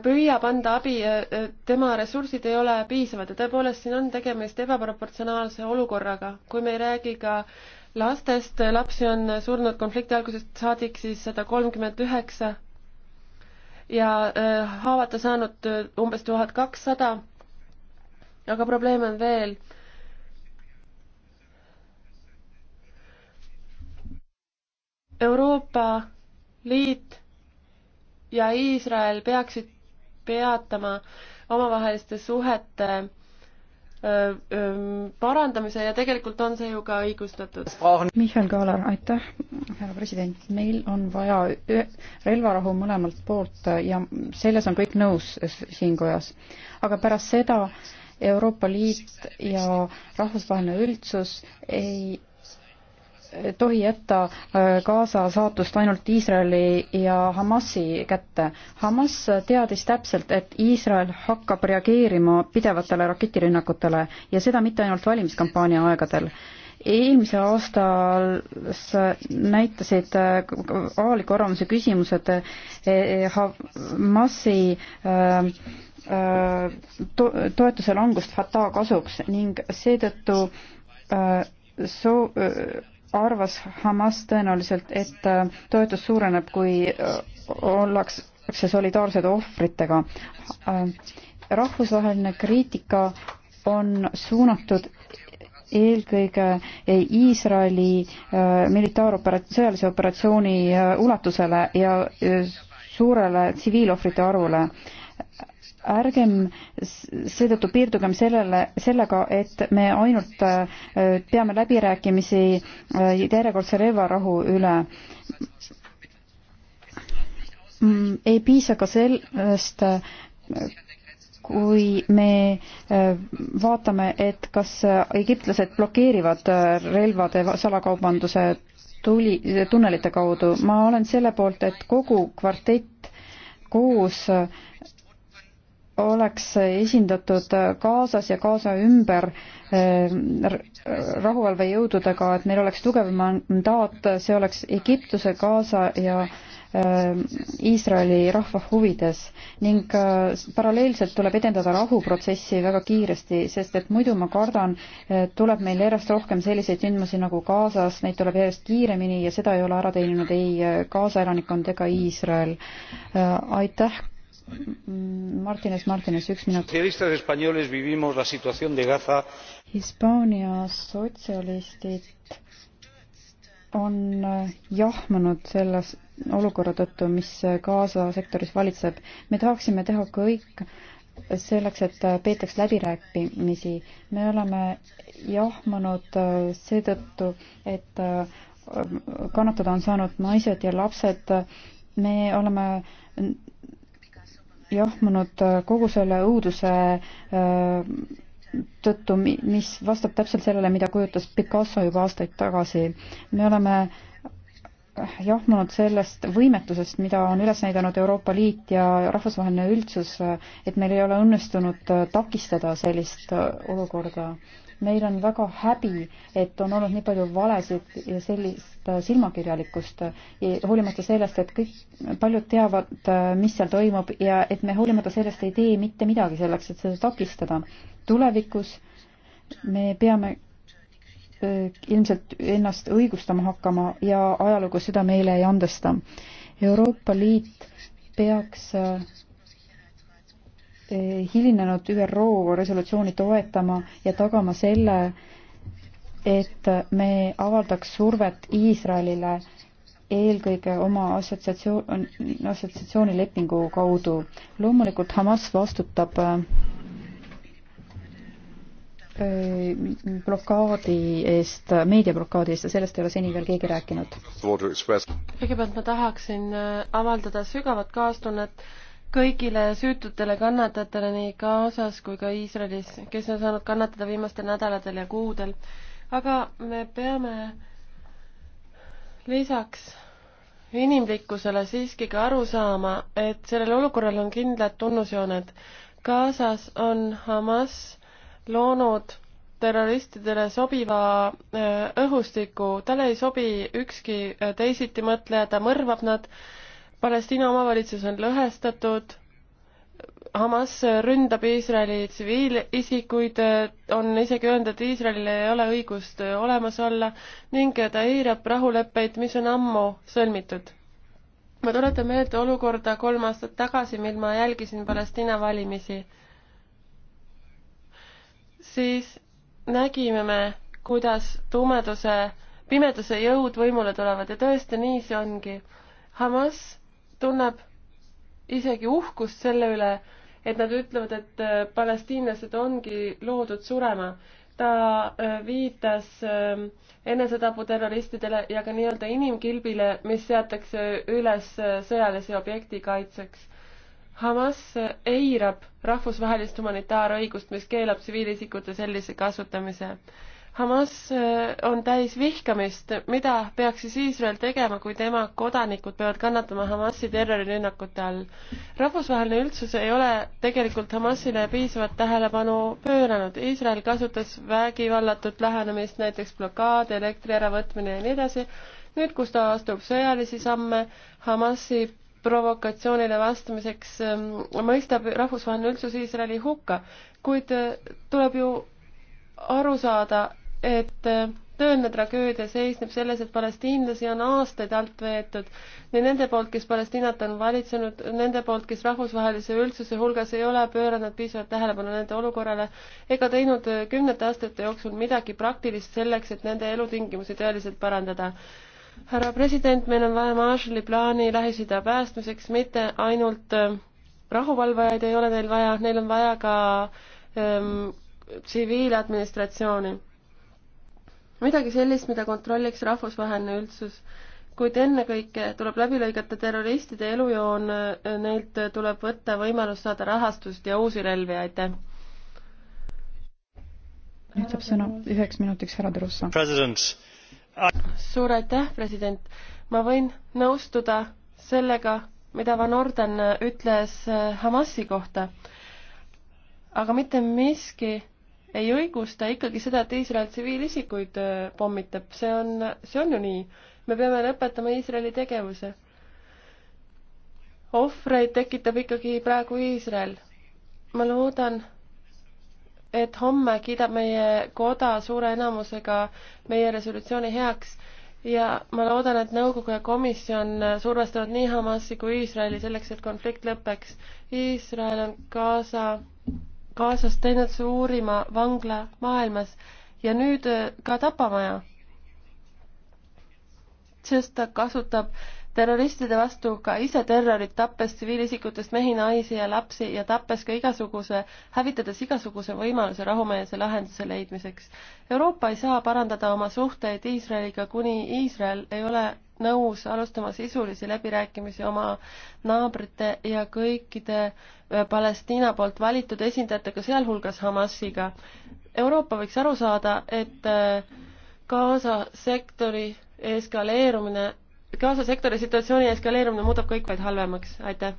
püüab anda abi, tema ressursid ei ole piisavad ja tõepoolest siin on tegemist ebaproportsionaalse olukorraga, kui me ei räägi ka äh, lastest lapsi on surnud konflikti algusest saadik siis sada kolmkümmend üheksa ja äh, haavata saanud äh, umbes tuhat kakssada. aga probleeme on veel. Euroopa Liit ja Iisrael peaksid peatama omavaheliste suhete parandamise ja tegelikult on see ju ka õigustatud. Mihhail Kaalar, aitäh, härra president. meil on vaja relvarahu mõlemalt poolt ja selles on kõik nõus siin kojas. aga pärast seda Euroopa Liit ja rahvusvaheline üldsus ei tohi jätta Gaza äh, saatust ainult Iisraeli ja Hamasi kätte. Hamas teadis täpselt, et Iisrael hakkab reageerima pidevatele raketirünnakutele ja seda mitte ainult valimiskampaania aegadel eelmise aastas näitasid äh, avaliku arvamuse küsimused äh, Hamasi to toetuse langust Fatah kasuks ning seetõttu soo-, arvas Hamas tõenäoliselt, et äh, toetus suureneb, kui äh, ollakse solidaarsed ohvritega. Äh, rahvusvaheline kriitika on suunatud eelkõige Iisraeli militaaropera-, sõjalise operatsiooni ulatusele ja suurele tsiviilohvrite arvule ärgem seetõttu piirdugem sellele, sellega, et me ainult äh, peame läbirääkimisi äh, järjekordse relvarahu üle. Mm, ei piisa ka sellest, äh, kui me vaatame, et kas egiptlased blokeerivad relvade salakaubanduse tuli, tunnelite kaudu. ma olen selle poolt, et kogu kvartett koos oleks esindatud Gazas ja Gaza ümber eh, rahuvalvejõududega, et neil oleks tugev mandaat, see oleks Egiptuse, Gaza ja eh, Iisraeli rahva huvides ning eh, paralleelselt tuleb edendada rahuprotsessi väga kiiresti, sest et muidu ma kardan, tuleb meil järjest rohkem selliseid sündmusi nagu Gazas, neid tuleb järjest kiiremini ja seda ei ole ära teeninud ei Gaza elanikkond ega Iisrael. aitäh Martines, mm, Martines, üks minut. Hispaania sotsialistid on äh, jahmunud selles olukorra tõttu, mis äh, Gaza sektoris valitseb. me tahaksime teha kõik selleks, et äh, peetaks läbirääkimisi. me oleme jahmunud seetõttu, et kannatada on saanud naised ja lapsed. me oleme jahmunud äh, kogu selle õuduse äh, tõttu, mis vastab täpselt sellele, mida kujutas Picasso juba aastaid tagasi. me oleme äh, jahmunud sellest võimetusest, mida on üles näidanud Euroopa Liit ja rahvusvaheline üldsus, et meil ei ole õnnestunud takistada sellist olukorda meil on väga häbi, et on olnud nii palju valesid ja sellist äh, silmakirjalikkust, hoolimata sellest, et kõik, paljud teavad, äh, mis seal toimub ja et me hoolimata sellest ei tee mitte midagi selleks, et seda takistada. tulevikus me peame äh, ilmselt ennast õigustama hakkama ja ajalugu seda meile ei andesta. Euroopa Liit peaks Eh, hilinenud ÜRO resolutsiooni toetama ja tagama selle, et me avaldaks survet Iisraelile eelkõige oma assotsiatsioon, assotsiatsioonilepingu kaudu. loomulikult Hamas vastutab eh, blokaadi eest, meediablokaadi eest ja sellest ei ole seni veel keegi rääkinud. kõigepealt ma tahaksin eh, avaldada sügavat kaastunnet kõigile süütutele kannatajatele nii Gazas kui ka Iisraelis, kes on saanud kannatada viimastel nädalatel ja kuudel. aga me peame lisaks inimlikkusele siiski ka aru saama, et sellel olukorral on kindlad tunnusjooned. Gazas on Hamas loonud terroristidele sobiva äh, õhustiku, talle ei sobi ükski äh, teisitimõtleja, ta mõrvab nad Palestiina omavalitsus on lõhestatud, Hamas ründab Iisraeli tsiviilisikuid, on isegi öelnud, et Iisraelil ei ole õigust olemas olla ning ta eirab rahuleppeid, mis on ammu sõlmitud. ma tuletan meelde olukorda kolm aastat tagasi, mil ma jälgisin Palestiina valimisi. siis nägime me, kuidas tumeduse, pimeduse jõud võimule tulevad ja tõesti nii see ongi. Hamas tunneb isegi uhkust selle üle, et nad ütlevad, et äh, palestiinlased ongi loodud surema. ta äh, viitas äh, enesetaputerroristidele ja ka nii-öelda inimkilbile, mis seatakse üles sõjalise objekti kaitseks. Hamas eirab rahvusvahelist humanitaarõigust, mis keelab tsiviilisikute sellise kasutamise Hamas äh, on täis vihkamist, mida peaks siis Iisrael tegema, kui tema kodanikud peavad kannatama Hamasi terrorirünnakute all? rahvusvaheline üldsus ei ole tegelikult Hamasile piisavat tähelepanu pööranud, Iisrael kasutas vägivallatut lähenemist, näiteks blokaad, elektri äravõtmine ja nii edasi, nüüd, kus ta astub sõjalisi samme Hamasi provokatsioonile vastamiseks ähm, mõistab rahvusvaheline üldsus Iisraeli hukka, kuid äh, tuleb ju aru saada, et äh, tõeline tragöödia seisneb selles, et palestiinlasi on aastaid alt veetud nii nende poolt, kes Palestiinat on valitsenud, nende poolt, kes rahvusvahelise üldsuse hulgas ei ole pööranud piisavalt tähelepanu nende olukorrale ega teinud äh, kümnete aastate jooksul midagi praktilist selleks, et nende elutingimusi tõeliselt parandada härra president, meil on vaja Marshalli plaani Lähis-Ida päästmiseks, mitte ainult äh, rahuvalvajaid ei ole neil vaja, neil on vaja ka ähm, tsiviiladministratsiooni ähm, midagi sellist, mida kontrolliks rahvusvaheline üldsus. kuid ennekõike tuleb läbi lõigata terroristide elujoon, neilt tuleb võtta võimalus saada rahastust ja uusi relvi, aitäh. nüüd saab sõna üheks minutiks härra Terussa. suur aitäh, president. ma võin nõustuda sellega, mida Van Orden ütles Hamasi kohta. aga mitte miski ei õigusta ikkagi seda, et Iisrael tsiviilisikuid äh, pommitab, see on, see on ju nii. me peame lõpetama Iisraeli tegevuse. ohvreid tekitab ikkagi praegu Iisrael. ma loodan, et homme kiidab meie koda suure enamusega meie resolutsiooni heaks ja ma loodan, et nõukogu ja komisjon äh, survestavad nii Hamasi kui Iisraeli selleks, et konflikt lõpeks. Iisrael on Gaza Gazast teinud suurima vangla maailmas ja nüüd äh, ka tapamaja, sest ta kasutab terroristide vastu ka ise terrorit, tappes tsiviilisikutest mehi, naisi ja lapsi ja tappes ka igasuguse, hävitades igasuguse võimaluse rahumeelse lahenduse leidmiseks. Euroopa ei saa parandada oma suhteid Iisraeliga, kuni Iisrael ei ole nõus alustama sisulisi läbirääkimisi oma naabrite ja kõikide äh, Palestiina poolt valitud esindajatega, sealhulgas Hamasiga. Euroopa võiks aru saada, et äh, Gaza sektori eskaleerumine Gaza sektori situatsiooni eskaleerumine muudab kõik vaid halvemaks, aitäh.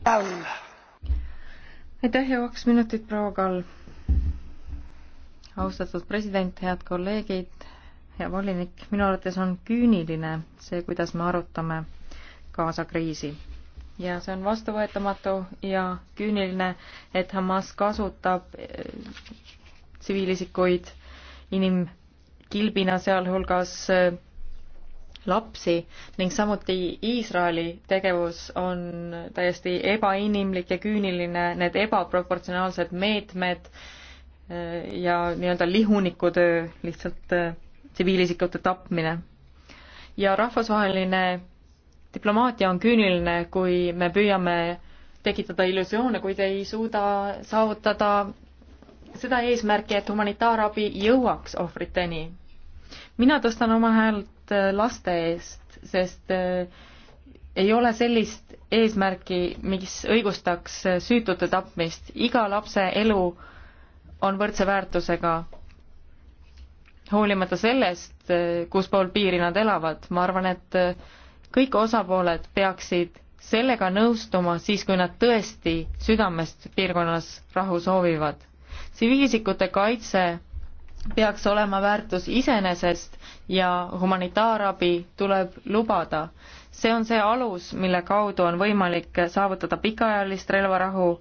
aitäh ja kaks minutit, proua Kall. austatud president, head kolleegid, hea volinik, minu arvates on küüniline see, kuidas me arutame Gaza kriisi ja see on vastuvõetamatu ja küüniline, et Hamas kasutab eh, tsiviilisikuid inimkilbina, sealhulgas eh, lapsi ning samuti Iisraeli tegevus on täiesti ebainimlik ja küüniline, need ebaproportsionaalsed meetmed eh, ja nii-öelda lihunikutöö, lihtsalt eh, tsiviilisikute tapmine. ja rahvusvaheline diplomaatia on küüniline, kui me püüame tekitada illusioone, kuid ei suuda saavutada seda eesmärki, et humanitaarabi jõuaks ohvriteni. mina tõstan oma häält hoolt äh, laste eest, sest äh, ei ole sellist eesmärki, mis õigustaks äh, süütute tapmist. iga lapse elu on võrdse väärtusega, hoolimata sellest, kuspool piiri nad elavad. ma arvan, et kõik osapooled peaksid sellega nõustuma siis, kui nad tõesti südamest piirkonnas rahu soovivad. tsiviilisikute kaitse peaks olema väärtus iseenesest ja humanitaarabi tuleb lubada. see on see alus, mille kaudu on võimalik saavutada pikaajalist relvarahu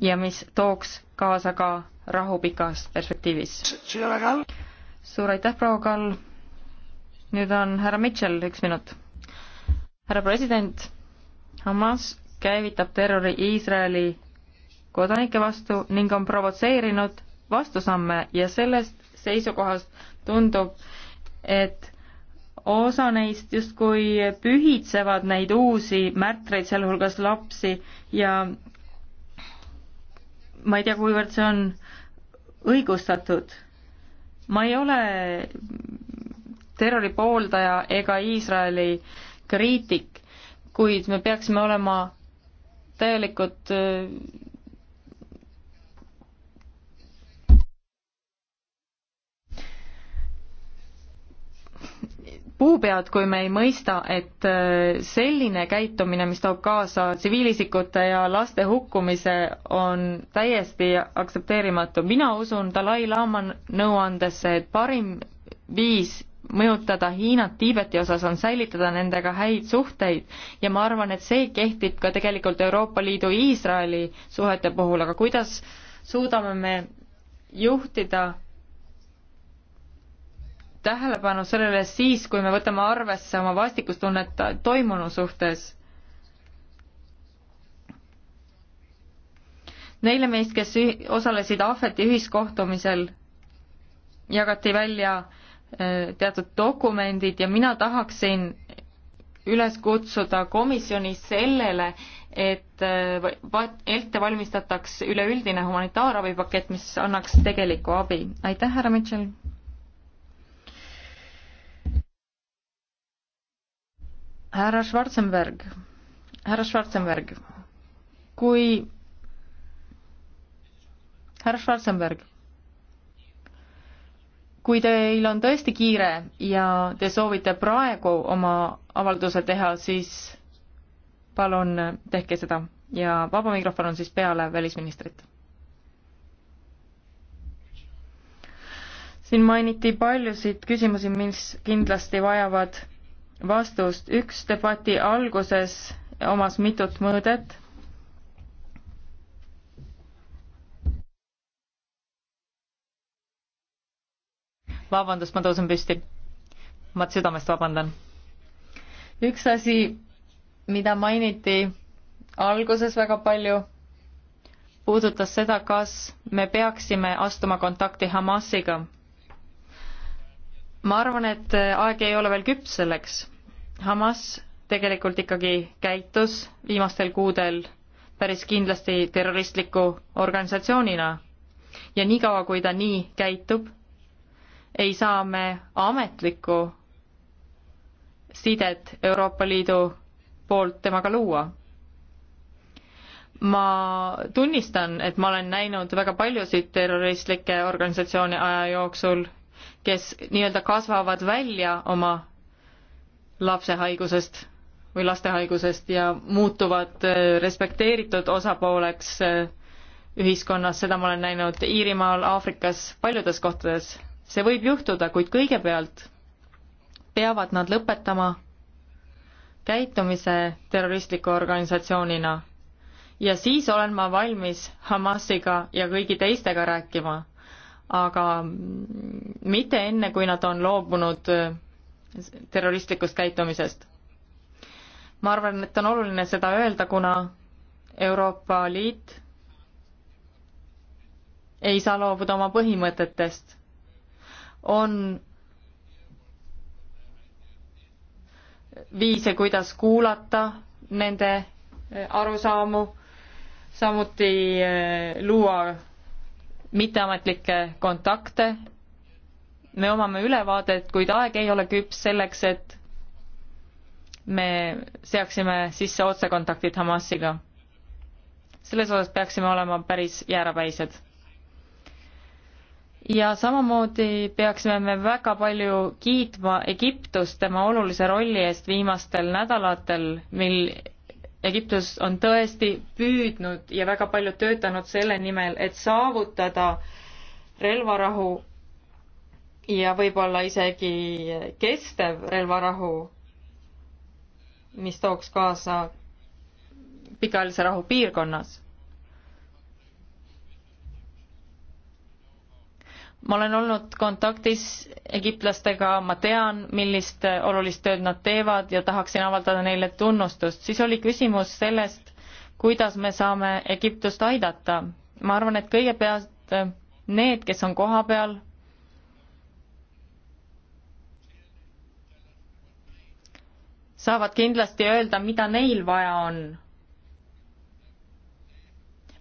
ja mis tooks kaasa ka rahu pikas perspektiivis. suur aitäh, proua Kall. nüüd on härra Mitchell, üks minut. härra president, Hamas käivitab terrori Iisraeli kodanike vastu ning on provotseerinud vastusamme ja sellest seisukohast tundub, et osa neist justkui pühitsevad neid uusi märtreid, sealhulgas lapsi ja ma ei tea, kuivõrd see on õigustatud. ma ei ole terrori pooldaja ega Iisraeli kriitik, kuid me peaksime olema täielikud äh, puupead, kui me ei mõista, et äh, selline käitumine, mis toob kaasa tsiviilisikute ja laste hukkumise, on täiesti aktsepteerimatu. mina usun Dalai-laama nõuandesse, et parim viis mõjutada Hiinat Tiibeti osas on säilitada nendega häid suhteid ja ma arvan, et see kehtib ka tegelikult Euroopa Liidu Iisraeli suhete puhul, aga kuidas suudame me juhtida tähelepanu sellele siis, kui me võtame arvesse oma vastikustunnet toimunu suhtes. Neile meist, kes osalesid ahveti ühiskohtumisel, jagati välja äh, teatud dokumendid ja mina tahaksin üles kutsuda komisjoni sellele, et äh, ette valmistataks üleüldine humanitaarabipakett, mis annaks tegelikku abi. aitäh, härra Mitchell! härra Schwarzenberg, härra Schwarzenberg, kui härra Schwarzenberg, kui teil on tõesti kiire ja te soovite praegu oma avalduse teha, siis palun tehke seda ja vaba mikrofon on siis peale välisministrit. siin mainiti paljusid küsimusi, mis kindlasti vajavad vastust. üks debati alguses omas mitut mõõdet. vabandust, ma tõusen püsti. ma südamest vabandan. üks asi, mida mainiti alguses väga palju, puudutas seda, kas me peaksime astuma kontakti Hamasiga ma arvan, et aeg ei ole veel küps selleks. Hamas tegelikult ikkagi käitus viimastel kuudel päris kindlasti terroristliku organisatsioonina ja niikaua, kui ta nii käitub, ei saa me ametlikku sidet Euroopa Liidu poolt temaga luua. ma tunnistan, et ma olen näinud väga paljusid terroristlikke organisatsioone aja jooksul, kes nii-öelda kasvavad välja oma lapse haigusest või laste haigusest ja muutuvad äh, respekteeritud osapooleks äh, ühiskonnas, seda ma olen näinud Iirimaal, Aafrikas, paljudes kohtades. see võib juhtuda, kuid kõigepealt peavad nad lõpetama käitumise terroristliku organisatsioonina. ja siis olen ma valmis Hamasiga ja kõigi teistega rääkima, aga mm, mitte enne, kui nad on loobunud äh, terroristlikust käitumisest. ma arvan, et on oluline seda öelda, kuna Euroopa Liit ei saa loobuda oma põhimõtetest. on viise, kuidas kuulata nende eh, arusaamu, samuti eh, luua mitteametlikke kontakte me omame ülevaadet, kuid aeg ei ole küps selleks, et me seaksime sisse otsekontaktid Hamasiga. selles osas peaksime olema päris jäärapäised. ja samamoodi peaksime me väga palju kiitma Egiptust tema olulise rolli eest viimastel nädalatel, mil Egiptus on tõesti püüdnud ja väga palju töötanud selle nimel, et saavutada relvarahu ja võib-olla isegi kestev relvarahu, mis tooks kaasa pikaajalise rahu piirkonnas. ma olen olnud kontaktis egiptlastega, ma tean, millist olulist tööd nad teevad ja tahaksin avaldada neile tunnustust. siis oli küsimus sellest, kuidas me saame Egiptust aidata. ma arvan, et kõigepealt need, kes on kohapeal saavad kindlasti öelda, mida neil vaja on.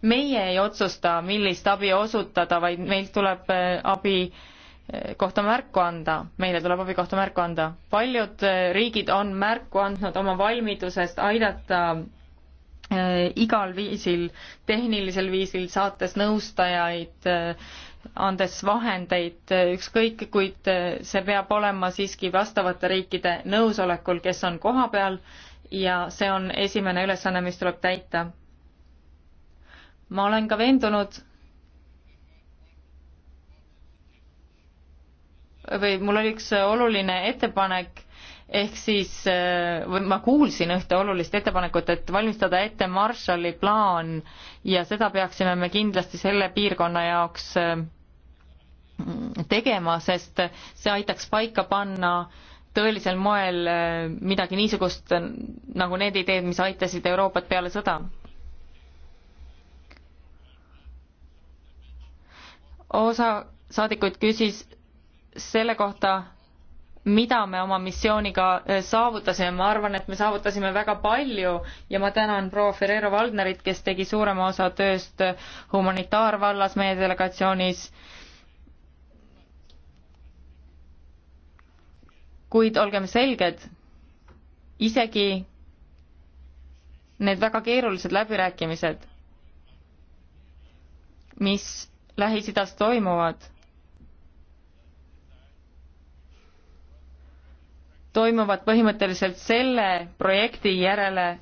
meie ei otsusta, millist abi osutada, vaid meilt tuleb äh, abi äh, kohta märku anda, meile tuleb abi kohta märku anda. paljud äh, riigid on märku andnud oma valmidusest aidata igal viisil, tehnilisel viisil, saates nõustajaid äh,, andes vahendeid äh, ükskõik, kuid äh, see peab olema siiski vastavate riikide nõusolekul, kes on kohapeal ja see on esimene ülesanne, mis tuleb täita. ma olen ka veendunud või mul oli üks oluline ettepanek ehk siis äh, ma kuulsin ühte olulist ettepanekut, et valmistada ette Marshalli plaan ja seda peaksime me kindlasti selle piirkonna jaoks äh, tegema, sest see aitaks paika panna tõelisel moel äh, midagi niisugust nagu need ideed, mis aitasid Euroopat peale sõda. osa saadikuid küsis selle kohta, mida me oma missiooniga äh, saavutasime, ma arvan, et me saavutasime väga palju ja ma tänan proua Ferrero Valdnerit, kes tegi suurema osa tööst äh, humanitaarvallas meie delegatsioonis. kuid olgem selged, isegi need väga keerulised läbirääkimised, mis Lähis-Idas toimuvad toimuvad põhimõtteliselt selle projekti järele,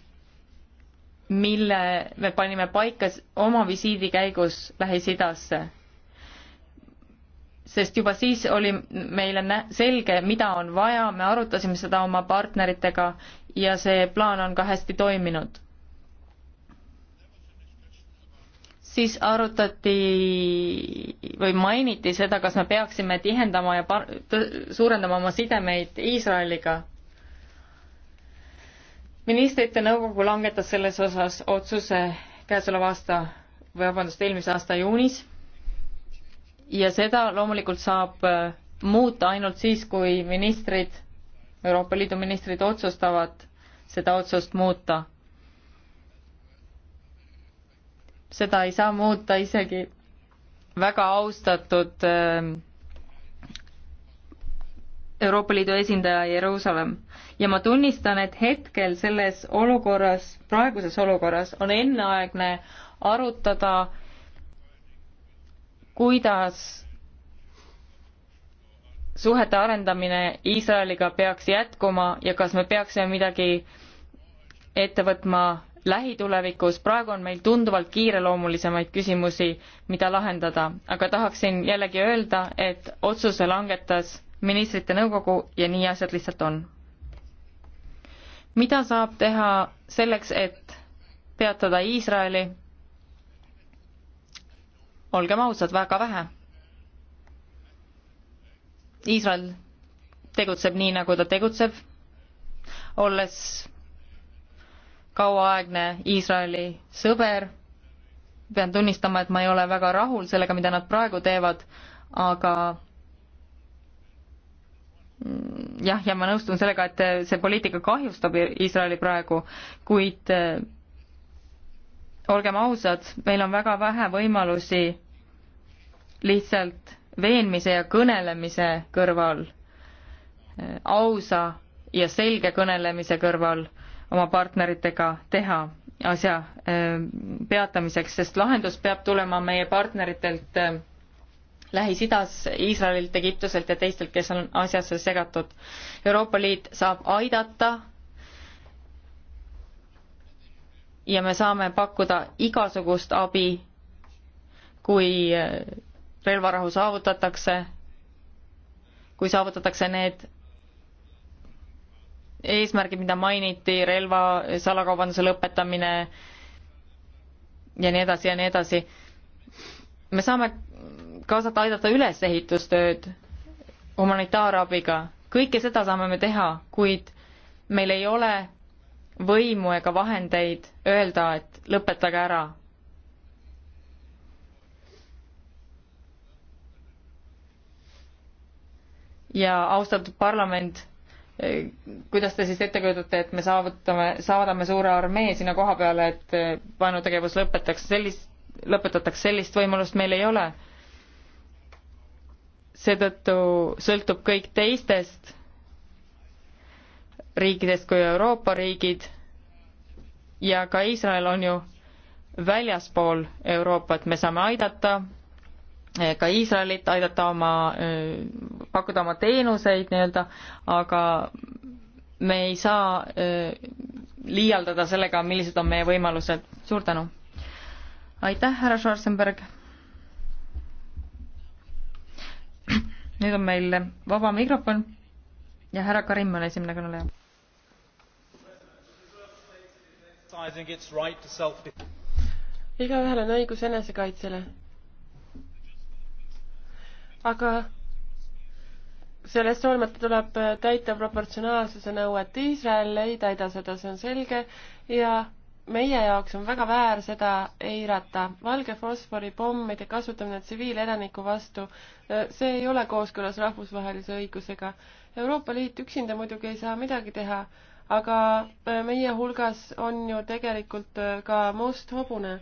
mille me panime paika oma visiidi käigus Lähis-Idasse. sest juba siis oli meile selge, mida on vaja, me arutasime seda oma partneritega ja see plaan on ka hästi toiminud siis arutati või mainiti seda, kas me peaksime tihendama ja par-, suurendama oma sidemeid Iisraeliga. ministrite nõukogu langetas selles osas otsuse käesoleva aasta või vabandust, eelmise aasta juunis ja seda loomulikult saab äh, muuta ainult siis, kui ministrid, Euroopa Liidu ministrid otsustavad seda otsust muuta seda ei saa muuta isegi väga austatud äh, Euroopa Liidu esindaja Jeruusalemm ja ma tunnistan, et hetkel selles olukorras, praeguses olukorras on enneaegne arutada, kuidas suhete arendamine Iisraeliga peaks jätkuma ja kas me peaksime midagi ette võtma lähitulevikus, praegu on meil tunduvalt kiireloomulisemaid küsimusi, mida lahendada, aga tahaksin jällegi öelda, et otsuse langetas ministrite nõukogu ja nii asjad lihtsalt on. mida saab teha selleks, et peatada Iisraeli? olgem ausad, väga vähe. Iisrael tegutseb nii, nagu ta tegutseb, olles kauaaegne Iisraeli sõber. pean tunnistama, et ma ei ole väga rahul sellega, mida nad praegu teevad, aga mm, jah, ja ma nõustun sellega, et see poliitika kahjustab Iisraeli praegu, kuid eh, olgem ausad, meil on väga vähe võimalusi lihtsalt veenmise ja kõnelemise kõrval, eh, ausa ja selge kõnelemise kõrval äh, oma partneritega teha asja äh, peatamiseks, sest lahendus peab tulema meie partneritelt äh, Lähis-Idas, Iisraelilt, Egiptuselt ja teistelt, kes on asjasse segatud. Euroopa Liit saab aidata ja me saame pakkuda igasugust abi, kui äh, relvarahu saavutatakse, kui saavutatakse need eesmärgid, mida mainiti, relva salakaubanduse lõpetamine ja nii edasi ja nii edasi. me saame kaasata, aidata üles ehitustööd humanitaarabiga, kõike seda saame me teha, kuid meil ei ole võimu ega vahendeid öelda, et lõpetage ära. ja austatud parlament kuidas te siis ette kujutate, et me saavutame, saadame suure armee sinna koha peale, et eh, vaenutegevus lõpetaks, sellist, lõpetataks, sellist võimalust meil ei ole. seetõttu sõltub kõik teistest riikidest kui Euroopa riigid ja ka Iisrael on ju väljaspool Euroopat, me saame aidata eh, ka Iisraelit, aidata oma eh, pakkuda oma teenuseid nii-öelda, aga me ei saa liialdada sellega, millised on meie võimalused. suur tänu! aitäh, härra Schwarzenberg! nüüd on meil vaba mikrofon ja härra Karim on esimene kõneleja. igaühel on õigus enesekaitsele. aga sellest hoolimata tuleb täita proportsionaalsuse nõuet, Iisrael ei täida seda, see on selge ja meie jaoks on väga väär seda eirata. valge fosfori pommide kasutamine tsiviilelaniku vastu, see ei ole kooskõlas rahvusvahelise õigusega. Euroopa Liit üksinda muidugi ei saa midagi teha, aga meie hulgas on ju tegelikult ka must hobune.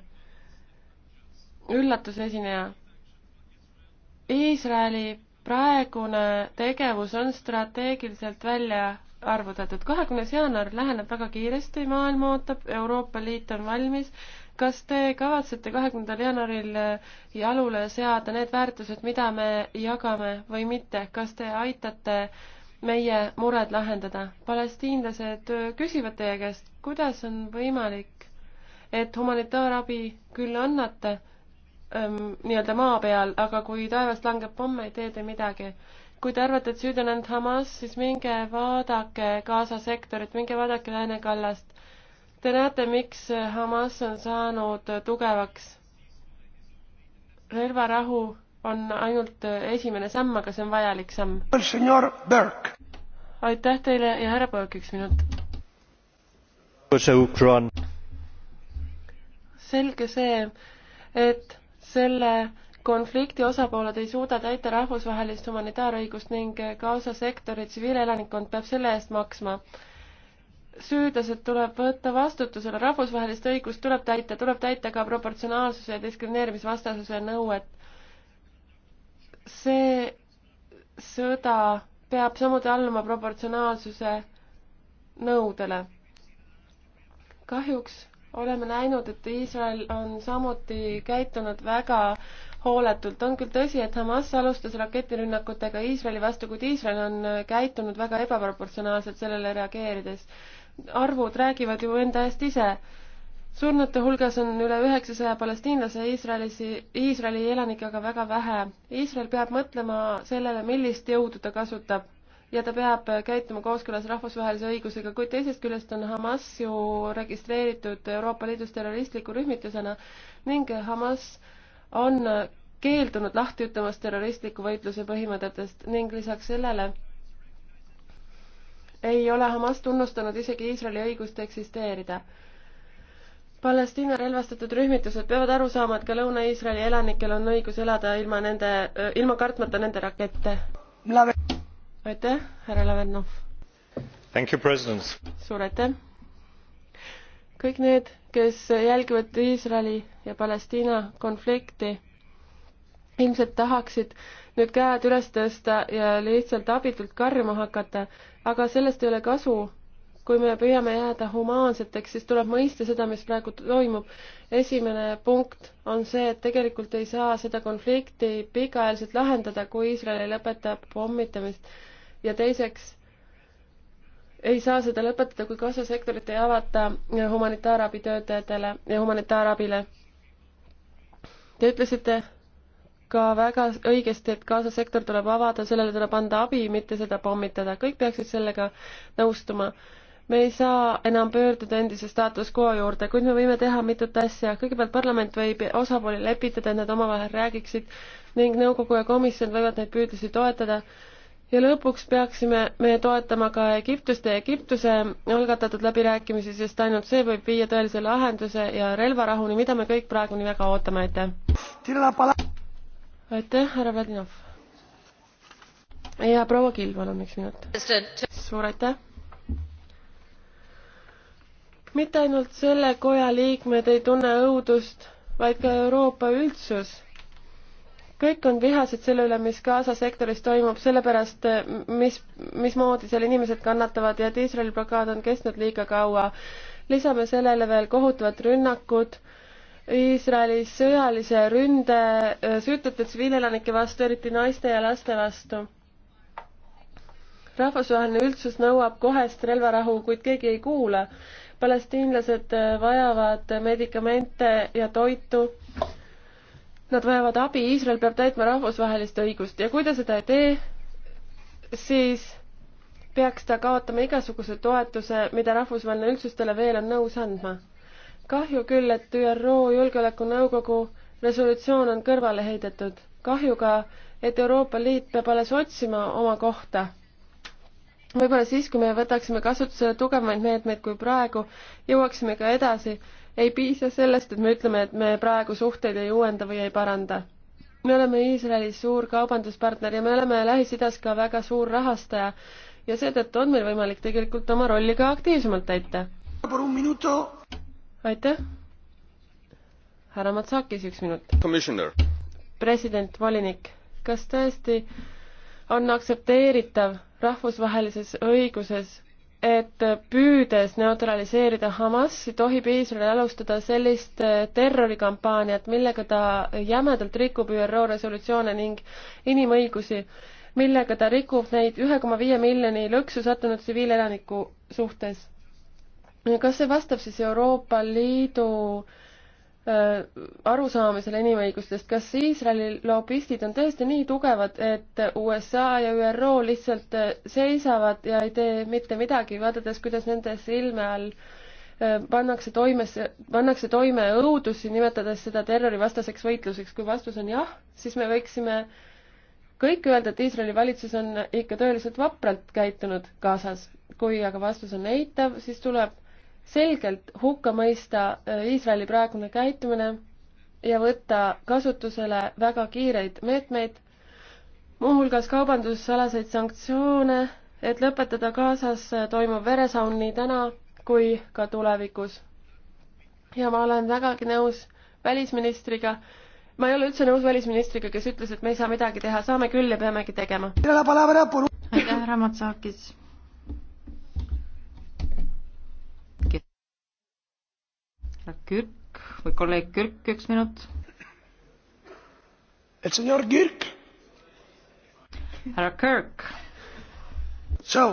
üllatusesineja. Iisraeli praegune tegevus on strateegiliselt välja arvutatud. kahekümnes jaanuar läheneb väga kiiresti, maailm ootab, Euroopa Liit on valmis. kas te kavatsete kahekümnendal jaanuaril jalule seada need väärtused, mida me jagame või mitte, kas te aitate meie mured lahendada? palestiinlased küsivad teie käest, kuidas on võimalik, et humanitaarabi küll annate Ähm, nii-öelda maa peal, aga kui taevast langeb pomm, ei tee te midagi. kui te arvate, et süüdi on ainult Hamas, siis minge vaadake Gaza sektorit, minge vaadake läänekallast. Te näete, miks Hamas on saanud tugevaks. relvarahu on ainult esimene samm, aga see on vajalik samm. aitäh teile ja härra Berg, üks minut. selge see, et selle konflikti osapooled ei suuda täita rahvusvahelist humanitaarõigust ning Gaza sektori tsiviilelanikkond peab selle eest maksma. süüdlased tuleb võtta vastutusele, rahvusvahelist õigust tuleb täita, tuleb täita ka proportsionaalsuse ja diskrimineerimisvastasuse nõuet. see sõda peab samuti alluma proportsionaalsuse nõudele. kahjuks oleme näinud, et Iisrael on samuti käitunud väga hooletult. on küll tõsi, et Hamas alustas raketirünnakutega Iisraeli vastu, kuid Iisrael on käitunud väga ebaproportsionaalselt sellele reageerides. arvud räägivad ju enda eest ise surnute hulgas on üle üheksasaja palestiinlase Iisraelis, Iisraeli elanikega väga vähe. Iisrael peab mõtlema sellele, millist jõudu ta kasutab ja ta peab käituma kooskõlas rahvusvahelise õigusega, kuid teisest küljest on Hamas ju registreeritud Euroopa Liidus terroristliku rühmitusena ning Hamas on keeldunud lahti ütlemast terroristliku võitluse põhimõtetest ning lisaks sellele ei ole Hamas tunnustanud isegi Iisraeli õigust eksisteerida Palestiina relvastatud rühmitused peavad aru saama, et ka Lõuna-Iisraeli elanikel on õigus elada ilma nende, ilma kartmata nende rakette aitäh, härra Levenov. suur aitäh. kõik need, kes jälgivad Iisraeli ja Palestiina konflikti, ilmselt tahaksid nüüd käed üles tõsta ja lihtsalt abitult karjuma hakata, aga sellest ei ole kasu kui me püüame jääda humaanseteks, siis tuleb mõista seda, mis praegu toimub. esimene punkt on see, et tegelikult ei saa seda konflikti pikaajaliselt lahendada, kui Iisrael lõpetab pommitamist ja teiseks ei saa seda lõpetada, kui kassasektorit ei avata humanitaarabi töötajatele ja humanitaarabile. Te ütlesite ka väga õigesti, et kaasasektor tuleb avada, sellele tuleb anda abi, mitte seda pommitada. kõik peaksid sellega nõustuma. me ei saa enam pöörduda endise staatus quo juurde, kuid me võime teha mitut asja. kõigepealt parlament võib osapooli lepitada, et nad omavahel räägiksid ning nõukogu ja komisjon võivad neid püüdlusi toetada ja lõpuks peaksime me toetama ka Egiptust ja Egiptuse algatatud läbirääkimisi, sest ainult see võib viia tõelise lahenduse ja relvarahuni, mida me kõik praegu nii väga ootame, aitäh. aitäh, härra Vladinov. ja proua Kill, palun üks minut. suur aitäh. mitte ainult selle koja liikmed ei tunne õudust, vaid ka Euroopa üldsus kõik on vihased selle üle, mis Gaza sektoris toimub, sellepärast eh, mis, mismoodi seal inimesed kannatavad ja et Iisraeli blokaad on kestnud liiga kaua. lisame sellele veel kohutavad rünnakud Iisraelis sõjalise ründe eh, süütute tsiviilelanike vastu, eriti naiste ja laste vastu. rahvusvaheline üldsus nõuab kohest relvarahu, kuid keegi ei kuula. palestiinlased eh, vajavad medikamente ja toitu Nad vajavad abi, Iisrael peab täitma rahvusvahelist õigust ja kui ta seda ei tee, siis peaks ta kaotama igasuguse toetuse, mida rahvusvaheline üldsus talle veel on nõus andma. kahju küll, et ÜRO Julgeolekunõukogu resolutsioon on kõrvale heidetud. kahju ka, et Euroopa Liit peab alles otsima oma kohta. võib-olla siis, kui me võtaksime kasutusele tugevamaid meetmeid kui praegu, jõuaksime ka edasi ei piisa sellest, et me ütleme, et me praegu suhteid ei uuenda või ei paranda. me oleme Iisraelis suur kaubanduspartner ja me oleme Lähis-Idas ka väga suur rahastaja ja seetõttu on meil võimalik tegelikult oma rolli ka aktiivsemalt täita. aitäh. härra Matsakis, üks minut. president, volinik, kas tõesti on aktsepteeritav rahvusvahelises õiguses et püüdes neutraliseerida Hamasi, tohib Iisrael alustada sellist äh, terrorikampaaniat, millega ta jämedalt rikub ÜRO resolutsioone ning inimõigusi, millega ta rikub neid ühe koma viie miljoni lõksu sattunud tsiviilelaniku suhtes. kas see vastab siis Euroopa Liidu äh, Äh, arusaamisele inimõigustest, kas Iisraeli lobistid on tõesti nii tugevad, et USA ja ÜRO lihtsalt äh, seisavad ja ei tee mitte midagi, vaadates, kuidas nende silme all äh, pannakse toimesse, pannakse toime õudusi, nimetades seda terrorivastaseks võitluseks. kui vastus on jah, siis me võiksime kõik öelda, et Iisraeli valitsus on ikka tõeliselt vapralt käitunud Gazas. kui aga vastus on eitav, siis tuleb selgelt hukka mõista äh, Iisraeli praegune käitumine ja võtta kasutusele väga kiireid meetmeid, muuhulgas kaubandusalaseid sanktsioone, et lõpetada Gazas äh, toimuv veresaun nii täna kui ka tulevikus. ja ma olen vägagi nõus välisministriga, ma ei ole üldse nõus välisministriga, kes ütles, et me ei saa midagi teha, saame küll ja peamegi tegema. aitäh, härra Matsakis Kürk või kolleeg Kürk, üks minut. et senor Kirk. härra Kirk. So,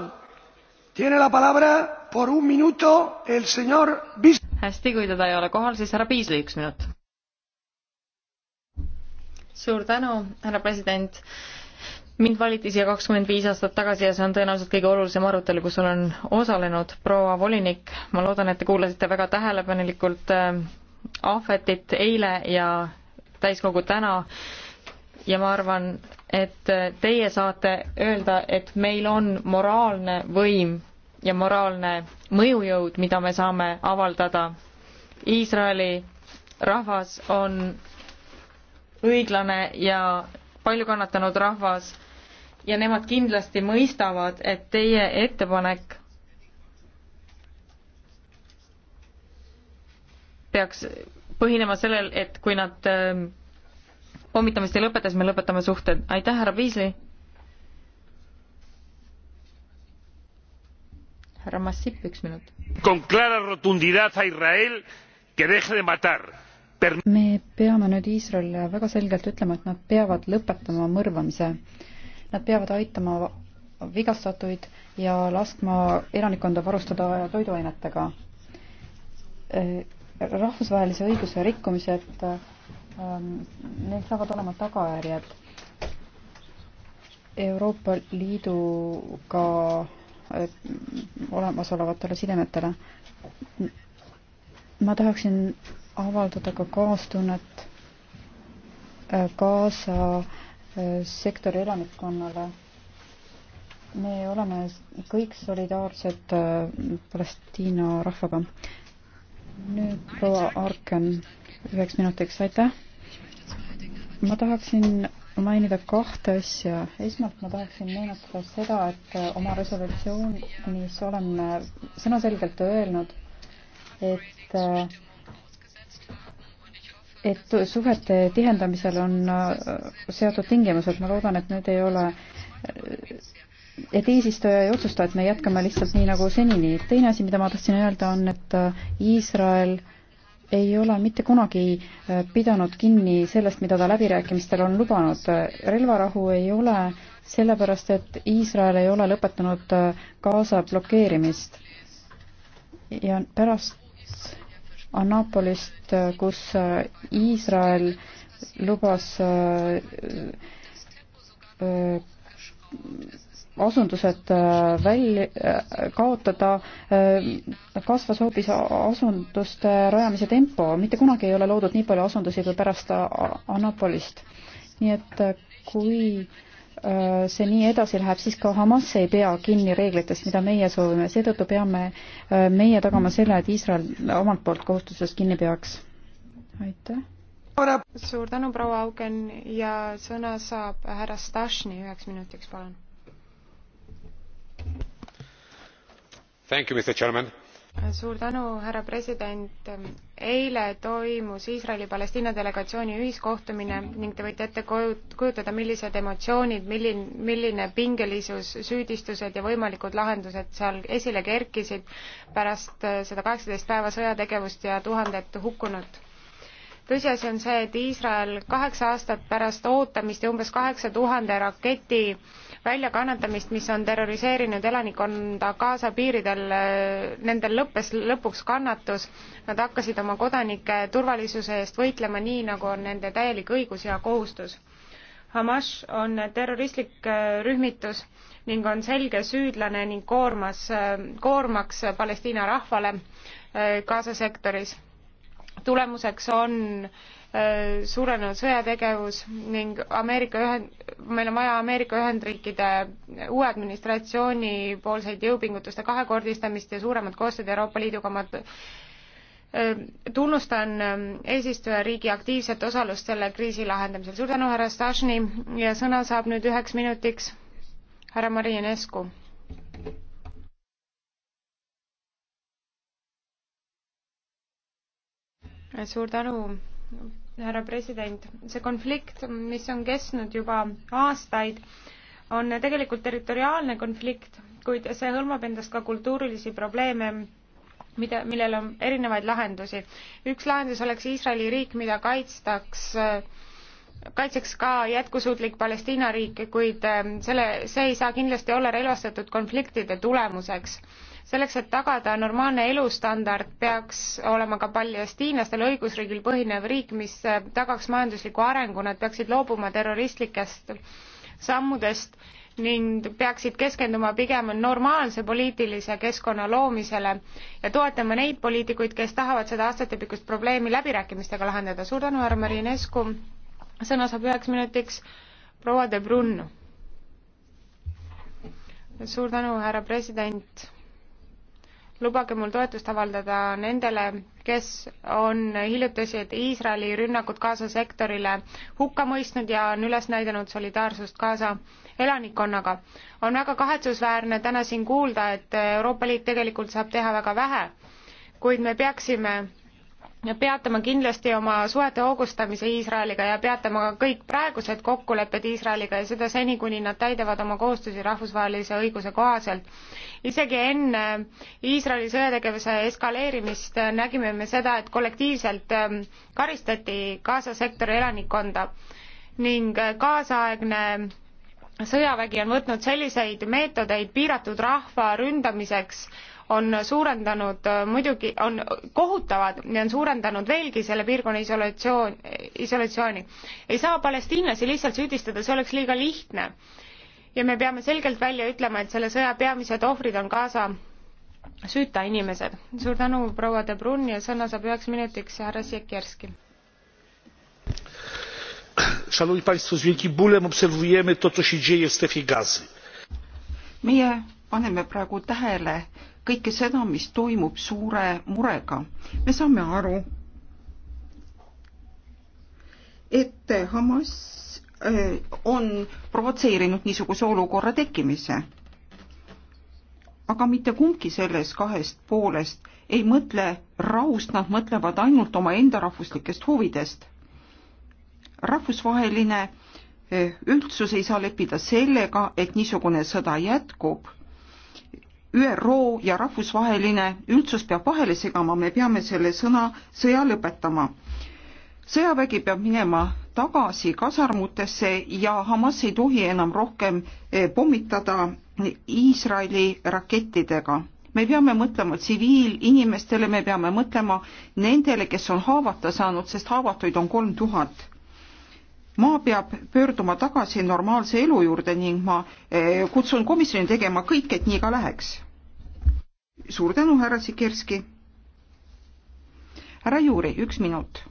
tiene la palabra por un minuto el senor Bis-. hästi, kui teda ei ole kohal, siis härra Piisli, üks minut. suur tänu, härra president mind valiti siia kakskümmend viis aastat tagasi ja see on tõenäoliselt kõige olulisem arutelu, kus olen osalenud. proua volinik, ma loodan, et te kuulasite väga tähelepanelikult äh, ahvetit eile ja täiskogu täna ja ma arvan, et äh, teie saate öelda, et meil on moraalne võim ja moraalne mõjujõud, mida me saame avaldada. Iisraeli rahvas on õiglane ja palju kannatanud rahvas ja nemad kindlasti mõistavad, et teie ettepanek peaks põhinema sellel, et kui nad ähm, pommitamist ei lõpeta, siis me lõpetame suhted. aitäh, härra Piisli. härra Massip, üks minut. me peame nüüd Iisraelile väga selgelt ütlema, et nad peavad lõpetama mõrvamise Nad peavad aitama vigastatuid ja laskma elanikkonda varustada toiduainetega. Äh, rahvusvahelise õiguse rikkumised, ähm, neil saavad olema tagajärjed. Euroopa Liiduga äh, olemasolevatele sidemetele. ma tahaksin avaldada ka kaastunnet äh, kaasa äh, sektori elanikkonnale. me oleme kõik solidaarsed äh, Palestiina rahvaga. nüüd proua Arken üheks minutiks, aitäh. ma tahaksin mainida kahte asja. esmalt ma tahaksin meenutada seda, et äh, oma resolutsioonis oleme äh, sõnaselgelt öelnud, et et suhete tihendamisel on äh, seatud tingimused, ma loodan, et need ei ole, et eesistuja ei otsusta, et me jätkame lihtsalt nii nagu senini. teine asi, mida ma tahtsin öelda, on, et äh, Iisrael ei ole mitte kunagi äh, pidanud kinni sellest, mida ta läbirääkimistel on lubanud. relvarahu ei ole sellepärast, et Iisrael ei ole lõpetanud Gaza blokeerimist. ja pärast Annapolist, kus Iisrael lubas äh, äh, asundused äh, välja kaotada, kasvas hoopis asunduste rajamise tempo, mitte kunagi ei ole loodud nii palju asundusi kui pärast Annapolist. nii et kui Äh, see nii edasi läheb, siis ka Hamas ei pea kinni reeglitest, mida meie soovime, seetõttu peame äh, meie tagama selle, et Iisrael omalt poolt kohustusest kinni peaks. aitäh. suur tänu, proua Auken ja sõna saab härra Stashni üheks minutiks, palun. Thank you, Mr Chairman suur tänu, härra president. eile toimus Iisraeli-Palestiina delegatsiooni ühiskohtumine ning te võite ette kujutada, millised emotsioonid, milline, milline pingelisus, süüdistused ja võimalikud lahendused seal esile kerkisid pärast seda kaheksateist päeva sõjategevust ja tuhandet hukkunut tõsiasi on see, et Iisrael kaheksa aastat pärast ootamist ja umbes kaheksa tuhande raketi väljakannatamist, mis on terroriseerinud elanikkonda Gaza piiridel, nendel lõppes lõpuks kannatus. Nad hakkasid oma kodanike turvalisuse eest võitlema nii, nagu on nende täielik õigus ja kohustus. Hamas on terroristlik äh, rühmitus ning on selge süüdlane ning koormas, äh, koormaks Palestiina rahvale äh, Gaza sektoris. tulemuseks on äh, Äh, suurenenud sõjategevus ning Ameerika ühend-, meil on vaja Ameerika Ühendriikide uue administratsiooni poolseid jõupingutuste kahekordistamist ja suuremat koostööd Euroopa Liiduga, ma äh, tunnustan ähm, eesistujariigi aktiivset osalust selle kriisi lahendamisel. suur tänu, härra Stašni ja sõna saab nüüd üheks minutiks härra Marinescu. suur tänu härra president, see konflikt, mis on kestnud juba aastaid, on tegelikult territoriaalne konflikt, kuid see hõlmab endast ka kultuurilisi probleeme, mida, millel on erinevaid lahendusi. üks lahendus oleks Iisraeli riik, mida kaitstaks kaitseks ka jätkusuutlik Palestiina riik, kuid äh, selle, see ei saa kindlasti olla relvastatud konfliktide tulemuseks selleks, et tagada normaalne elustandard, peaks olema ka palestiinlastel õigusriigil põhinev riik, mis äh, tagaks majandusliku arengu, nad peaksid loobuma terroristlikest sammudest ning peaksid keskenduma pigem normaalse poliitilise keskkonna loomisele ja toetama neid poliitikuid, kes tahavad seda aastatepikkust probleemi läbirääkimistega lahendada. suur tänu, härra Marinescu. sõna saab üheks minutiks proua De Brun. suur tänu, härra president lubage mul toetust avaldada nendele, kes on hiljutised Iisraeli rünnakud Gaza sektorile hukka mõistnud ja on üles näidanud solidaarsust Gaza elanikkonnaga. on väga kahetsusväärne täna siin kuulda, et Euroopa Liit tegelikult saab teha väga vähe, kuid me peaksime peatama kindlasti oma suhete hoogustamise Iisraeliga ja peatama ka kõik praegused kokkulepped Iisraeliga ja seda seni, kuni nad täidavad oma kohustusi rahvusvahelise õiguse kohaselt. isegi enne Iisraeli sõjategevuse eskaleerimist nägime me seda, et kollektiivselt ähm, karistati Gaza sektori elanikkonda ning äh, kaasaegne sõjavägi on võtnud selliseid meetodeid piiratud rahva ründamiseks on suurendanud äh, muidugi, on kohutavad ja on suurendanud veelgi selle piirkonna isolatsioon, isolatsiooni. ei saa palestiinlasi lihtsalt süüdistada, see oleks liiga lihtne. ja me peame selgelt välja ütlema, et selle sõja peamised ohvrid on Gaza süüta inimesed. suur tänu, proua De Brun ja sõna saab üheks minutiks härra Siekierski. Szanowni Państwo, z wielkim bólem obserwujemy to, co się dzieje w strefie gazy. meie paneme praegu tähele kõike seda, mis toimub suure murega. me saame aru, et Hamas eh, on provotseerinud niisuguse olukorra tekkimise. aga mitte kumbki sellest kahest poolest ei mõtle rahust, nad mõtlevad ainult omaenda rahvuslikest huvidest. rahvusvaheline eh, üldsus ei saa leppida sellega, et niisugune sõda jätkub ÜRO ja rahvusvaheline üldsus peab vahele segama, me peame selle sõna, sõja lõpetama. sõjavägi peab minema tagasi kasarmutesse ja Hamas ei tohi enam rohkem eh, pommitada Iisraeli rakettidega. me peame mõtlema tsiviilinimestele, me peame mõtlema nendele, kes on haavata saanud, sest haavatuid on kolm tuhat maa peab pöörduma tagasi normaalse elu juurde ning ma eh, kutsun komisjoni tegema kõik, et nii ka läheks suur tänu, härra Sikerski. härra Juuri, üks minut.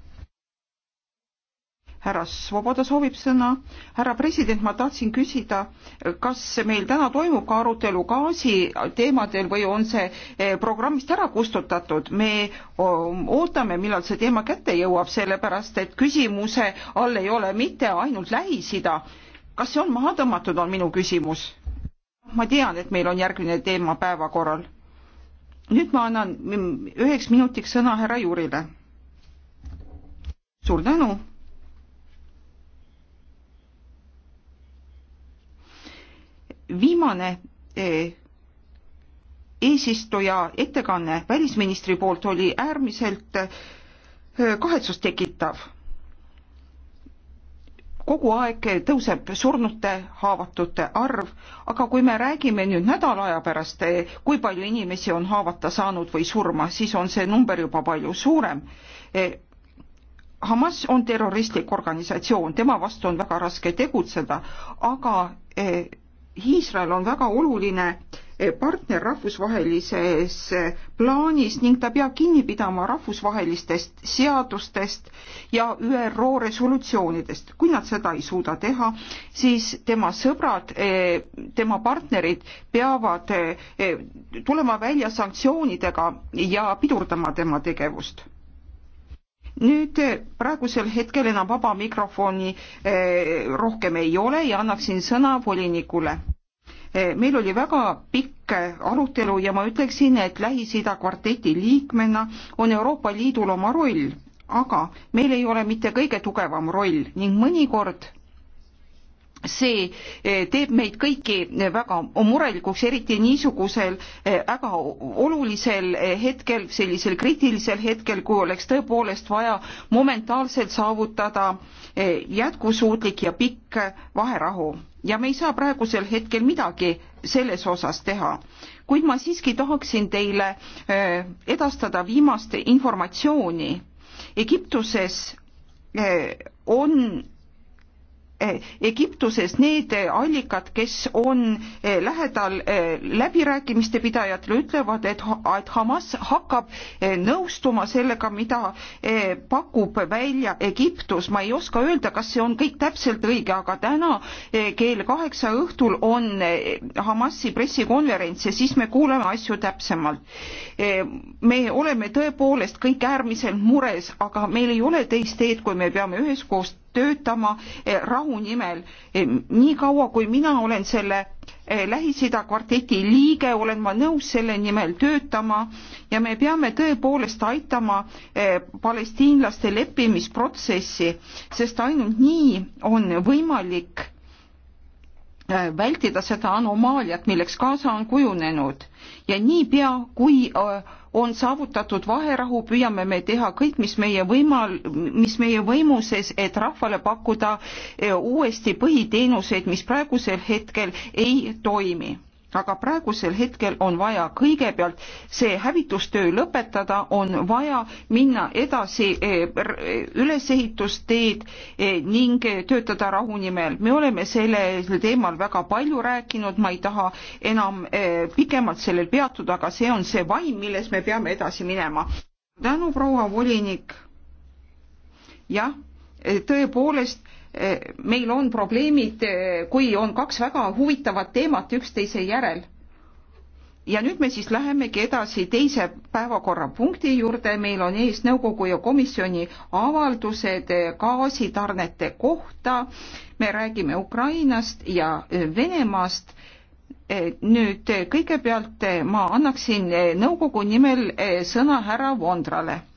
härra Svoboda soovib sõna. härra president, ma tahtsin küsida, kas meil täna toimub ka arutelu gaasi teemadel või on see eh, programmist ära kustutatud? me um, ootame, millal see teema kätte jõuab, sellepärast et küsimuse all ei ole mitte ainult Lähis-Ida. kas see on maha tõmmatud, on minu küsimus ma tean, et meil on järgmine teema päevakorral nüüd ma annan üheks minutiks sõna härra Jurile. suur tänu. viimane eh, eesistuja ettekanne välisministri poolt oli äärmiselt eh, kahetsust tekitav kogu aeg tõuseb surnute, haavatute arv, aga kui me räägime nüüd nädala aja pärast, eh, kui palju inimesi on haavata saanud või surma, siis on see number juba palju suurem. Eh, Hamas on terroristlik organisatsioon, tema vastu on väga raske tegutseda, aga eh, Iisrael on väga oluline eh, partner rahvusvahelises eh, plaanis ning ta peab kinni pidama rahvusvahelistest seadustest ja ÜRO resolutsioonidest. kui nad seda ei suuda teha, siis tema sõbrad, eh, tema partnerid peavad tulema välja sanktsioonidega ja pidurdama tema tegevust nüüd eh, praegusel hetkel enam vaba mikrofoni eh, rohkem ei ole ja annaksin sõna volinikule. Eh, meil oli väga pikk arutelu ja ma ütleksin, et Lähis-Ida kvarteti liikmena on Euroopa Liidul oma roll, aga meil ei ole mitte kõige tugevam roll ning mõnikord see eh, teeb meid kõiki eh, väga murelikuks, eriti niisugusel eh, väga olulisel hetkel, sellisel kriitilisel hetkel, kui oleks tõepoolest vaja momentaalselt saavutada jätkusuutlik ja pikk vaherahu. ja me ei saa praegusel hetkel midagi selles osas teha. kuid ma siiski tahaksin teile edastada viimast informatsiooni. Egiptuses on Eh, Egiptuses need allikad, kes on eh, lähedal eh, läbirääkimiste pidajatele, ütlevad, et, et Hamas hakkab nõustuma sellega, mida pakub välja Egiptus. ma ei oska öelda, kas see on kõik täpselt õige, aga täna kell kaheksa õhtul on Hamasi pressikonverents ja siis me kuuleme asju täpsemalt. me oleme tõepoolest kõik äärmiselt mures, aga meil ei ole teist teed, kui me peame üheskoos töötama eh, rahu nimel. Eh, niikaua kui mina olen selle eh, Lähis-Ida kvarteti liige, olen ma nõus selle nimel töötama ja me peame tõepoolest aitama palestiinlaste leppimisprotsessi, sest ainult nii on võimalik Äh, vältida seda anomaaliat, milleks Gaza on kujunenud ja niipea, kui äh, on saavutatud vaherahu, püüame me teha kõik, mis meie võimal, mis meie võimuses, et rahvale pakkuda äh, uuesti põhiteenuseid, mis praegusel hetkel ei toimi aga praegusel hetkel on vaja kõigepealt see hävitustöö lõpetada, on vaja minna edasi eh, ülesehitusteed eh, ning eh, töötada rahu nimel. me oleme sellel teemal väga palju rääkinud, ma ei taha enam pikemalt sellel peatuda, aga see on see vaim, milles me peame edasi minema. tänu, proua volinik. jah, tõepoolest meil on probleemid, kui on kaks väga huvitavat teemat üksteise järel. ja nüüd me siis lähemegi edasi teise päevakorrapunkti juurde, meil on ees nõukogu ja komisjoni avaldused gaasitarnete kohta. me räägime Ukrainast ja Venemaast nüüd kõigepealt ma annaksin nõukogu nimel eh, sõna härra Vondrale